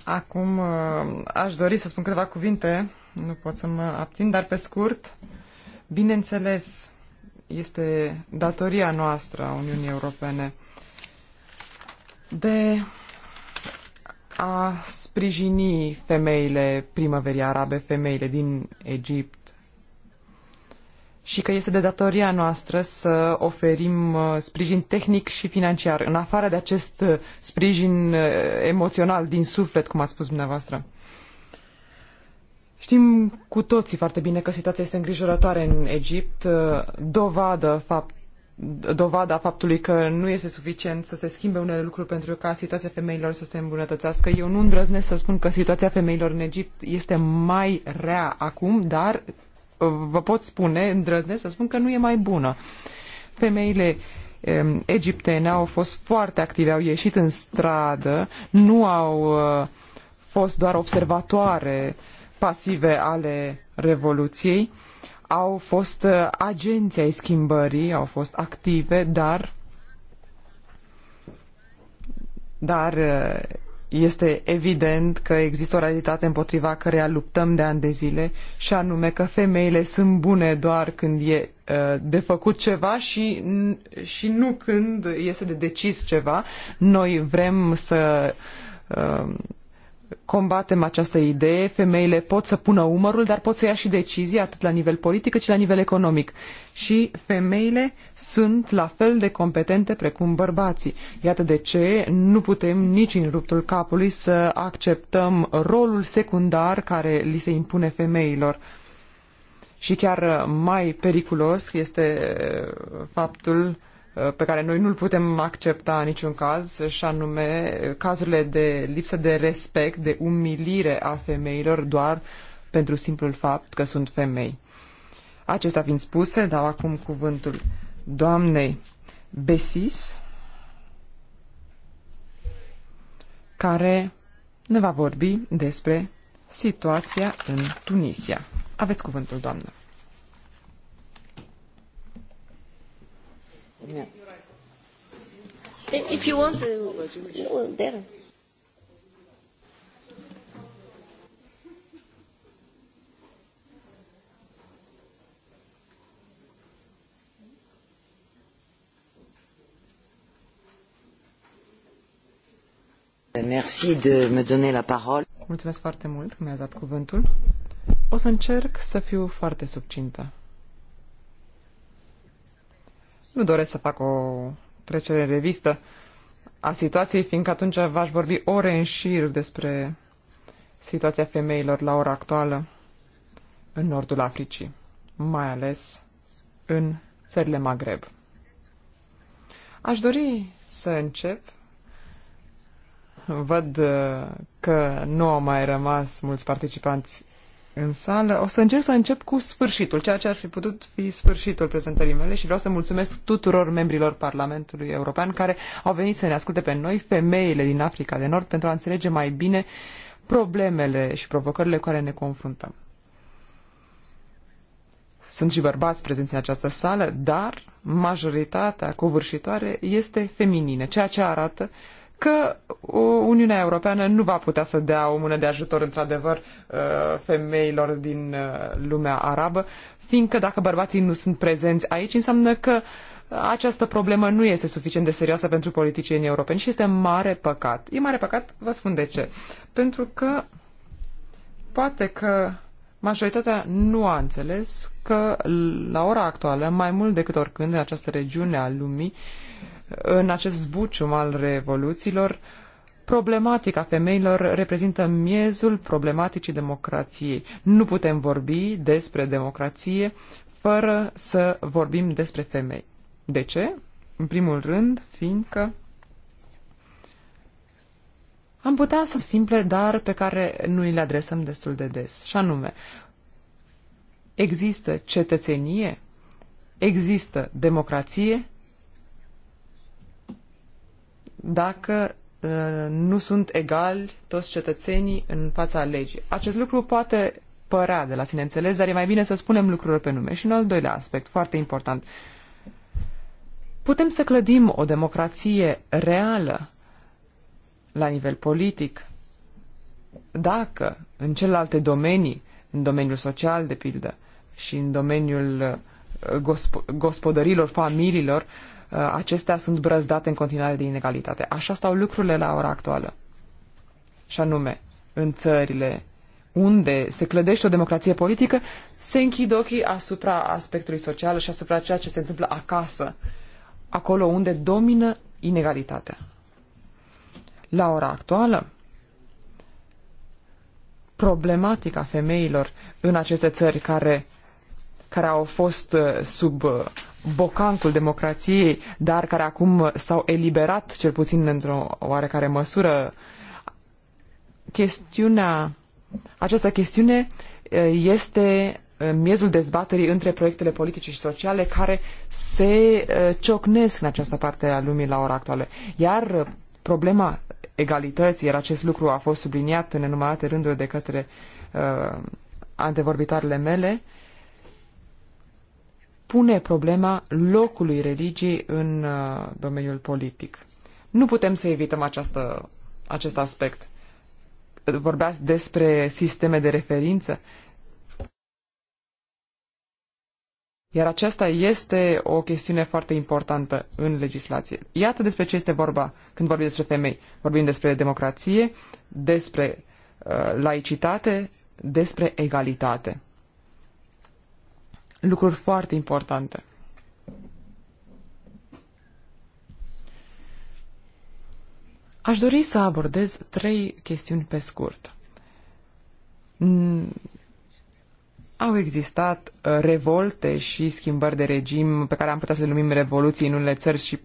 Speaker 2: Acum uh, aș dori să spun câteva cuvinte, nu pot să mă abțin, dar pe scurt, bineînțeles, este datoria noastră a Uniunii Europene de a sprijini femeile primăverii arabe, femeile din Egipt, și că este de datoria noastră să oferim uh, sprijin tehnic și financiar, în afară de acest uh, sprijin uh, emoțional din suflet, cum a spus dumneavoastră. Știm cu toții foarte bine că situația este îngrijorătoare în Egipt, dovadă fapt dovada faptului că nu este suficient să se schimbe unele lucruri pentru ca situația femeilor să se îmbunătățească. Eu nu îndrăznesc să spun că situația femeilor în Egipt este mai rea acum, dar vă pot spune, îndrăznesc să spun că nu e mai bună. Femeile egiptene au fost foarte active, au ieșit în stradă, nu au uh, fost doar observatoare pasive ale Revoluției, au fost uh, agenții ai schimbării, au fost active, dar dar uh, este evident că există o realitate împotriva căreia luptăm de ani de zile și anume că femeile sunt bune doar când e uh, de făcut ceva și, și nu când este de decis ceva. Noi vrem să uh, combatem această idee, femeile pot să pună umărul, dar pot să ia și decizii atât la nivel politic cât și la nivel economic. Și femeile sunt la fel de competente precum bărbații. Iată de ce nu putem nici în ruptul capului să acceptăm rolul secundar care li se impune femeilor. Și chiar uh, mai periculos este uh, faptul uh, Uh, pe care noi nu-l putem accepta în niciun caz, și anume uh, cazurile de lipsă de respect, de umilire a femeilor doar pentru simplul fapt că sunt femei. Acestea fiind spuse, dau acum cuvântul doamnei Besis, care ne va vorbi despre situația în Tunisia. Aveți cuvântul, doamnă.
Speaker 3: If you want to, no, there.
Speaker 2: Merci de me donner la parole. Mulțumesc foarte mult că mi-ați dat cuvântul. O să încerc să fiu foarte subcintă. Nu doresc să fac o trecere în revistă a situației, fiindcă atunci v-aș vorbi ore în șir despre situația femeilor la ora actuală în nordul Africii, mai ales în țările Maghreb. Aș dori să încep. Văd uh, că nu au mai rămas mulți participanți în sală. O să încerc să încep cu sfârșitul, ceea ce ar fi putut fi sfârșitul prezentării mele și vreau să mulțumesc tuturor membrilor Parlamentului European care au venit să ne asculte pe noi, femeile din Africa de Nord, pentru a înțelege mai bine problemele și provocările cu care ne confruntăm. Sunt și bărbați prezenți în această sală, dar majoritatea covârșitoare este feminină, ceea ce arată uh, că uh, Uniunea Europeană nu va putea să dea o mână de ajutor, într-adevăr, uh, femeilor din uh, lumea arabă, fiindcă dacă bărbații nu sunt prezenți aici, înseamnă că această problemă nu este suficient de serioasă pentru politicienii europeni și este mare păcat. E mare păcat, vă spun de ce. Pentru că poate că majoritatea nu a înțeles că la ora actuală, mai mult decât oricând în această regiune a lumii, uh, în acest zbucium al revoluțiilor, problematica femeilor reprezintă miezul problematicii democrației. Nu putem vorbi despre democrație fără să vorbim despre femei. De ce? În primul rând, fiindcă am putea să simple, dar pe care nu îi le adresăm destul de des. Și anume, există cetățenie, există democrație dacă uh, nu sunt egali toți cetățenii în fața legii. Acest lucru poate părea de la sine înțeles, dar e mai bine să spunem lucrurile pe nume. Și un al doilea aspect, foarte important. Putem să clădim o democrație reală la nivel politic dacă în celelalte domenii, în domeniul social, de pildă, și în domeniul uh, gospodărilor, familiilor, Uh, acestea sunt brăzdate în continuare de inegalitate. Așa stau lucrurile la ora actuală. Și anume, în țările unde se clădește o democrație politică, se închid ochii asupra aspectului social și asupra ceea ce se întâmplă acasă, acolo unde domină inegalitatea. La ora actuală, problematica femeilor în aceste țări care, care au fost uh, sub uh, bocancul democrației, dar care acum s-au eliberat, cel puțin într-o oarecare măsură. Chestiunea, această chestiune eh, este eh, miezul dezbaterii între proiectele politice și sociale care se eh, ciocnesc în această parte a lumii la ora actuală. Iar problema egalității, iar acest lucru a fost subliniat în nenumărate rânduri de către uh, antevorbitoarele mele, uh, pune problema locului religiei în uh, domeniul politic. Nu putem să evităm această, acest aspect. Vorbeați despre sisteme de referință. Iar aceasta este o chestiune foarte importantă în legislație. Iată despre ce este vorba când vorbim despre femei. Vorbim despre democrație, despre uh, laicitate, despre egalitate lucruri foarte importante. Aș dori să abordez trei chestiuni pe scurt. Au existat uh, revolte și schimbări de regim pe care am putea să le numim revoluții în unele țări și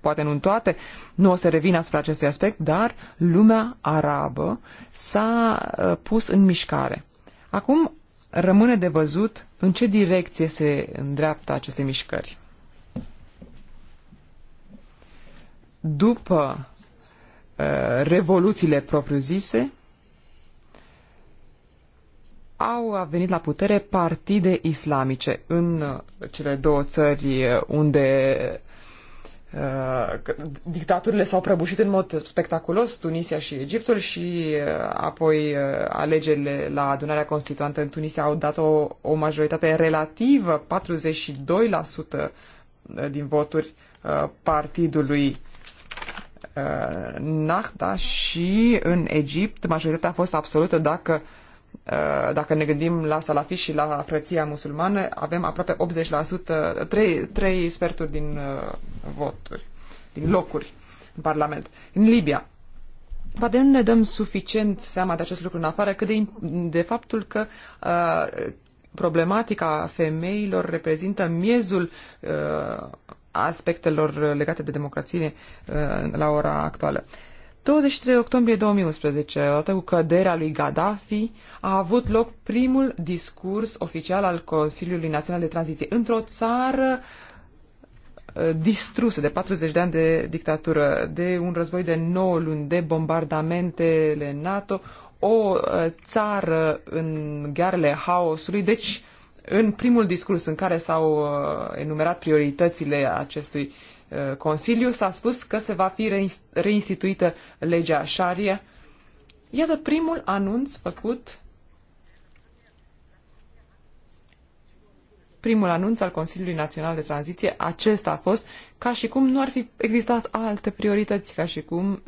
Speaker 2: poate nu în toate, nu o să revin asupra acestui aspect, dar lumea arabă s-a uh, pus în mișcare. Acum rămâne de văzut în ce direcție se îndreaptă aceste mișcări. După uh, revoluțiile propriu-zise, au venit la putere partide islamice în uh, cele două țări uh, unde Uh, dictaturile s-au prăbușit în mod spectaculos, Tunisia și Egiptul și uh, apoi uh, alegerile la adunarea constituantă în Tunisia au dat o, o majoritate relativă, 42% din voturi partidului Nahda și în Egipt majoritatea a fost absolută dacă Uh, dacă ne gândim la salafi și la frăția musulmană, avem aproape 80%, 3, 3 sferturi din uh, voturi, din locuri în Parlament. În Libia, Poate nu ne dăm suficient seama de acest lucru în afară, cât de, de faptul că uh, problematica femeilor reprezintă miezul uh, aspectelor legate de democrație uh, la ora actuală. 23 octombrie 2011, odată cu căderea lui Gaddafi, a avut loc primul discurs oficial al Consiliului Național de Tranziție într-o țară uh, distrusă de 40 de ani de dictatură, de un război de 9 luni, de bombardamentele NATO, o uh, țară în ghearele haosului, deci în primul discurs în care s-au uh, enumerat prioritățile acestui Uh, Consiliu s-a spus că se va fi reinstituită legea Sharia. Iată primul anunț făcut primul anunț al Consiliului Național de Tranziție, acesta a fost ca și cum nu ar fi existat alte priorități, ca și cum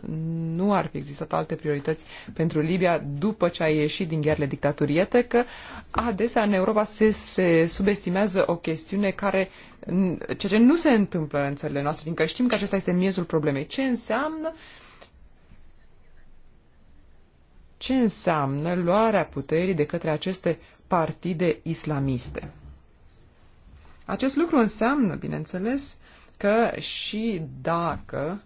Speaker 2: nu ar fi existat alte priorități pentru Libia după ce a ieșit din ghearele dictaturiete, că adesea în Europa se, se subestimează o chestiune care, ceea ce nu se întâmplă în țările noastre, fiindcă știm că acesta este miezul problemei. Ce înseamnă ce înseamnă luarea puterii de către aceste partide islamiste. Acest lucru înseamnă, bineînțeles, că și dacă,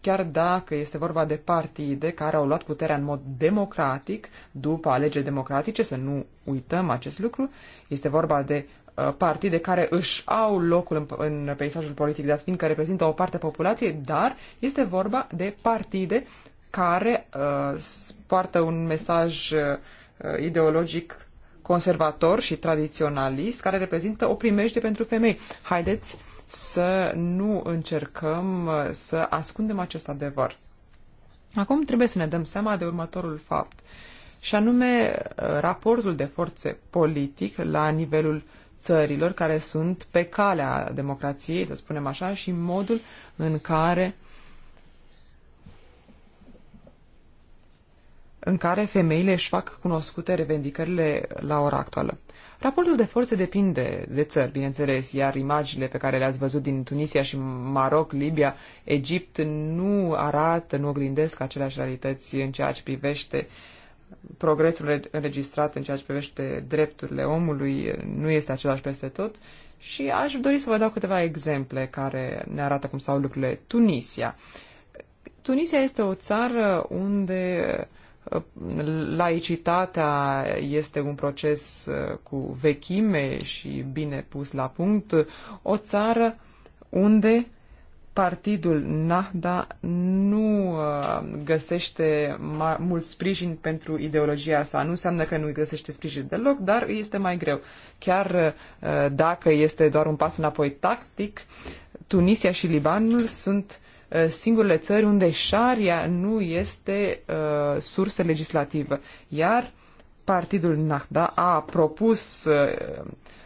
Speaker 2: chiar dacă este vorba de partide care au luat puterea în mod democratic, după alegeri democratice, să nu uităm acest lucru, este vorba de uh, partide care își au locul în, în peisajul politic, dat fiindcă reprezintă o parte a populației, dar este vorba de partide care uh, poartă un mesaj uh, ideologic conservator și tradiționalist, care reprezintă o primejde pentru femei. Haideți să nu încercăm uh, să ascundem acest adevăr. Acum trebuie să ne dăm seama de următorul fapt, și anume uh, raportul de forțe politic la nivelul țărilor care sunt pe calea democrației, să spunem așa, și modul în care în care femeile își fac cunoscute revendicările la ora actuală. Raportul de forțe depinde de țări, bineînțeles, iar imaginile pe care le-ați văzut din Tunisia și Maroc, Libia, Egipt nu arată, nu oglindesc aceleași realități în ceea ce privește progresul înregistrat, în ceea ce privește drepturile omului, nu este același peste tot. Și aș dori să vă dau câteva exemple care ne arată cum stau lucrurile. Tunisia. Tunisia este o țară unde laicitatea este un proces uh, cu vechime și bine pus la punct, o țară unde partidul Nahda nu uh, găsește mult sprijin pentru ideologia sa. Nu înseamnă că nu îi găsește sprijin deloc, dar este mai greu. Chiar uh, dacă este doar un pas înapoi tactic, Tunisia și Libanul sunt Uh, singurele țări unde șaria nu este uh, sursă legislativă. Iar partidul Nahda a propus uh,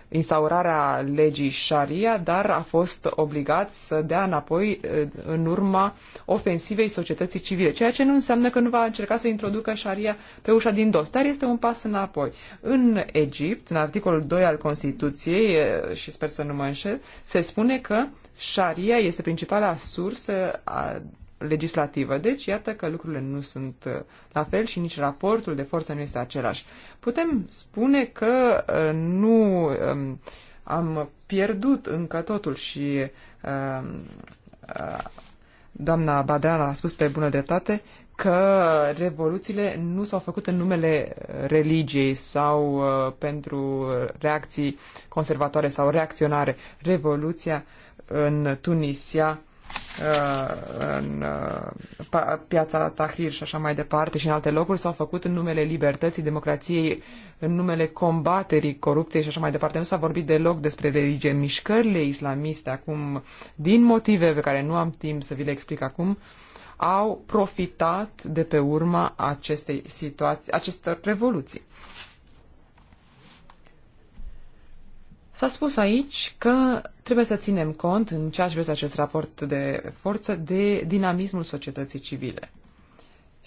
Speaker 2: instaurarea legii șaria, dar a fost obligat să dea înapoi uh, în urma ofensivei societății civile, ceea ce nu înseamnă că nu va încerca să introducă șaria pe ușa din dos, dar este un pas înapoi. În Egipt, în articolul 2 al Constituției, uh, și sper să nu mă înșel, se spune că Sharia este principala sursă a legislativă. Deci, iată că lucrurile nu sunt uh, la fel și nici raportul de forță nu este același. Putem spune că uh, nu um, am pierdut încă totul și um, uh, doamna Badeana a spus pe bună dreptate că revoluțiile nu s-au făcut în numele religiei sau pentru reacții conservatoare sau reacționare. Revoluția uh, în Tunisia, uh, în uh, piața Tahrir și așa mai departe și în alte locuri s-au făcut în numele libertății, democrației, în numele combaterii corupției și așa mai departe. Nu s-a vorbit deloc despre religie. Mișcările islamiste acum, din motive pe care nu am timp să vi le explic acum, au profitat de pe urma acestei situații, acestor revoluții. S-a spus aici că trebuie să ținem cont, în ceea ce privește acest raport de forță, de dinamismul societății civile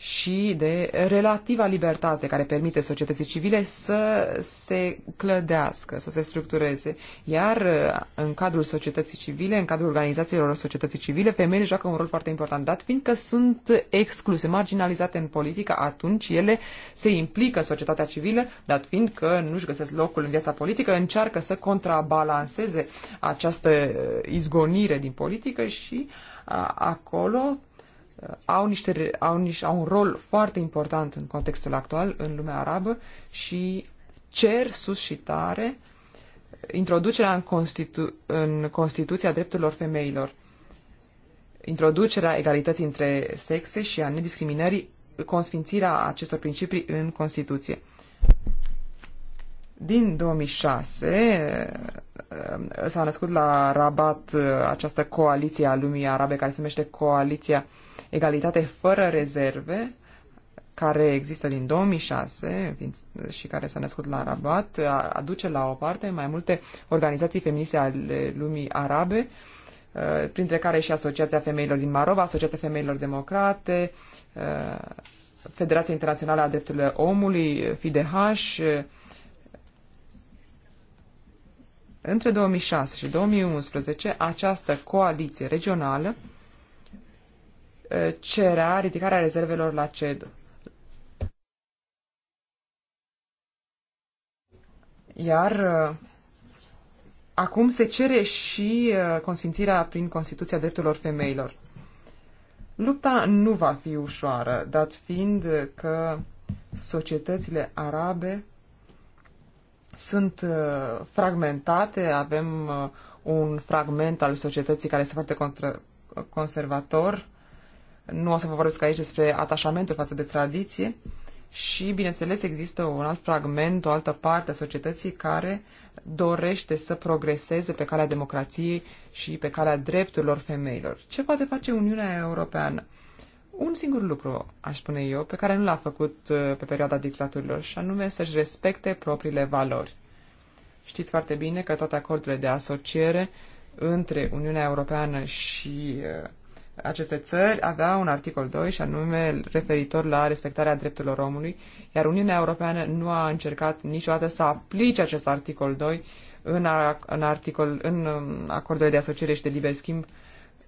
Speaker 2: și de relativa libertate care permite societății civile să se clădească, să se structureze. Iar uh, în cadrul societății civile, în cadrul organizațiilor societății civile, femeile joacă un rol foarte important, dat fiindcă sunt excluse, marginalizate în politică, atunci ele se implică în societatea civilă, dat fiindcă nu-și găsesc locul în viața politică, încearcă să contrabalanceze această uh, izgonire din politică și uh, acolo au, niște, au, niște, au un rol foarte important în contextul actual în lumea arabă și cer sus și tare introducerea în, Constitu- în Constituția drepturilor femeilor, introducerea egalității între sexe și a nediscriminării, consfințirea acestor principii în Constituție. Din 2006 eh, s-a născut la Rabat eh, această coaliție a lumii arabe care se numește Coaliția uh, egalitate fără rezerve, care există din 2006 și care s-a născut la Rabat, aduce la o parte mai multe organizații feministe ale lumii arabe, uh, printre care și Asociația Femeilor din Maroc, Asociația Femeilor Democrate, uh, Federația Internațională a Drepturilor Omului, FIDH. Uh, între 2006 și 2011, această coaliție regională cerea ridicarea rezervelor la CED. Iar uh, acum se cere și uh, consfințirea prin Constituția Drepturilor Femeilor. Lupta nu va fi ușoară, dat fiind că societățile arabe sunt uh, fragmentate, avem un fragment al societății care este foarte conservator, nu o să vă vorbesc aici despre atașamentul față de tradiție și, bineînțeles, există un alt fragment, o altă parte a societății care dorește să progreseze pe calea democrației și pe calea drepturilor femeilor. Ce poate face Uniunea Europeană? Un singur lucru, aș spune eu, pe care nu l-a făcut uh, pe perioada dictaturilor, și anume să-și respecte propriile valori. Știți foarte bine că toate acordurile de asociere între Uniunea Europeană și uh, aceste țări avea un articol 2 și anume referitor la respectarea drepturilor omului, iar Uniunea Europeană nu a încercat niciodată să aplice acest articol 2 în, în, articol, în um, acordurile de asociere și de liber schimb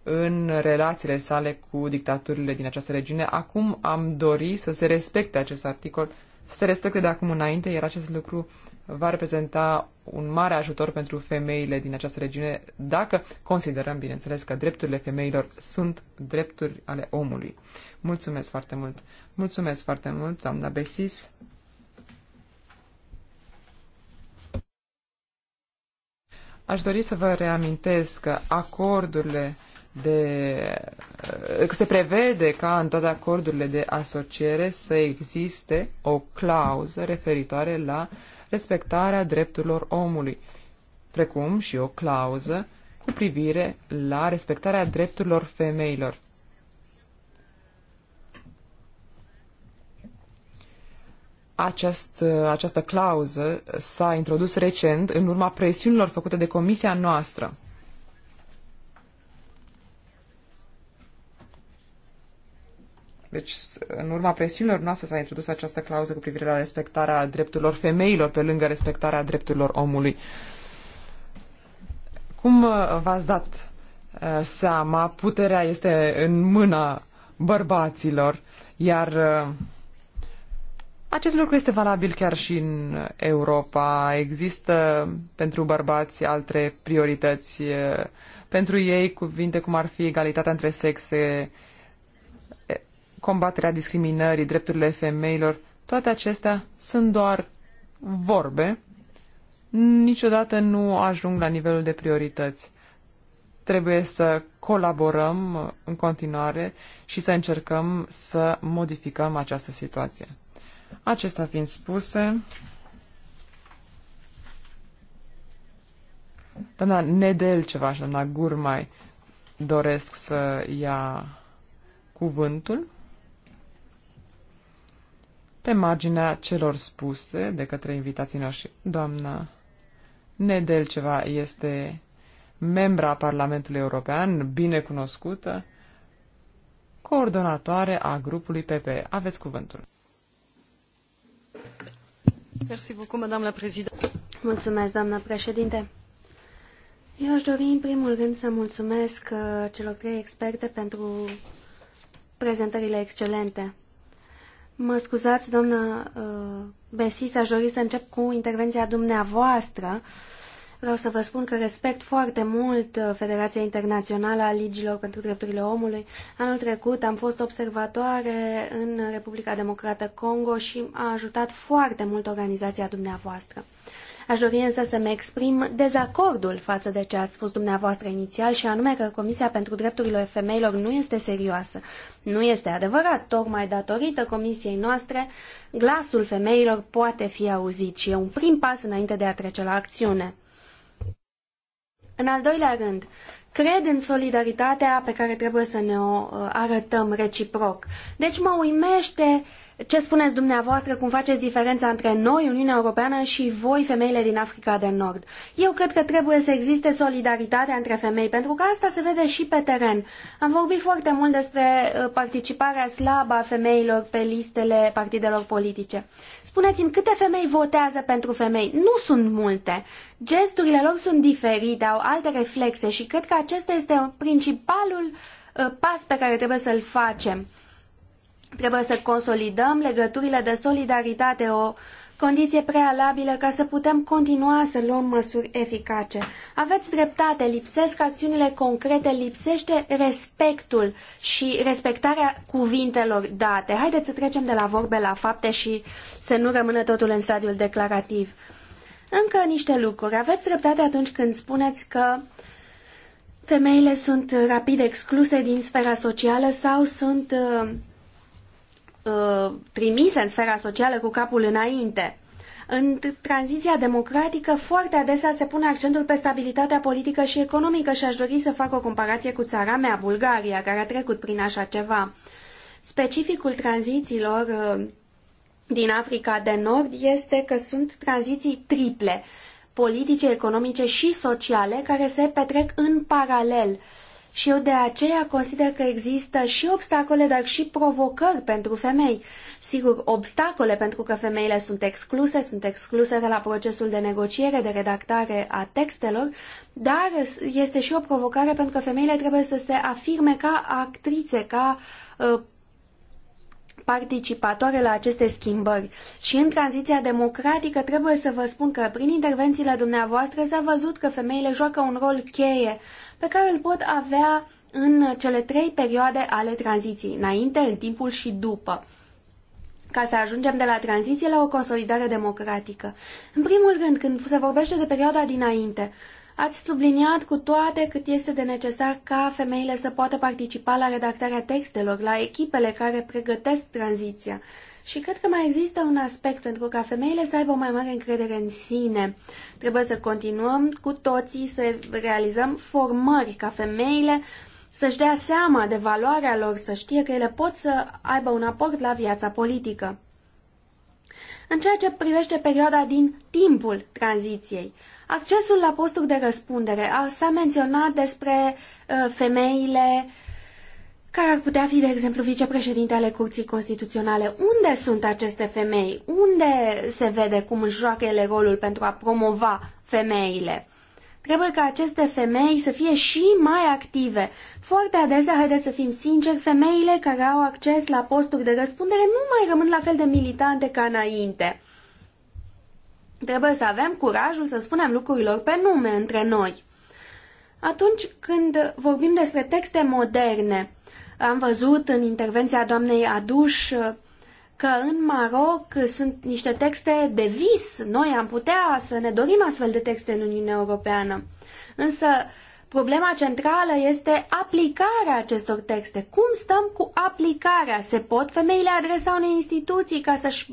Speaker 2: în relațiile sale cu dictaturile din această regiune. Acum am dori să se respecte acest articol se respecte de acum înainte, iar acest lucru va reprezenta un mare ajutor pentru femeile din această regiune, dacă considerăm, bineînțeles, că drepturile femeilor sunt drepturi ale omului. Mulțumesc foarte mult! Mulțumesc foarte mult, doamna Besis! Aș dori să vă reamintesc că acordurile de că se prevede ca în toate acordurile de asociere să existe o clauză referitoare la respectarea drepturilor omului, precum și o clauză cu privire la respectarea drepturilor femeilor. Această, această clauză s-a introdus recent în urma presiunilor făcute de comisia noastră. Deci, în urma presiunilor noastre s-a introdus această clauză cu privire la respectarea drepturilor femeilor, pe lângă respectarea drepturilor omului. Cum uh, v-ați dat uh, seama, puterea este în mâna bărbaților, iar uh, acest lucru este valabil chiar și în Europa. Există pentru bărbați alte priorități. Pentru ei, cuvinte cum ar fi egalitatea între sexe, combaterea discriminării, drepturile femeilor, toate acestea sunt doar vorbe, niciodată nu ajung la nivelul de priorități. Trebuie să colaborăm în continuare și să încercăm să modificăm această situație. Acestea fiind spuse, doamna ceva și doamna Gurmai doresc să ia cuvântul. Pe marginea celor spuse de către invitații noștri, doamna Nedelceva este membra a Parlamentului European, bine cunoscută, coordonatoare a grupului PP. Aveți cuvântul.
Speaker 3: Mulțumesc, doamna președinte. Eu aș dori în primul rând să mulțumesc uh, celor trei experte pentru prezentările excelente. Mă scuzați, doamnă uh, Besis, aș dori să încep cu intervenția dumneavoastră. Vreau să vă spun că respect foarte mult uh, Federația Internațională a Ligilor pentru Drepturile Omului. Anul trecut am fost observatoare în Republica Democrată Congo și a ajutat foarte mult organizația dumneavoastră. Aș dori însă să-mi exprim dezacordul față de ce ați spus dumneavoastră inițial și anume că Comisia pentru Drepturile Femeilor nu este serioasă. Nu este adevărat, tocmai datorită Comisiei noastre, glasul femeilor poate fi auzit și e un prim pas înainte de a trece la acțiune. În al doilea rând, cred în solidaritatea pe care trebuie să ne o uh, arătăm reciproc. Deci mă uimește uh, ce spuneți dumneavoastră, cum faceți diferența între noi, Uniunea Europeană, și voi, femeile din Africa de Nord? Eu cred că trebuie să existe solidaritate între femei, pentru că asta se vede și pe teren. Am vorbit foarte mult despre uh, participarea slabă a femeilor pe listele partidelor politice. Spuneți-mi, câte femei votează pentru femei? Nu sunt multe. Gesturile lor sunt diferite, au alte reflexe și cred că acesta este principalul uh, pas pe care trebuie să-l facem Trebuie să consolidăm legăturile de solidaritate, o condiție prealabilă ca să putem continua să luăm măsuri eficace. Aveți dreptate, lipsesc acțiunile concrete, lipsește respectul și respectarea cuvintelor date. Haideți să trecem de la vorbe la fapte și să nu rămână totul în stadiul declarativ. Încă niște lucruri. Aveți dreptate atunci când spuneți că femeile sunt rapid excluse din sfera socială sau sunt uh, Uh, trimise în sfera socială cu capul înainte. În tranziția democratică, foarte adesea se pune accentul pe stabilitatea politică și economică și aș dori să fac o comparație cu țara mea, Bulgaria, care a trecut prin așa ceva. Specificul tranzițiilor uh, din Africa de Nord este că sunt tranziții triple, politice, economice și sociale, care se petrec în paralel. Uh, și eu de aceea consider că există și obstacole, dar și provocări pentru femei. Sigur, obstacole pentru că femeile sunt excluse, sunt excluse de la procesul de negociere, de redactare a textelor, dar este și o provocare pentru că femeile trebuie să se afirme ca actrițe, ca uh, participatoare la aceste schimbări. Și în tranziția democratică trebuie să vă spun că prin intervențiile dumneavoastră s-a văzut că femeile joacă un rol cheie pe care îl pot avea în cele trei perioade ale tranziției, înainte, în timpul și după ca să ajungem de la tranziție la o consolidare democratică. În primul rând, când se vorbește de perioada dinainte, Ați subliniat cu toate cât este de necesar ca femeile să poată participa la redactarea textelor, la echipele care pregătesc tranziția. Și cred că mai există un aspect pentru ca femeile să aibă o mai mare încredere în sine. Trebuie să continuăm cu toții să realizăm formări ca femeile să-și dea seama de valoarea lor, să știe că ele pot să aibă un aport la viața politică. În ceea ce privește perioada din timpul tranziției, Accesul la posturi de răspundere. S-a menționat despre uh, femeile care ar putea fi, de exemplu, vicepreședinte ale Curții Constituționale. Unde sunt aceste femei? Unde se vede cum își joacă ele rolul pentru a promova femeile? Trebuie ca aceste femei să fie și mai active. Foarte adesea, haideți să fim sinceri, femeile care au acces la posturi de răspundere nu mai rămân la fel de militante ca înainte. Trebuie să avem curajul să spunem lucrurilor pe nume între noi. Atunci când vorbim despre texte moderne, am văzut în intervenția doamnei Aduș că în Maroc sunt niște texte de vis. Noi am putea să ne dorim astfel de texte în Uniunea Europeană. Însă problema centrală este aplicarea acestor texte. Cum stăm cu aplicarea? Se pot femeile adresa unei instituții ca să-și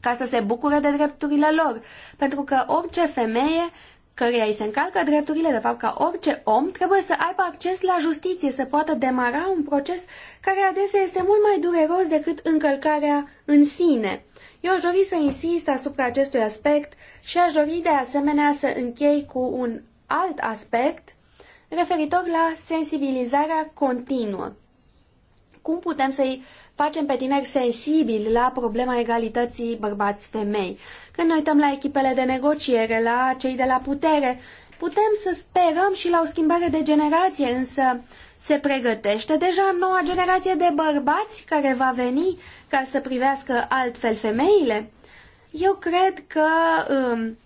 Speaker 3: ca să se bucure de drepturile lor. Pentru că orice femeie căreia îi se încalcă drepturile, de fapt ca orice om, trebuie să aibă acces la justiție, să poată demara un proces care adesea este mult mai dureros decât încălcarea în sine. Eu aș dori să insist asupra acestui aspect și aș dori de asemenea să închei cu un alt aspect referitor la sensibilizarea continuă. Cum putem să-i facem pe tineri sensibili la problema egalității bărbați-femei. Când ne uităm la echipele de negociere, la cei de la putere, putem să sperăm și la o schimbare de generație, însă se pregătește deja noua generație de bărbați care va veni ca să privească altfel femeile? Eu cred că um,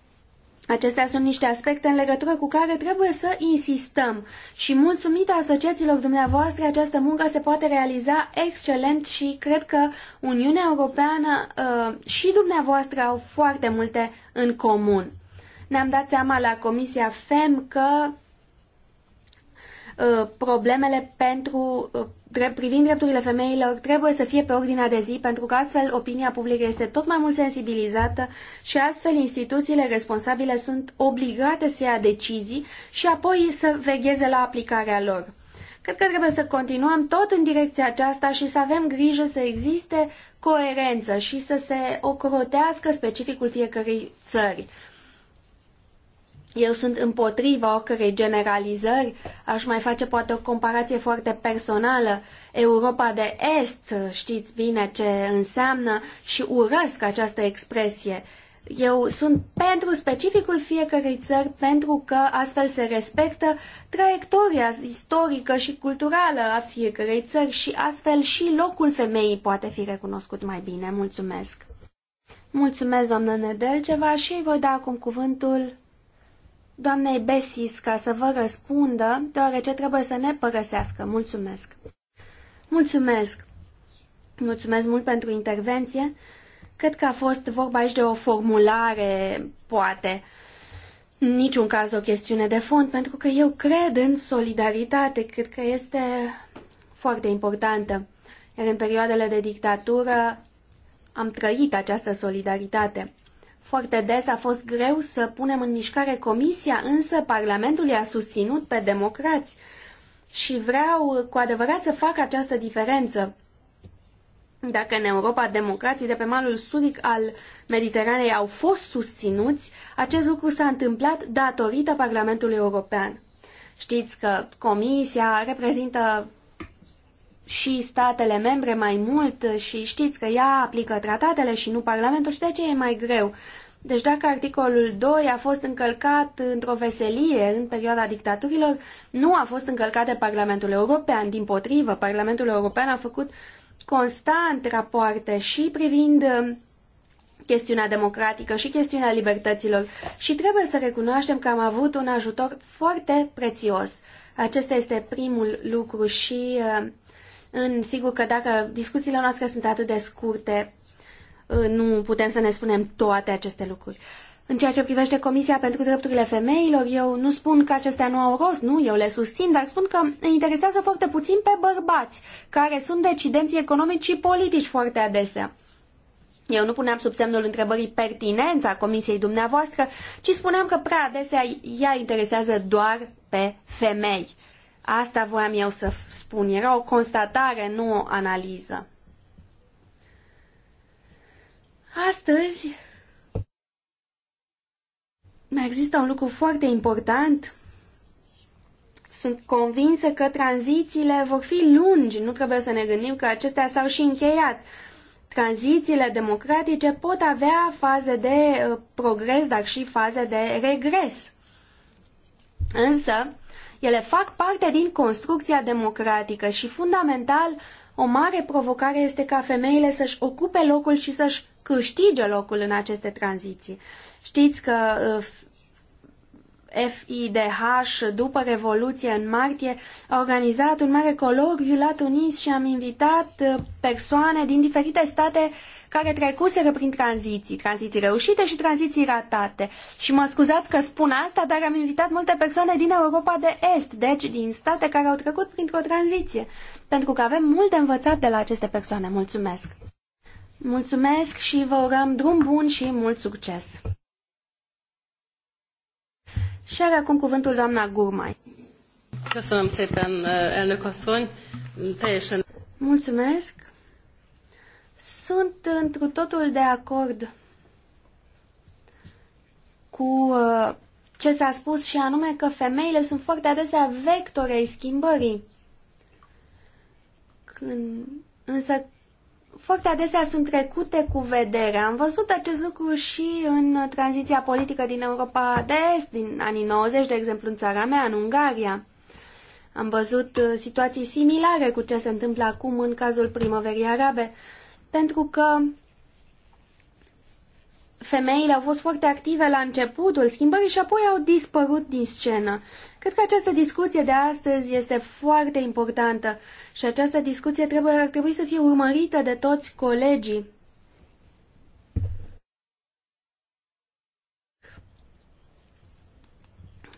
Speaker 3: Acestea sunt niște aspecte în legătură cu care trebuie să insistăm și mulțumită asociațiilor dumneavoastră această muncă se poate realiza excelent și cred că Uniunea Europeană uh, și dumneavoastră au foarte multe în comun. Ne-am dat seama la Comisia FEM că Uh, problemele pentru, uh, privind drepturile femeilor trebuie să fie pe ordinea de zi, pentru că astfel opinia publică este tot mai mult sensibilizată și astfel instituțiile responsabile sunt obligate să ia decizii și apoi să vegheze la aplicarea lor. Cred că trebuie să continuăm tot în direcția aceasta și să avem grijă să existe coerență și să se ocrotească specificul fiecărei țări. Eu sunt împotriva oricărei generalizări, aș mai face poate o comparație foarte personală. Europa de Est, știți bine ce înseamnă și urăsc această expresie. Eu sunt pentru specificul fiecărei țări, pentru că astfel se respectă traiectoria istorică și culturală a fiecărei țări și astfel și locul femeii poate fi recunoscut mai bine. Mulțumesc! Mulțumesc, doamnă Nedelceva, și voi da acum cuvântul doamnei Besis ca să vă răspundă, deoarece trebuie să ne părăsească. Mulțumesc! Mulțumesc! Mulțumesc mult pentru intervenție. Cred că a fost vorba aici de o formulare, poate, în niciun caz o chestiune de fond, pentru că eu cred în solidaritate, cred că este foarte importantă. Iar în perioadele de dictatură am trăit această solidaritate. Foarte des a fost greu să punem în mișcare comisia, însă Parlamentul i-a susținut pe democrați și vreau cu adevărat să fac această diferență. Dacă în Europa democrații de pe malul sudic al Mediteranei au fost susținuți, acest lucru s-a întâmplat datorită Parlamentului European. Știți că Comisia reprezintă și statele membre mai mult și știți că ea aplică tratatele și nu Parlamentul și de aceea e mai greu. Deci dacă articolul 2 a fost încălcat într-o veselie în perioada dictaturilor, nu a fost încălcat de Parlamentul European. Din potrivă, Parlamentul European a făcut constant rapoarte și privind um, chestiunea democratică și chestiunea libertăților și trebuie să recunoaștem că am avut un ajutor foarte prețios. Acesta este primul lucru și uh, în sigur că dacă discuțiile noastre sunt atât de scurte, uh, nu putem să ne spunem toate aceste lucruri. În ceea ce privește Comisia pentru Drepturile Femeilor, eu nu spun că acestea nu au rost, nu, eu le susțin, dar spun că îi interesează foarte puțin pe bărbați, care sunt decidenții economici și politici foarte adesea. Eu nu puneam sub semnul întrebării pertinența comisiei dumneavoastră, ci spuneam că prea adesea ea interesează doar pe femei. Asta voiam eu să spun. Era o constatare, nu o analiză. Astăzi mai există un lucru foarte important. Sunt convinsă că tranzițiile vor fi lungi. Nu trebuie să ne gândim că acestea s-au și încheiat. Tranzițiile democratice pot avea faze de uh, progres, dar și faze de regres. Însă, ele fac parte din construcția democratică și, fundamental, o mare provocare este ca femeile să-și ocupe locul și să-și câștige locul în aceste tranziții. Știți că FIDH, uh, după Revoluție, în martie, a organizat un mare colocviu la Tunis și am invitat uh, persoane din diferite state care trecuseră prin tranziții, tranziții reușite și tranziții ratate. Și mă scuzați că spun asta, dar am invitat multe persoane din Europa de Est, deci din state care au trecut printr-o tranziție, pentru că avem mult de învățat de la aceste persoane. Mulțumesc! Mulțumesc și vă urăm drum bun și mult succes! Și are acum cuvântul doamna Gurmai. Mulțumesc. Sunt întru totul de acord cu uh, ce s-a spus și anume că femeile sunt foarte adesea vectori ai schimbării. Când, însă foarte adesea sunt trecute cu vedere. Am văzut acest lucru și în tranziția politică din Europa de Est, din anii 90, de exemplu, în țara mea, în Ungaria. Am văzut uh, situații similare cu ce se întâmplă acum în cazul primăverii arabe pentru că femeile au fost foarte active la începutul schimbării și apoi au dispărut din scenă. Cred că această discuție de astăzi este foarte importantă și această discuție trebuie, ar trebui să fie urmărită de toți colegii.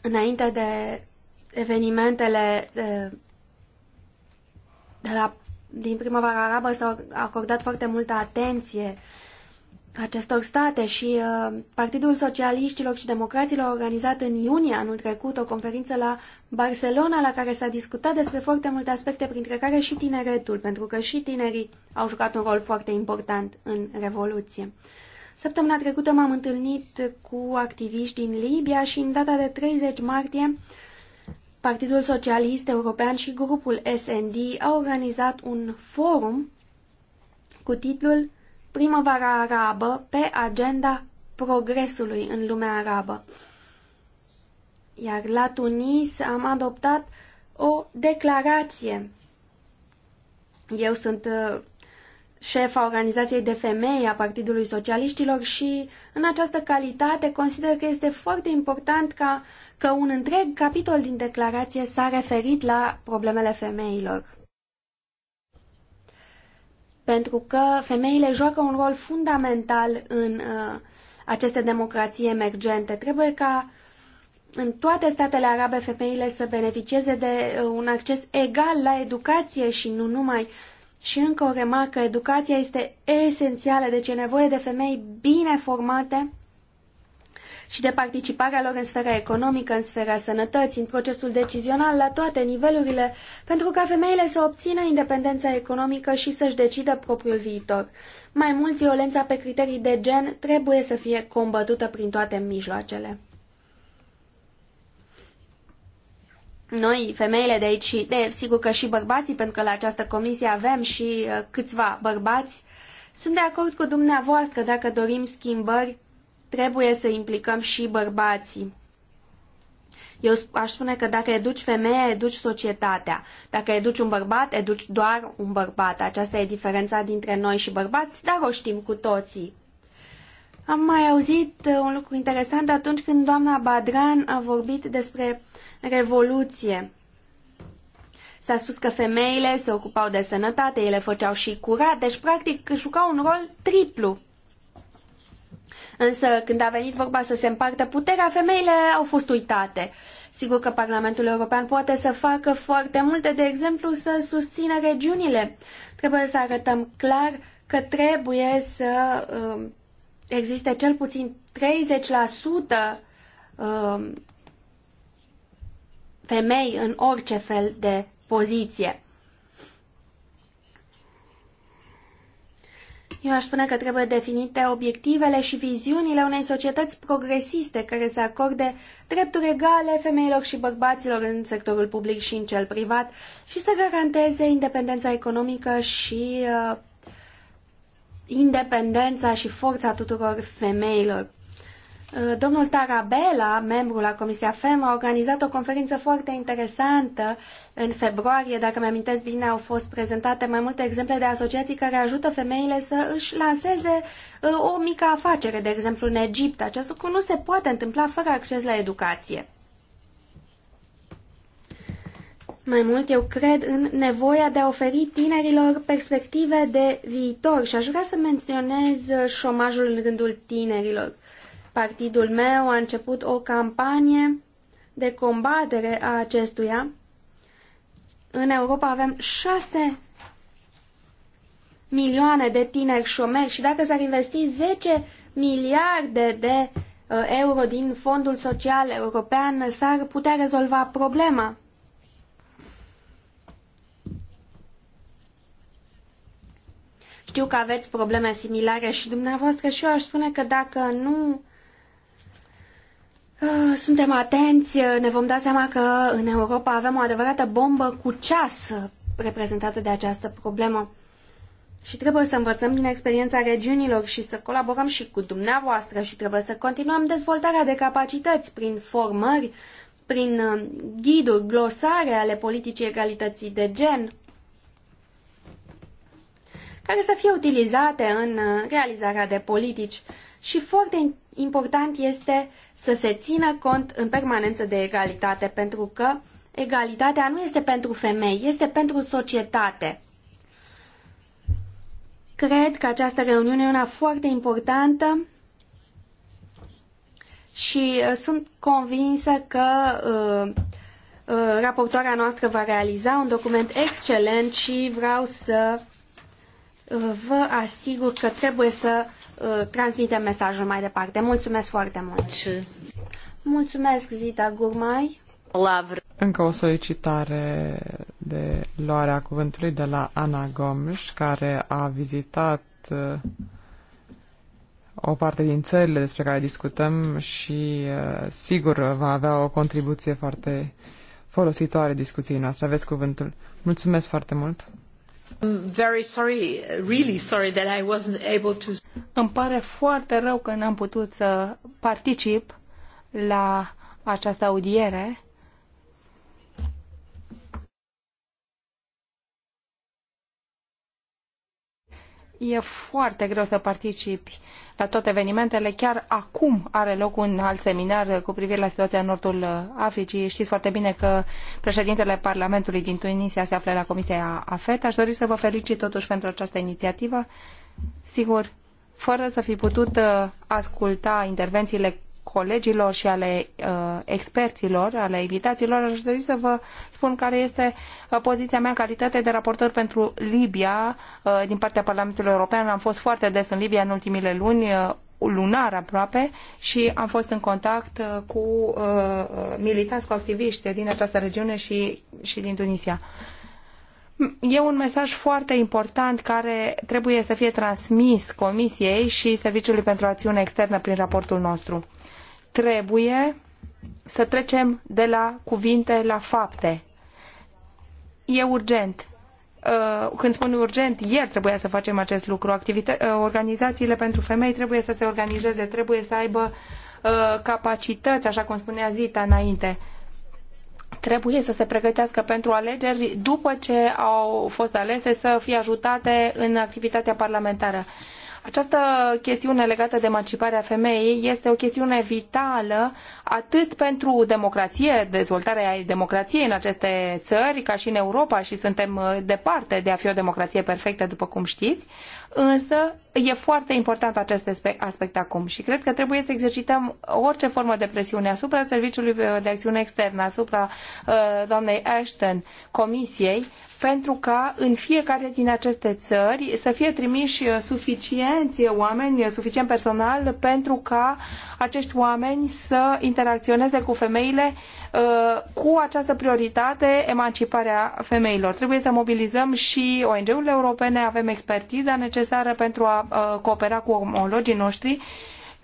Speaker 3: Înainte de evenimentele de, eh, de la din primăvara arabă s-a acordat foarte multă atenție acestor state și uh, Partidul Socialiștilor și Democraților a organizat în iunie anul trecut o conferință la Barcelona la care s-a discutat despre foarte multe aspecte, printre care și tineretul, pentru că și tinerii au jucat un rol foarte important în Revoluție. Săptămâna trecută m-am întâlnit cu activiști din Libia și în data de 30 martie Partidul Socialist European și grupul SND au organizat un forum cu titlul Primăvara arabă pe agenda progresului în lumea arabă. Iar la Tunis am adoptat o declarație. Eu sunt uh, șefa organizației de femei a Partidului Socialiștilor și în această calitate consider că este foarte important ca, că un întreg capitol din declarație s-a referit la problemele femeilor. Pentru că femeile joacă un rol fundamental în uh, aceste democrații emergente. Trebuie ca în toate statele arabe femeile să beneficieze de uh, un acces egal la educație și nu numai uh, și încă o remarcă, educația este esențială, deci e nevoie de femei bine formate și de participarea lor în sfera economică, în sfera sănătății, în procesul decizional, la toate nivelurile, pentru ca femeile să obțină independența economică și să-și decidă propriul viitor. Mai mult, violența pe criterii de gen trebuie să fie combătută prin toate mijloacele. noi, femeile de aici și de, sigur că și bărbații, pentru că la această comisie avem și uh, câțiva bărbați, sunt de acord cu dumneavoastră, dacă dorim schimbări, trebuie să implicăm și bărbații. Eu aș spune că dacă educi femeie, educi societatea. Dacă educi un bărbat, educi doar un bărbat. Aceasta e diferența dintre noi și bărbați, dar o știm cu toții. Am mai auzit uh, un lucru interesant atunci când doamna Badran a vorbit despre revoluție. S-a spus că femeile se ocupau de sănătate, ele făceau și curat, deci practic jucau un rol triplu. Însă când a venit vorba să se împartă puterea, femeile au fost uitate. Sigur că Parlamentul European poate să facă foarte multe, de exemplu să susțină regiunile. Trebuie să arătăm clar că trebuie să um, existe cel puțin 30% um, femei în orice fel de poziție. Eu aș spune că trebuie definite obiectivele și viziunile unei societăți progresiste care să acorde drepturi egale femeilor și bărbaților în sectorul public și în cel privat și să garanteze independența economică și uh, independența și forța tuturor femeilor. Uh, domnul Tarabella, membru la Comisia FEM, a organizat o conferință foarte interesantă în februarie. Dacă mi amintesc bine, au fost prezentate mai multe exemple de asociații care ajută femeile să își lanseze uh, o mică afacere, de exemplu în Egipt. Acest lucru nu se poate întâmpla fără acces la educație. Mai mult, eu cred în nevoia de a oferi tinerilor perspective de viitor și aș vrea să menționez șomajul în rândul tinerilor. Partidul meu a început o campanie de combatere a acestuia. În Europa avem șase milioane de tineri șomeri și dacă s-ar investi 10 miliarde de uh, euro din Fondul Social European, s-ar putea rezolva problema. Știu că aveți probleme similare și dumneavoastră și eu aș spune că dacă nu uh, suntem atenți, uh, ne vom da seama că în Europa avem o adevărată bombă cu ceas reprezentată de această problemă. Și trebuie să învățăm din experiența regiunilor și să colaborăm și cu dumneavoastră și trebuie să continuăm dezvoltarea de capacități prin formări, prin uh, ghiduri, glosare ale politicii egalității de gen care să fie utilizate în uh, realizarea de politici. Și foarte important este să se țină cont în permanență de egalitate, pentru că egalitatea nu este pentru femei, este pentru societate. Cred că această reuniune e una foarte importantă și uh, sunt convinsă că uh, uh, raportoarea noastră va realiza un document excelent și vreau să vă asigur că trebuie să uh, transmitem mesajul mai departe. Mulțumesc foarte mult! Mulțumesc, Zita Gurmai! Lavr.
Speaker 2: Încă o solicitare de luarea cuvântului de la Ana Gomes, care a vizitat uh, o parte din țările despre care discutăm și uh, sigur va avea o contribuție foarte folositoare discuției noastre. Aveți cuvântul. Mulțumesc foarte mult!
Speaker 1: Îmi pare foarte rău că n-am putut să particip la această audiere. E foarte greu să participi la toate evenimentele. Chiar acum are loc un alt seminar cu privire la situația în nordul Africii. Știți foarte bine că președintele Parlamentului din Tunisia se află la Comisia AFET. Aș dori să vă felicit totuși pentru această inițiativă. Sigur, fără să fi putut uh, asculta intervențiile colegilor și ale uh, experților, ale invitaților, aș dori să vă spun care este uh, poziția mea în calitate de raportor pentru Libia uh, din partea Parlamentului European. Am fost foarte des în Libia în ultimile luni, uh, lunar aproape, și am fost în contact uh, cu uh, militanți, cu activiști din această regiune și, și din Tunisia. E un mesaj foarte important care trebuie să fie transmis Comisiei și Serviciului pentru Acțiune Externă prin raportul nostru. Uh, trebuie să trecem de la cuvinte la fapte. E urgent. Uh, când spun urgent, ieri trebuia să facem acest lucru. Activite- uh, organizațiile pentru femei trebuie să se organizeze, trebuie să aibă uh, capacități, așa cum spunea Zita înainte trebuie să se pregătească pentru alegeri după ce au fost alese să fie ajutate în activitatea parlamentară. Această chestiune legată de emanciparea femeii este o chestiune vitală atât pentru democrație, dezvoltarea democrației în aceste țări, ca și în Europa și suntem uh, departe de a fi o democrație perfectă, după cum știți, însă e foarte important acest aspect acum și cred că trebuie să exercităm orice formă de presiune asupra Serviciului de Acțiune Externă, asupra uh, doamnei Ashton, Comisiei, pentru ca în fiecare din aceste țări să fie trimiși uh, suficient suficienți oameni, suficient personal pentru ca acești oameni să interacționeze cu femeile uh, cu această prioritate, emanciparea femeilor. Trebuie să mobilizăm și ONG-urile europene, avem expertiza necesară pentru a uh, coopera cu omologii noștri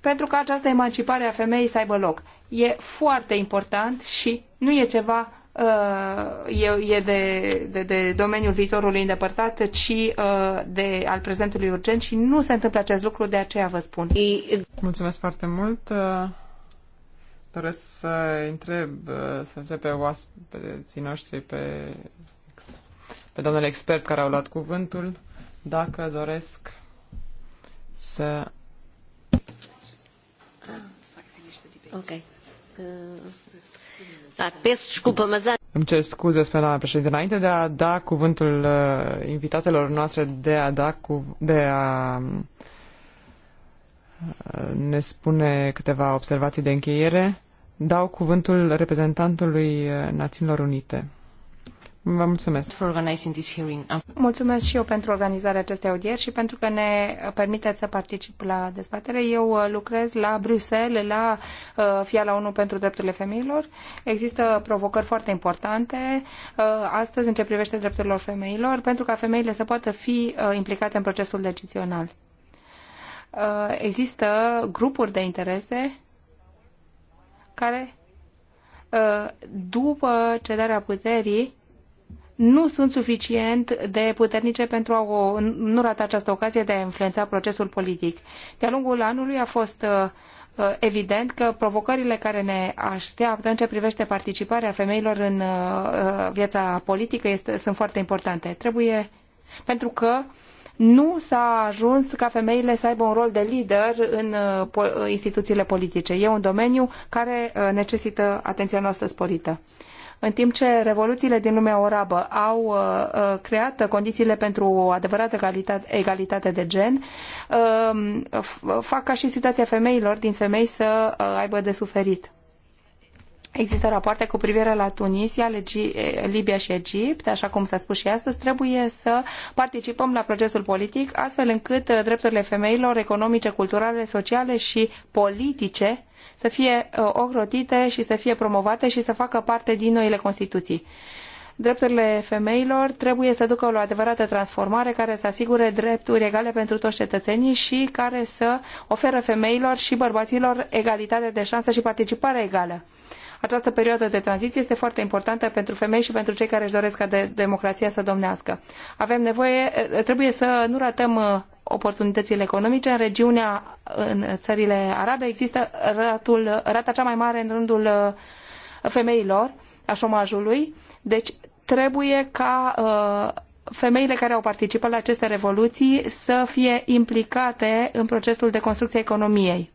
Speaker 1: pentru ca această emancipare a femeii să aibă loc. E foarte important și nu e ceva Uh, e, e de, de, de domeniul viitorului îndepărtat, ci uh, de al prezentului urgent și nu se întâmplă acest lucru, de aceea vă spun. Mulțumesc
Speaker 2: foarte mult. Uh, doresc să întreb, să întreb pe oaspeții noștri, pe, pe domnul expert care au luat cuvântul, dacă doresc să...
Speaker 3: Ah, ok. Uh... Da,
Speaker 2: Îmi cer scuze, spune doamna președinte, înainte de a da cuvântul uh, invitatelor noastre, de a da cu, de a um, uh, ne spune câteva observații de încheiere, dau cuvântul reprezentantului uh, Națiunilor Unite. Vă mulțumesc. For organizing this hearing. Um,
Speaker 1: mulțumesc și eu pentru organizarea acestei audieri și pentru că ne permiteți să particip la dezbatere. Eu uh, lucrez la Bruxelles, la uh, Fiala ONU pentru drepturile femeilor. Există provocări foarte importante uh, astăzi în ce privește drepturile femeilor, pentru ca femeile să poată fi implicate în procesul decizional. Există grupuri de interese care după cedarea puterii nu sunt suficient de puternice pentru a o, nu rata această ocazie de a influența procesul politic. De-a lungul anului a fost uh, uh, evident că provocările care ne așteaptă în ce privește participarea femeilor în uh, viața politică este, sunt foarte importante. Trebuie, pentru că nu s-a ajuns ca femeile să aibă un rol de lider în instituțiile politice. E un domeniu care necesită atenția noastră sporită. În timp ce revoluțiile din lumea arabă au uh, uh, creat condițiile pentru o adevărată egalitate de gen, uh, fac ca și situația femeilor din femei să aibă de suferit. Există rapoarte cu privire la Tunisia, eh, Libia și Egipt, așa cum s-a spus și astăzi, trebuie să participăm la procesul politic, astfel încât eh, drepturile femeilor economice, culturale, sociale și politice să fie eh, ocrotite și să fie promovate și să facă parte din noile Constituții drepturile femeilor trebuie să ducă la o adevărată transformare care să asigure drepturi egale pentru toți cetățenii și care să ofere femeilor și bărbaților egalitate de șansă și participare egală. Această perioadă de tranziție este foarte importantă pentru femei și pentru cei care își doresc ca de democrația să domnească. Avem nevoie, eh, trebuie să nu ratăm eh, oportunitățile economice. În regiunea, în țările arabe, există ratul, rata cea mai mare în rândul eh, femeilor, a șomajului. Deci trebuie ca femeile care au participat la aceste revoluții să fie implicate în procesul de construcție a economiei.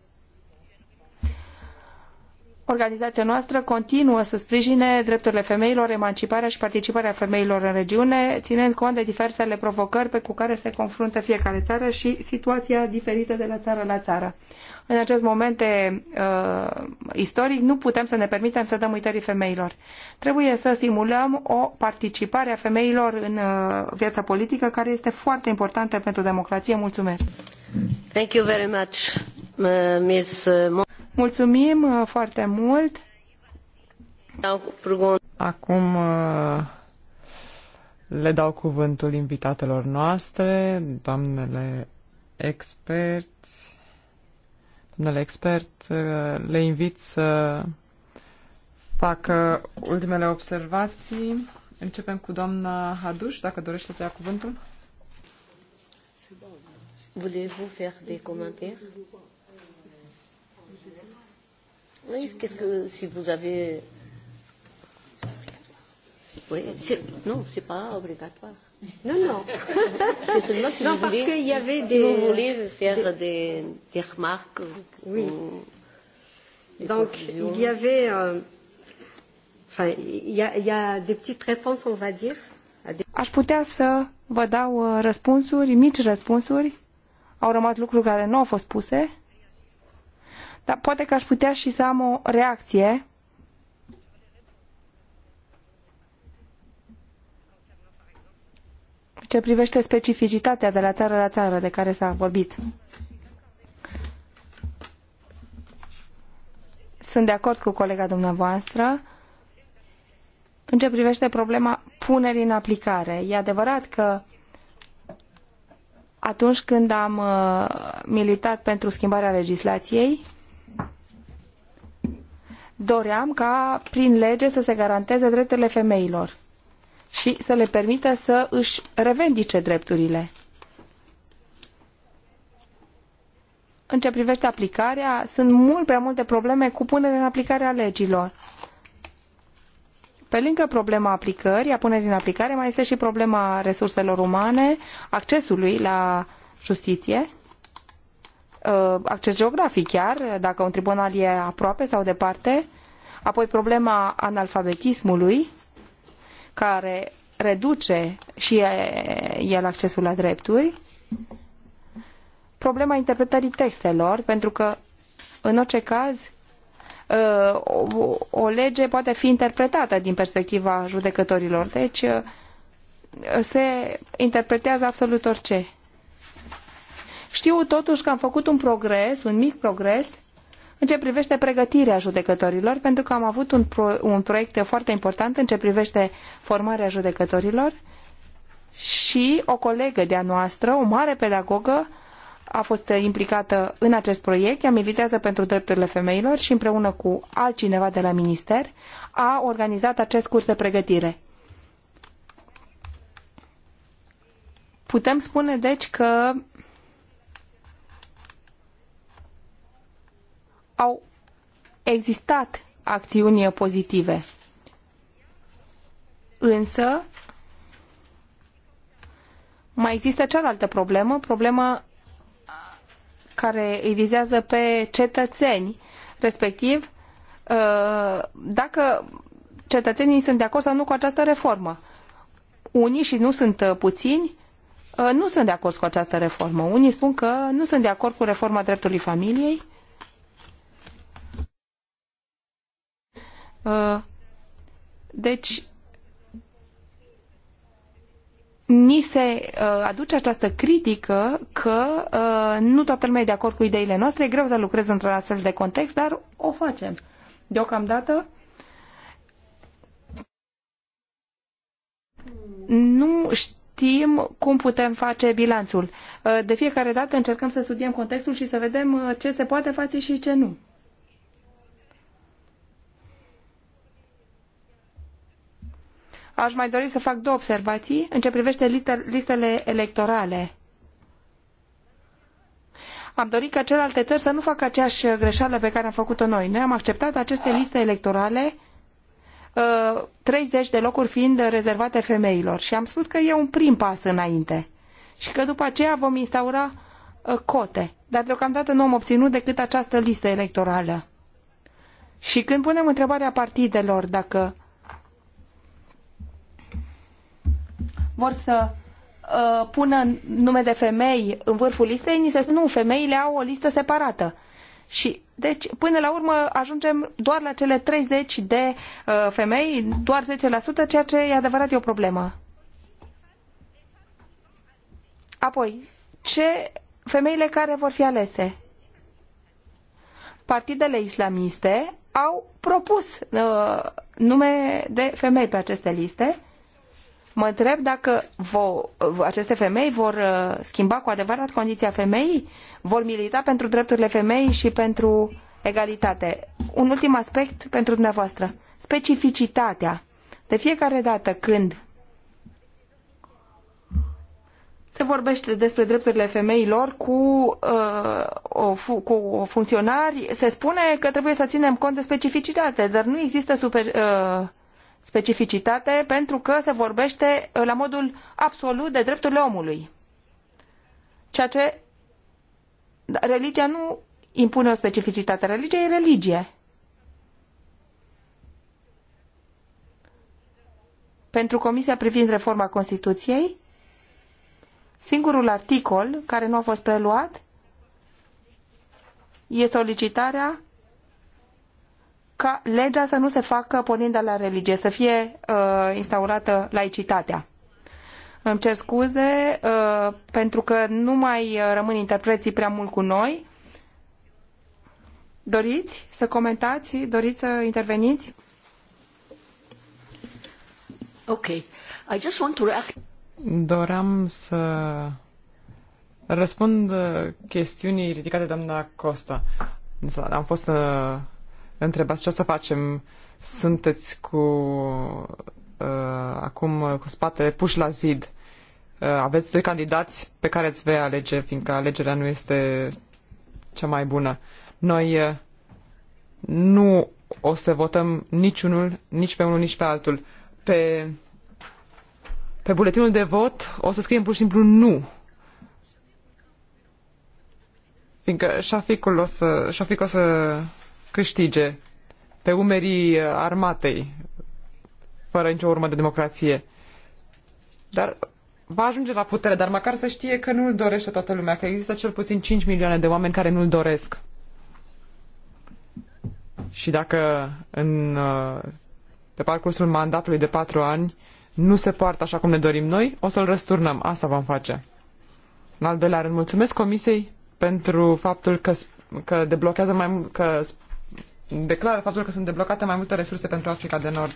Speaker 1: Organizația noastră continuă să sprijine drepturile femeilor, emanciparea și participarea femeilor în regiune, ținând cont de diversele provocări pe cu care se confruntă fiecare țară și situația diferită de la țară la țară. În acest moment uh, istoric nu putem să ne permitem să dăm uitării femeilor. Trebuie să stimulăm o participare a femeilor în uh, viața politică, care este foarte importantă pentru democrație. Mulțumesc!
Speaker 3: Thank you very much,
Speaker 1: uh, Ms.
Speaker 2: Mulțumim
Speaker 1: uh, foarte mult.
Speaker 2: Acum uh, le dau cuvântul invitatelor noastre, doamnele experți. Doamnele expert, uh, le invit să facă ultimele observații. Începem cu doamna Haduș, dacă dorește să ia cuvântul. Voulez-vous faire des commentaires? Oui, qu'est-ce que si vous avez oui, non, ce n'est pas obligatoire. Non, non. [laughs] c'est seulement si non, vous parce voulez. Y avait des... Si vous voulez faire des, des des remarques. Oui. Ou, des Donc conclusions. il y
Speaker 1: avait, euh, enfin, il y, a, il y a des petites réponses, on va dire. Aș putea să vă dau uh, răspunsuri, mici răspunsuri. Au rămas lucruri care nu au fost puse dar poate că aș putea și să am o reacție ce privește specificitatea de la țară la țară de care s-a vorbit. Sunt de acord cu colega dumneavoastră în ce privește problema punerii în aplicare. E adevărat că atunci când am uh, militat pentru schimbarea legislației, doream ca prin lege să se garanteze drepturile femeilor și să le permită să își revendice drepturile. În ce privește aplicarea, sunt mult prea multe probleme cu punerea în aplicare a legilor. Pe lângă problema aplicării, a punerii în aplicare, mai este și problema resurselor umane, accesului la justiție, Uh, acces geografic chiar, dacă un tribunal e aproape sau departe, apoi problema analfabetismului, care reduce și el accesul la drepturi, problema interpretării textelor, pentru că, în orice caz, uh, o, o lege poate fi interpretată din perspectiva judecătorilor. Deci, uh, se interpretează absolut orice. Știu totuși că am făcut un progres, un mic progres, în ce privește pregătirea judecătorilor, pentru că am avut un, pro, un proiect foarte important în ce privește formarea judecătorilor și o colegă de-a noastră, o mare pedagogă, a fost implicată în acest proiect, ea militează pentru drepturile femeilor și împreună cu altcineva de la minister a organizat acest curs de pregătire. Putem spune deci că au existat acțiuni pozitive. Însă, mai există cealaltă problemă, problemă care îi vizează pe cetățeni, respectiv uh, dacă cetățenii sunt de acord sau nu cu această reformă. Unii, și nu sunt puțini, uh, nu sunt de acord cu această reformă. Unii spun că nu sunt de acord cu reforma dreptului familiei, Uh, deci, ni se uh, aduce această critică că uh, nu toată lumea e de acord cu ideile noastre, e greu să lucrez într-un astfel de context, dar o facem. Deocamdată, nu știm cum putem face bilanțul. De fiecare dată încercăm să studiem contextul și să vedem ce se poate face și ce nu. Aș mai dori să fac două observații în ce privește listele electorale. Am dorit ca celelalte țări să nu facă aceeași greșeală pe care am făcut-o noi. Noi am acceptat aceste liste electorale 30 uh, de locuri fiind rezervate femeilor și am spus că e un prim pas înainte și că după aceea vom instaura uh, cote. Dar deocamdată nu am obținut decât această listă electorală. Și când punem întrebarea partidelor dacă vor să uh, pună nume de femei în vârful listei, ni se spune nu, femeile au o listă separată. Și deci, până la urmă, ajungem doar la cele 30 de uh, femei, doar 10%, ceea ce e adevărat e o problemă. Apoi, ce femeile care vor fi alese? Partidele islamiste au propus uh, nume de femei pe aceste liste Mă întreb dacă vo, aceste femei vor uh, schimba cu adevărat condiția femeii, vor milita pentru drepturile femeii și pentru egalitate. Un ultim aspect pentru dumneavoastră. Specificitatea. De fiecare dată când se vorbește despre drepturile femeilor cu, uh, o, cu funcționari, se spune că trebuie să ținem cont de specificitate, dar nu există super, uh, specificitate pentru că se vorbește uh, la modul absolut de drepturile omului. Ceea ce da, religia nu impune o specificitate. Religia e religie. Pentru Comisia privind reforma Constituției, singurul articol care nu a fost preluat e solicitarea ca legea să nu se facă pornind de la religie, să fie uh, instaurată laicitatea. Îmi cer scuze uh, pentru că nu mai uh, rămân interpreții prea mult cu noi. Doriți să comentați? Doriți să interveniți? Ok. I just want to react.
Speaker 2: Doream să răspund uh, chestiunii ridicate de doamna Costa. Am fost uh, întrebați ce o să facem. Sunteți cu uh, acum uh, cu spate puși la zid. Uh, aveți doi candidați pe care îți vei alege, fiindcă alegerea nu este cea mai bună. Noi uh, nu o să votăm niciunul, nici pe unul, nici pe altul. Pe, pe buletinul de vot o să scriem pur și simplu nu. Fiindcă șaficul o să, șaficul o să câștige pe umerii uh, armatei, fără nicio urmă de democrație. Dar va ajunge la putere, dar măcar să știe că nu îl dorește toată lumea, că există cel puțin 5 milioane de oameni care nu-l doresc. Și dacă în, uh, pe parcursul mandatului de 4 ani nu se poartă așa cum ne dorim noi, o să-l răsturnăm. Asta vom face. În al doilea rând, mulțumesc Comisiei pentru faptul că, că deblochează mai, că declară faptul că sunt deblocate mai multe resurse pentru Africa de Nord.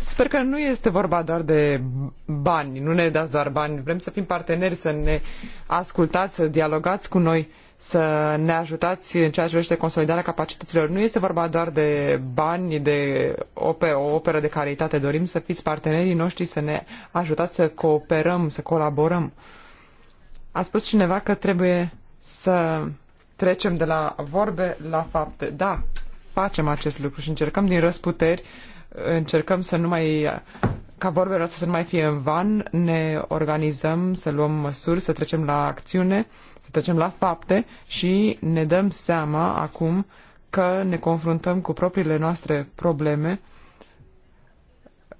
Speaker 2: Sper că nu este vorba doar de bani, nu ne dați doar bani, vrem să fim parteneri, să ne ascultați, să dialogați cu noi, să ne ajutați în ceea ce privește consolidarea capacităților. Nu este vorba doar de bani, de o operă de caritate, dorim să fiți partenerii noștri, să ne ajutați să cooperăm, să colaborăm. A spus cineva că trebuie să trecem de la vorbe la fapte. Da, facem acest lucru și încercăm din răsputeri, încercăm să nu mai ca vorbele astea să nu mai fie în van, ne organizăm să luăm măsuri, să trecem la acțiune, să trecem la fapte și ne dăm seama acum că ne confruntăm cu propriile noastre probleme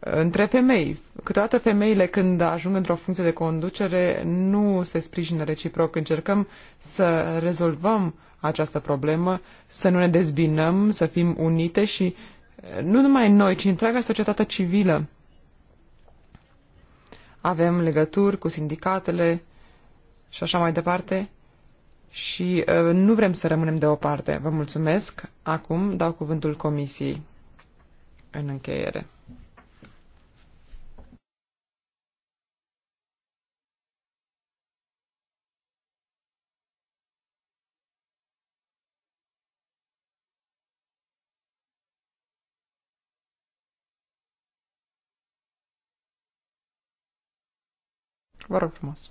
Speaker 2: între femei. Câteodată femeile, când ajung într-o funcție de conducere, nu se sprijină reciproc. Încercăm să rezolvăm această problemă, să nu ne dezbinăm, să fim unite și eh, nu numai noi, ci întreaga societate civilă. Avem legături cu sindicatele și așa mai departe și uh, nu vrem să rămânem deoparte. Vă mulțumesc. Acum dau cuvântul comisiei în încheiere. Vă rog frumos.